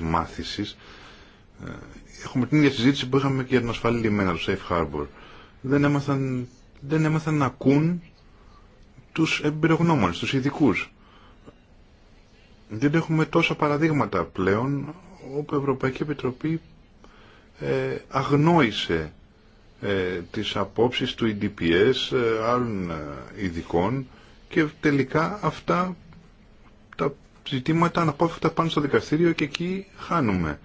δυνατότητες Ε, έχουμε την ίδια συζήτηση που είχαμε και για την ασφαλή λιμένα, το Safe Harbor. Δεν έμαθαν δεν έμαθαν να ακούν τους εμπειρογνώμονες, τους ειδικού. Δεν έχουμε τόσα παραδείγματα πλέον όπου η Ευρωπαϊκή Επιτροπή ε, αγνόησε ε, τις απόψεις του EDPS, ε, άλλων ε, ειδικών και τελικά αυτά τα ζητήματα αναπόφευκτα πάνω στο δικαστήριο και εκεί χάνουμε.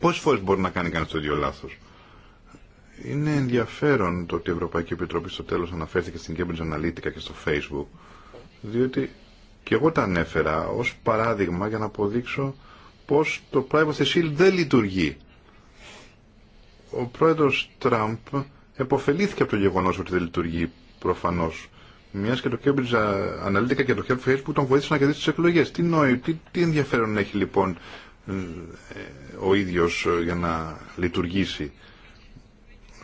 Πόσες φορές μπορεί να κάνει κανείς το ίδιο λάθος. Είναι ενδιαφέρον το ότι η Ευρωπαϊκή Επιτροπή στο τέλος αναφέρθηκε στην Cambridge Analytica και στο Facebook, διότι και εγώ τα ανέφερα ως παράδειγμα για να αποδείξω πως το Privacy Shield δεν λειτουργεί. Ο πρόεδρος Τραμπ εποφελήθηκε από το γεγονός ότι δεν λειτουργεί προφανώς. Μια και το Cambridge Analytica και το Help Facebook τον βοήθησαν να κερδίσει τι εκλογέ. Τι, νόη, τι, τι ενδιαφέρον έχει λοιπόν ε, ο ίδιος για να λειτουργήσει.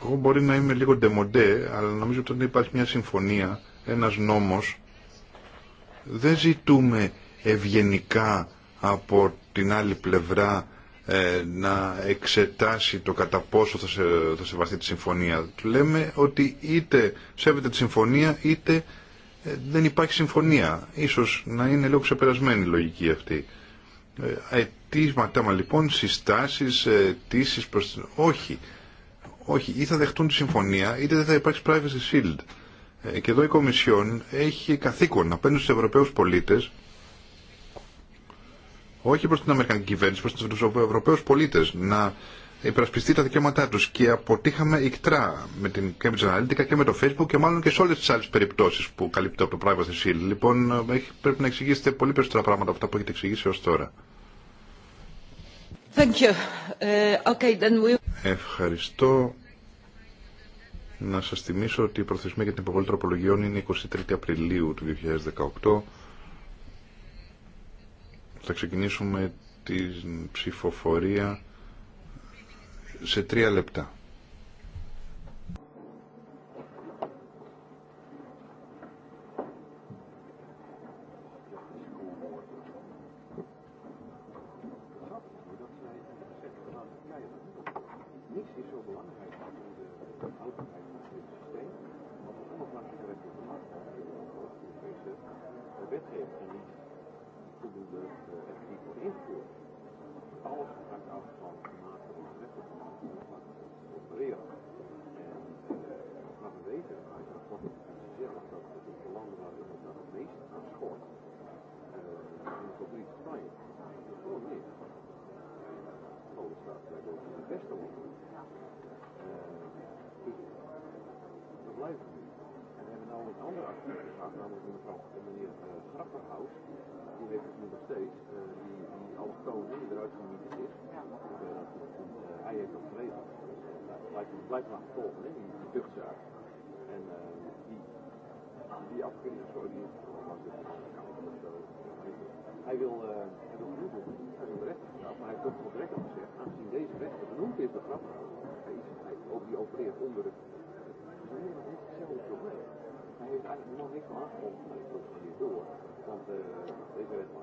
Εγώ μπορεί να είμαι λίγο ντεμοντέ, αλλά νομίζω ότι όταν υπάρχει μια συμφωνία, ένας νόμος, δεν ζητούμε ευγενικά από την άλλη πλευρά ε, να εξετάσει το κατά πόσο θα, σε, σεβαστεί τη συμφωνία. λέμε ότι είτε σέβεται τη συμφωνία είτε ε, δεν υπάρχει συμφωνία. Ίσως να είναι λίγο ξεπερασμένη η λογική αυτή. Ε, μα λοιπόν, συστάσεις, αιτήσεις Όχι. Όχι, ή θα δεχτούν τη συμφωνία, είτε δεν θα υπάρξει privacy shield. Ε, και εδώ η Κομισιόν έχει καθήκον να παίρνει στους Ευρωπαίους πολίτες, όχι προς την Αμερικανική κυβέρνηση, προς τους Ευρωπαίους πολίτες, να υπερασπιστεί τα δικαιώματά τους. Και αποτύχαμε ικτρά με την Cambridge Analytica και με το Facebook και μάλλον και σε όλες τις άλλες περιπτώσεις που καλύπτει από το privacy shield. Λοιπόν, ε, πρέπει να εξηγήσετε πολύ περισσότερα πράγματα από αυτά που έχετε εξηγήσει ως τώρα. Uh, Ευχαριστώ. Να σας θυμίσω ότι η προθεσμία για την υποβολή τροπολογιών είναι 23 Απριλίου του 2018. Θα ξεκινήσουμε την ψηφοφορία σε τρία λεπτά. Grigorescu, aus hij heeft dat geregeld. Blijft maar volgen, die tuchtzaak. En die, die afkeuring, sorry, die Hij wil, hij wil Hij wil de rechter maar hij heeft ook voor rechter gezegd, aangezien deze rechter genoemd is, de grap, hij, ook die opereert onder het. hij heeft probleem. Hij heeft eigenlijk nog niks van aangekomen, maar het wil niet door. Want deze rechter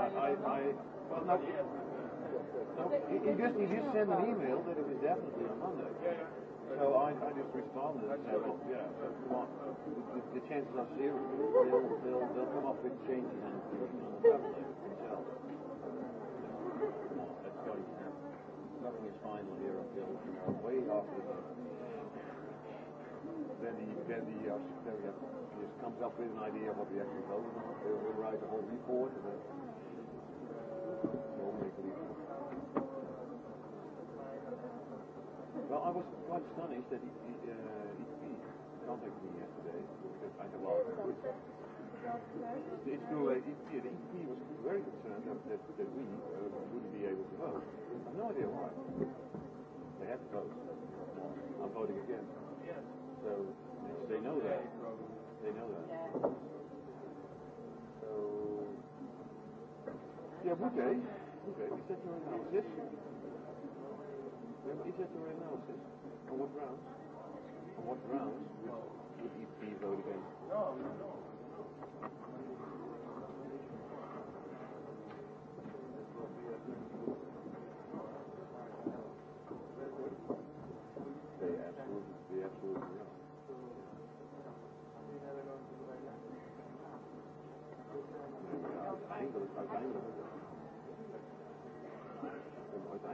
I, I, No, he just he just send an email that it was definitely on Monday. Yeah, yeah. So I, I just responded and said, well, yeah, want, the, the chances are zero. They'll, they'll, they'll come up with changes and the that's going to happen. Nothing is final here until you know, way after the then the then the uh, secretary just comes up with an idea of what we actually vote on. they'll write a whole report and then they'll make a report. Well, I was quite astonished that he, he, uh, he contacted me yesterday because I have It's true, uh, yeah the EP was very concerned that, that, we uh, wouldn't be able to vote. I have no idea why. They have to vote. I'm voting again. So they know that. They know that. So, yeah, okay. Is that On what grounds? be No, no, no. Thank you.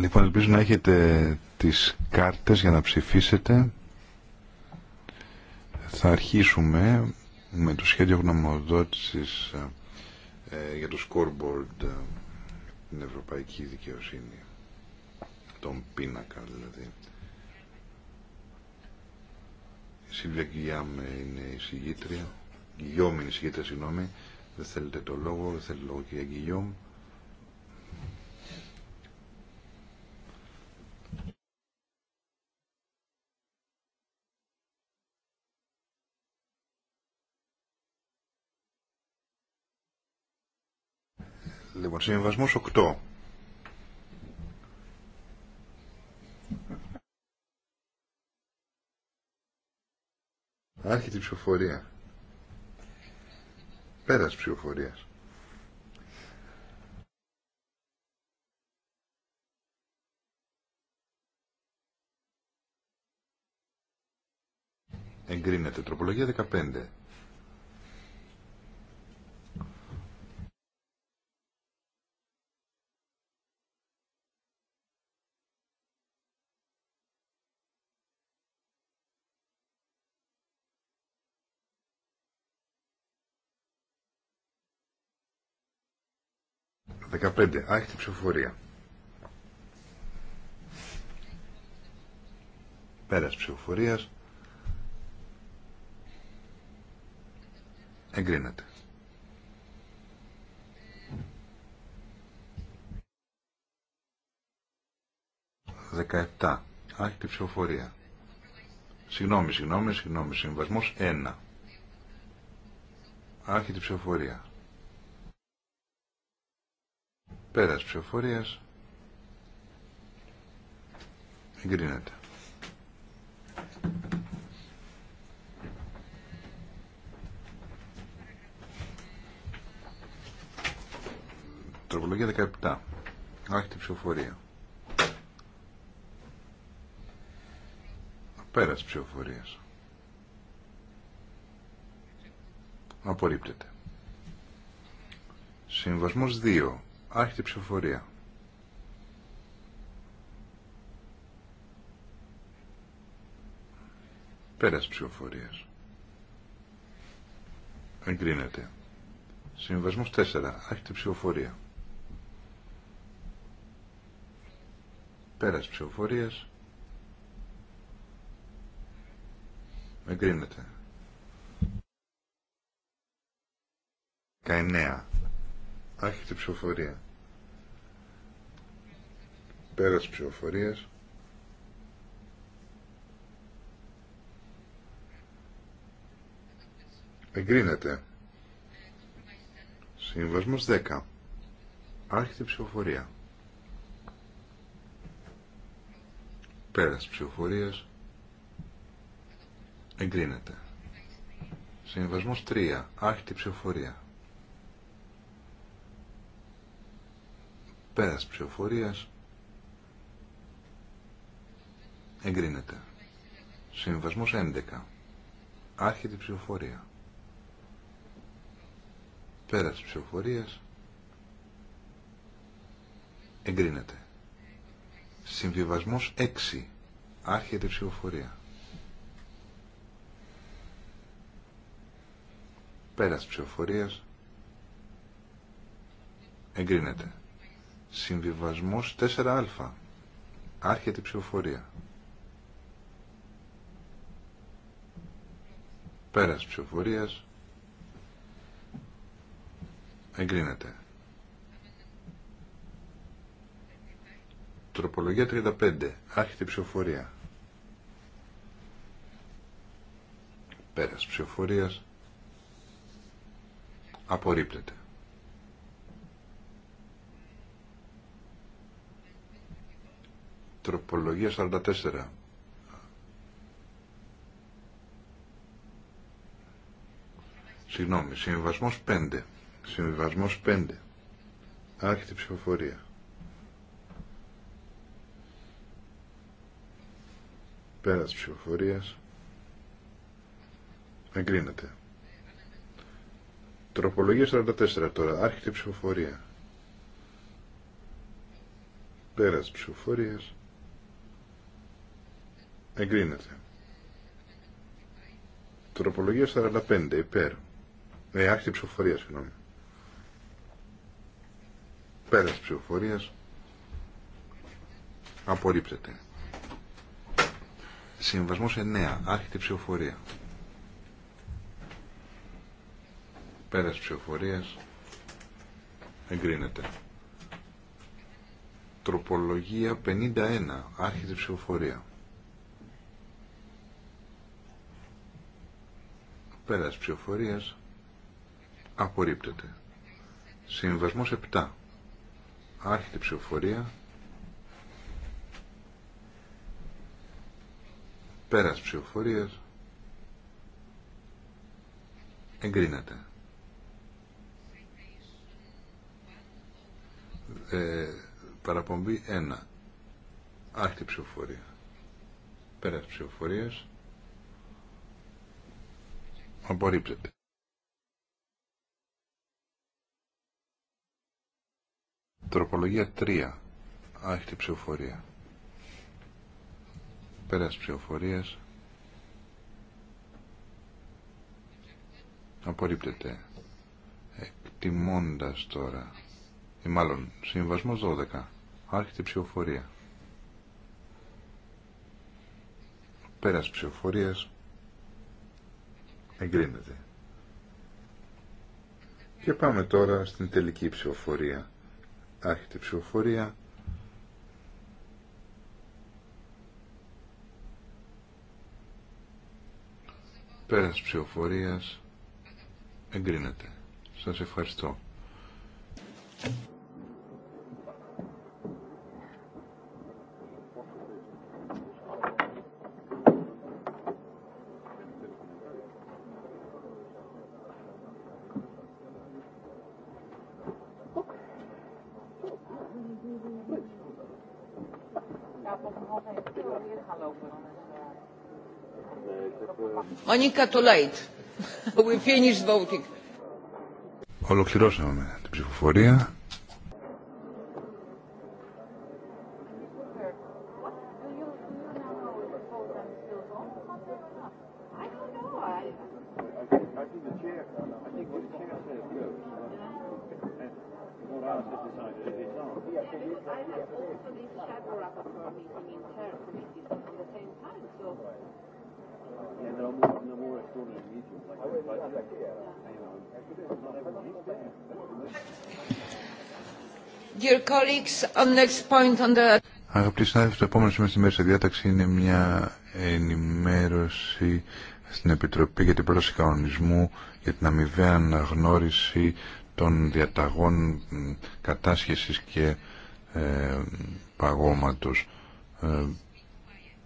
Λοιπόν, ελπίζω να έχετε τις κάρτες για να ψηφίσετε. Θα αρχίσουμε με το σχέδιο γνωμοδότησης ε, για το scoreboard ε, την ευρωπαϊκή δικαιοσύνη τον πίνακα δηλαδή η Σίλβια Κιγιάμ είναι η συγγήτρια Γιώμη είναι η συγγήτρια συγγνώμη δεν θέλετε το λόγο δεν θέλετε λόγο κυρία Κιγιώμη Λοιπόν, συμβασμός 8. Άρχεται η ψηφοφορία. Πέρας ψηφοφορία. Εγκρίνεται. Τροπολογία 15. 15. Άχι η ψηφοφορία. Πέρας ψηφοφορίας. Εγκρίνεται. Δεκαεπτά. Άχι η ψηφοφορία. Συγγνώμη, συγγνώμη, συγγνώμη. Συμβασμός 1. Άρχεται η ψηφοφορία. Πέρας ψηφοφορίας. Εγκρίνεται. Τροπολογία 17. Άρχιτε ψηφοφορία. Πέρας ψηφοφορίας. Απορρίπτεται. Συμβασμός 2. Άρχεται η ψηφοφορία. Πέρας ψηφοφορίας. Εγκρίνεται. Συμβασμός 4. Άρχεται ψηφοφορία. Πέρας ψηφοφορίας. Εγκρίνεται. 19. Άρχεται η ψηφοφορία. Πέρας ψηφοφορίας. Εγκρίνεται. Συμβασμός 10. Άρχεται ψηφοφορία. Πέρας ψηφοφορίας. Εγκρίνεται. Συμβασμός 3. Άρχεται ψηφοφορία. Πέρας ψηφοφορίας. Εγκρίνεται. Συμβασμός 11. Άρχεται η ψηφοφορία. Πέρας ψηφοφορίας. Εγκρίνεται. Συμβιβασμός 6. Άρχεται η ψηφοφορία. Πέρας ψηφοφορίας. Εγκρίνεται. Συμβιβασμός 4α. Άρχεται η ψηφοφορία. Πέρας ψηφοφορίας. Εγκρίνεται. Τροπολογία 35. Άρχεται η ψηφοφορία. Πέρας ψηφοφορίας. Απορρίπτεται. Τροπολογία 44. Συγγνώμη, συμβιβασμός 5. Συμβιβασμός 5. Άρχεται η ψηφοφορία. Πέρα της ψηφοφορίας. Εγκρίνεται. Τροπολογία 44 τώρα. Άρχεται η ψηφοφορία. Πέρα της ψηφοφορίας. Εγκρίνεται. Τροπολογία 45 υπέρ. Ε, άρχισε η ψηφοφορία, συγγνώμη. Πέρας ψηφοφορία ψηφοφορίας. Απορρίπτεται. Συμβασμός 9. Άρχεται η ψηφοφορία. Πέρας ψηφοφορία. ψηφοφορίας. Εγκρίνεται. Τροπολογία 51. Άρχεται η ψηφοφορία. Πέρας ψηφοφορία απορρίπτεται. Συμβασμός 7. Άρχεται ψηφοφορία. Πέρας ψηφοφορίας. Εγκρίνεται. Ε, παραπομπή 1. Άρχεται ψηφοφορία. Πέρας ψηφοφορίας. Απορρίπτεται. Τροπολογία 3. Άρχεται ψηφοφορία. Πέρας ψηφοφορία. Απορρίπτεται. Εκτιμώντα τώρα. Ή ε, μάλλον, συμβασμό 12. Άρχεται ψηφοφορία. Πέρας ψηφοφορία. Εγκρίνεται. Και πάμε τώρα στην τελική ψηφοφορία Άρχεται η ψηφοφορία. Πέρας ψηφοφορίας εγκρίνεται. Σας ευχαριστώ. Monica too late. We finished voting. Ολοκληρώσαμε την ψηφοφορία. Αγαπητοί συνάδελφοι, το επόμενο σημείο στη μέση διάταξη είναι μια ενημέρωση στην Επιτροπή για την πρόταση κανονισμού για την αμοιβαία αναγνώριση των διαταγών κατάσχεσης και ε, παγώματος. Ε,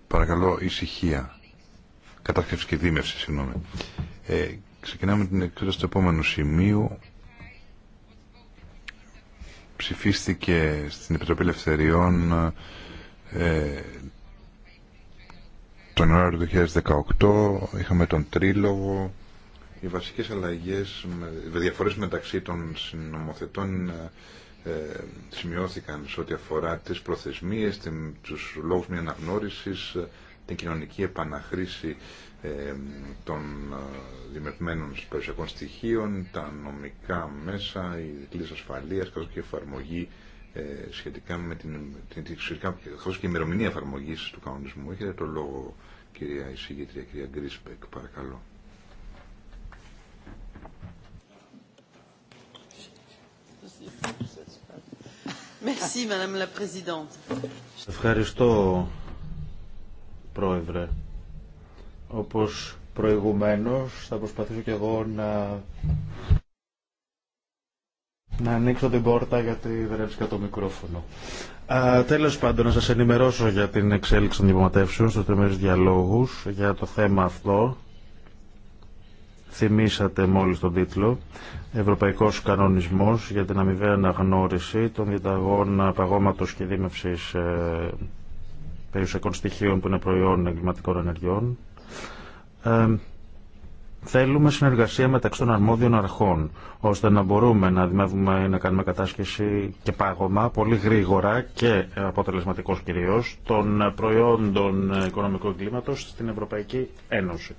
παρακαλώ, ησυχία. Κατάσχευση και δίμευση, συγγνώμη. Ε, ξεκινάμε την εκτέλεση του επόμενου σημείου ψηφίστηκε στην Επιτροπή Ελευθεριών ε, τον Ιανουάριο του 2018. Είχαμε τον Τρίλογο. Οι βασικές αλλαγές, οι διαφορές μεταξύ των συνομοθετών ε, ε, σημειώθηκαν σε ό,τι αφορά τις προθεσμίες, τους λόγους μια αναγνώρισης, την κοινωνική επαναχρήση των ε, δημιουργημένων περιουσιακών στοιχείων, τα νομικά μέσα, η δικλείες ασφαλείας, καθώς και εφαρμογή ε, σχετικά με την, την σχετικά, καθώς και η ημερομηνία εφαρμογή του κανονισμού. Έχετε το λόγο, κυρία εισηγήτρια, κυρία Γκρίσπεκ, παρακαλώ. Ευχαριστώ, Πρόεδρε. Όπως προηγουμένως θα προσπαθήσω και εγώ να, να ανοίξω την πόρτα γιατί δεν το μικρόφωνο. Α, τέλος πάντων να σας ενημερώσω για την εξέλιξη των διαπραγματεύσεων στους τριμμένους διαλόγους για το θέμα αυτό. Θυμήσατε μόλις τον τίτλο «Ευρωπαϊκός κανονισμός για την αμοιβαία αναγνώριση των διαταγών παγώματος και δίμευσης ε, περιουσιακών στοιχείων που είναι προϊόν εγκληματικών ενεργειών. Ε, θέλουμε συνεργασία μεταξύ των αρμόδιων αρχών, ώστε να μπορούμε να δημεύουμε ή να κάνουμε κατάσχεση και πάγωμα πολύ γρήγορα και αποτελεσματικό κυρίω των προϊόντων οικονομικού κλίματος στην Ευρωπαϊκή Ένωση.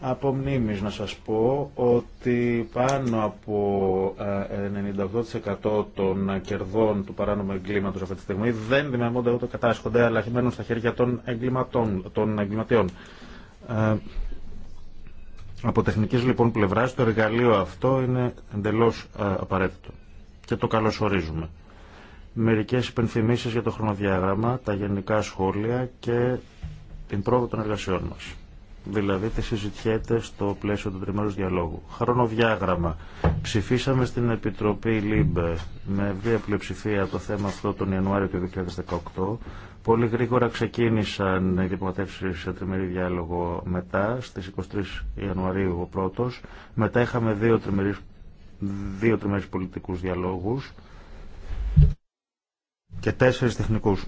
Από μνήμης να σας πω ότι πάνω από 98% ε, των κερδών του παράνομου εγκλήματος αυτή τη στιγμή δεν δημιουργούνται ούτε κατάσχονται αλλά μένουν στα χέρια των, εγκληματών, των εγκληματιών. Ε, από τεχνικής λοιπόν πλευράς το εργαλείο αυτό είναι εντελώς ε, απαραίτητο και το καλωσορίζουμε. Μερικές υπενθυμίσεις για το χρονοδιάγραμμα, τα γενικά σχόλια και την πρόοδο των εργασιών μας δηλαδή τι συζητιέται στο πλαίσιο του τριμέρους διαλόγου. Χρονοδιάγραμμα. Ψηφίσαμε στην Επιτροπή ΛΥΜΠΕ με βία πλειοψηφία το θέμα αυτό τον Ιανουάριο του 2018. Πολύ γρήγορα ξεκίνησαν οι διαπραγματεύσει σε τριμερή διάλογο μετά, στις 23 Ιανουαρίου ο πρώτος. Μετά είχαμε δύο τριμερείς, δύο τριμερείς πολιτικούς διαλόγους και τέσσερις τεχνικούς.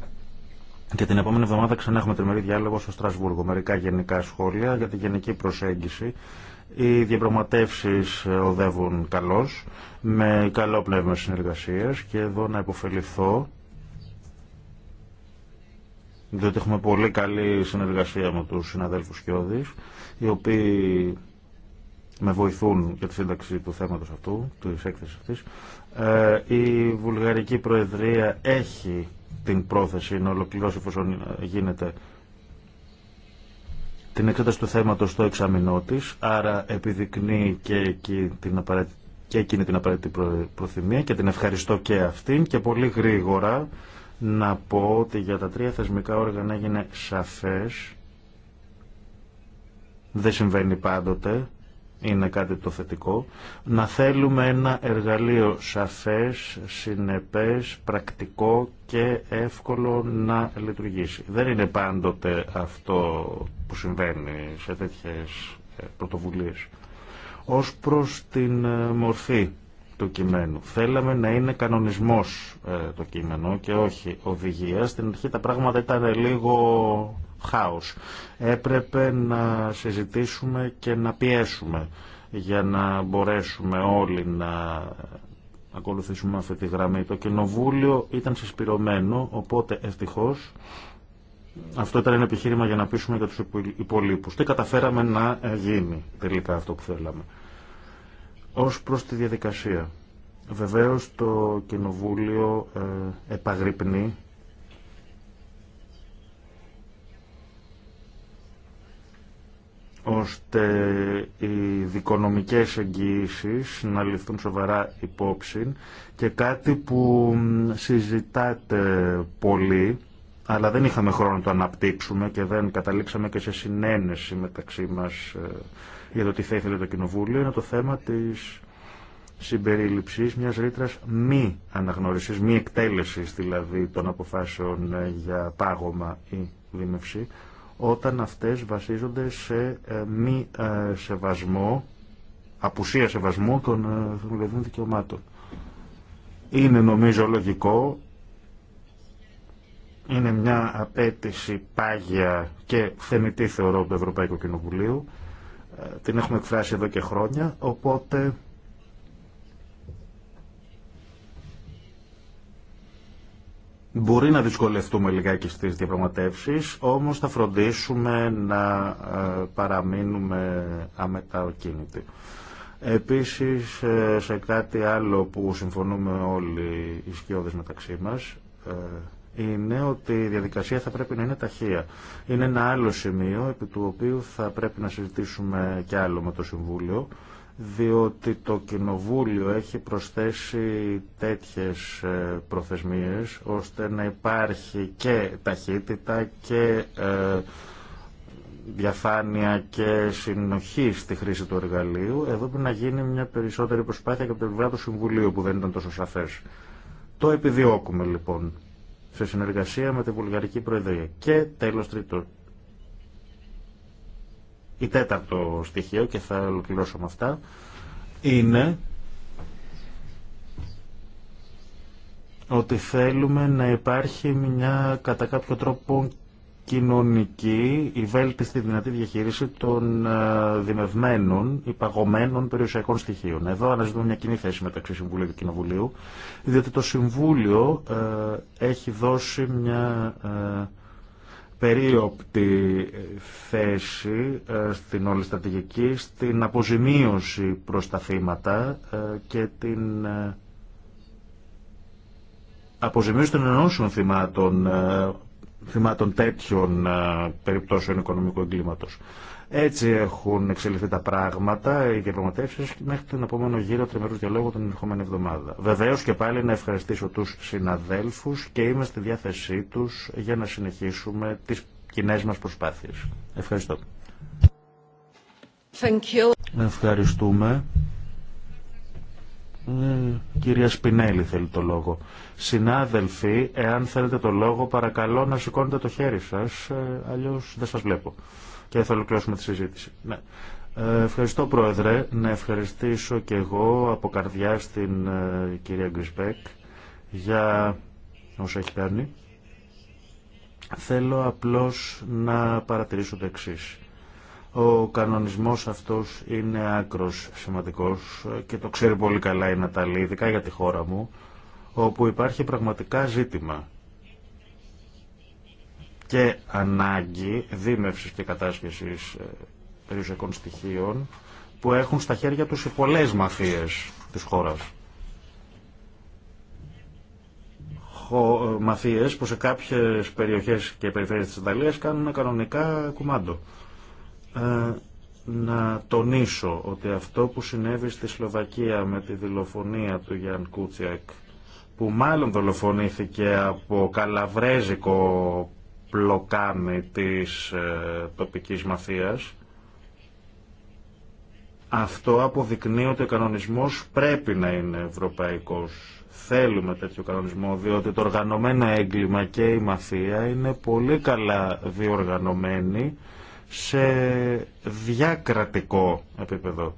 Και την επόμενη εβδομάδα ξανά έχουμε τριμερή διάλογο στο Στρασβούργο. Μερικά γενικά σχόλια για τη γενική προσέγγιση. Οι διαπραγματεύσει οδεύουν καλώ, με καλό πνεύμα συνεργασία και εδώ να υποφεληθώ διότι έχουμε πολύ καλή συνεργασία με του συναδέλφου Κιώδη, οι οποίοι με βοηθούν για τη σύνταξη του θέματο αυτού, της έκθεσης αυτής. Ε, η Βουλγαρική Προεδρία έχει την πρόθεση να ολοκληρώσει εφόσον ε, γίνεται την εξέταση του θέματος στο εξαμεινό τη, άρα επιδεικνύει και εκεί την απαραίτητη και εκείνη την απαραίτητη προθυμία και την ευχαριστώ και αυτήν και πολύ γρήγορα να πω ότι για τα τρία θεσμικά όργανα έγινε σαφές δεν συμβαίνει πάντοτε είναι κάτι το θετικό. Να θέλουμε ένα εργαλείο σαφές, συνεπές, πρακτικό και εύκολο να λειτουργήσει. Δεν είναι πάντοτε αυτό που συμβαίνει σε τέτοιες ε, πρωτοβουλίες. Ως προς την ε, μορφή του κειμένου. Θέλαμε να είναι κανονισμός ε, το κείμενο και όχι οδηγία. Στην αρχή τα πράγματα ήταν λίγο χάος. Έπρεπε να συζητήσουμε και να πιέσουμε για να μπορέσουμε όλοι να ακολουθήσουμε αυτή τη γραμμή. Το κοινοβούλιο ήταν συσπηρωμένο, οπότε ευτυχώς αυτό ήταν ένα επιχείρημα για να πείσουμε για τους υπολείπους. Τι καταφέραμε να γίνει τελικά αυτό που θέλαμε. Ως προς τη διαδικασία. Βεβαίως το Κοινοβούλιο ε, επαγρυπνεί ώστε οι δικονομικές εγγυήσεις να ληφθούν σοβαρά υπόψη και κάτι που συζητάτε πολύ αλλά δεν είχαμε χρόνο να το αναπτύξουμε και δεν καταλήξαμε και σε συνένεση μεταξύ μας ε, για το τι θα ήθελε το Κοινοβούλιο είναι το θέμα της συμπερίληψης μιας ρήτρας μη αναγνώρισης, μη εκτέλεσης δηλαδή των αποφάσεων για πάγωμα ή δίμευση όταν αυτές βασίζονται σε ε, μη ε, σεβασμό, απουσία σεβασμού των ε, δικαιωμάτων. Είναι νομίζω λογικό, είναι μια απέτηση πάγια και θεμητή θεωρώ του Ευρωπαϊκού Κοινοβουλίου, την έχουμε εκφράσει εδώ και χρόνια, οπότε Μπορεί να δυσκολευτούμε λιγάκι στις διαπραγματεύσεις, όμως θα φροντίσουμε να ε, παραμείνουμε οκίνητοι. Επίσης, ε, σε κάτι άλλο που συμφωνούμε όλοι οι σκιώδες μεταξύ μας, ε, είναι ότι η διαδικασία θα πρέπει να είναι ταχεία. Είναι ένα άλλο σημείο επί του οποίου θα πρέπει να συζητήσουμε και άλλο με το Συμβούλιο διότι το Κοινοβούλιο έχει προσθέσει τέτοιες ε, προθεσμίες ώστε να υπάρχει και ταχύτητα και ε, διαφάνεια και συνοχή στη χρήση του εργαλείου. Εδώ πρέπει να γίνει μια περισσότερη προσπάθεια και από την το πλευρά του Συμβουλίου που δεν ήταν τόσο σαφές. Το επιδιώκουμε λοιπόν σε συνεργασία με τη Βουλγαρική Προεδρία. Και τέλος τρίτο η τέταρτο στοιχείο, και θα ολοκληρώσω με αυτά, είναι ότι θέλουμε να υπάρχει μια κατά κάποιο τρόπο κοινωνική, η βέλτιστη δυνατή διαχείριση των ε, δημευμένων, υπαγωμένων περιουσιακών στοιχείων. Εδώ αναζητούμε μια κοινή θέση μεταξύ Συμβουλίου και Κοινοβουλίου, διότι το Συμβούλιο ε, έχει δώσει μια ε, περίοπτη θέση ε, στην όλη στρατηγική, στην αποζημίωση προς τα θύματα ε, και την ε, αποζημίωση των ενώσεων θυμάτων, θυμάτων τέτοιων περιπτώσεων οικονομικού εγκλήματος. Έτσι έχουν εξελιχθεί τα πράγματα, οι διαπραγματεύσει μέχρι τον επόμενο γύρο τριμερού διαλόγου την ερχόμενη εβδομάδα. Βεβαίω και πάλι να ευχαριστήσω του συναδέλφου και είμαι στη διάθεσή του για να συνεχίσουμε τι κοινέ μα προσπάθειε. Ευχαριστώ. Thank you. Ευχαριστούμε. Ε, κυρία Σπινέλη θέλει το λόγο. Συνάδελφοι, εάν θέλετε το λόγο, παρακαλώ να σηκώνετε το χέρι σας, ε, αλλιώς δεν σας βλέπω και θα ολοκληρώσουμε τη συζήτηση. Ναι. Ε, ευχαριστώ Πρόεδρε. Να ευχαριστήσω και εγώ από καρδιά στην ε, κυρία Γκρισπέκ για όσα έχει κάνει. Θέλω απλώς να παρατηρήσω το εξή. Ο κανονισμός αυτός είναι άκρος σημαντικός και το ξέρει πολύ καλά η Ναταλή, ειδικά για τη χώρα μου, όπου υπάρχει πραγματικά ζήτημα και ανάγκη δίμευσης και κατάσχεσης ε, περιουσιακών στοιχείων που έχουν στα χέρια τους οι πολλές μαφίες της χώρας. Ε, μαφίες που σε κάποιες περιοχές και περιφέρειες της Ιταλίας κάνουν κανονικά κουμάντο. Ε, να τονίσω ότι αυτό που συνέβη στη Σλοβακία με τη δηλοφωνία του Γιάνν Κούτσιακ που μάλλον δολοφονήθηκε από καλαβρέζικο πλοκάμι της ε, τοπικής μαφίας. Αυτό αποδεικνύει ότι ο κανονισμός πρέπει να είναι ευρωπαϊκός. Θέλουμε τέτοιο κανονισμό, διότι το οργανωμένο έγκλημα και η μαφία είναι πολύ καλά διοργανωμένοι σε διακρατικό επίπεδο.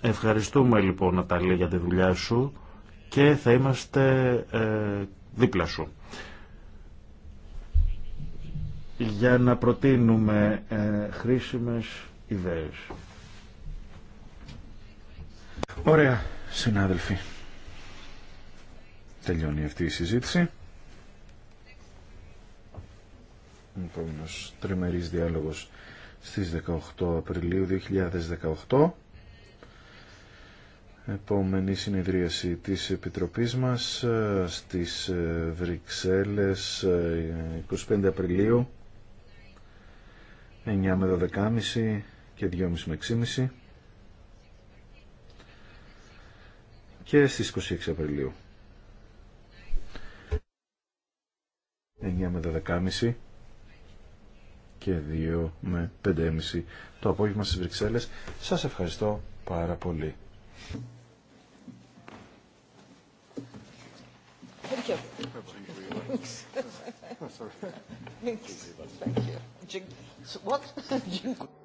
Ευχαριστούμε λοιπόν Ναταλή για τη δουλειά σου και θα είμαστε ε, δίπλα σου για να προτείνουμε ε, χρήσιμες ιδέες. Ωραία, συνάδελφοι. Τελειώνει αυτή η συζήτηση. Επόμενο τριμερής διάλογος στις 18 Απριλίου 2018. Επόμενη συνεδρίαση της Επιτροπής μας ε, στις ε, Βρυξέλλες 25 Απριλίου. 9 με 12,5 και 2,5 με 6,5 και στις 26 Απριλίου. 9 με 12,5 και 2 με 5,5 το απόγευμα στις Βρυξέλλες. Σας ευχαριστώ πάρα πολύ. Sorry. Thank you. Thank you. What?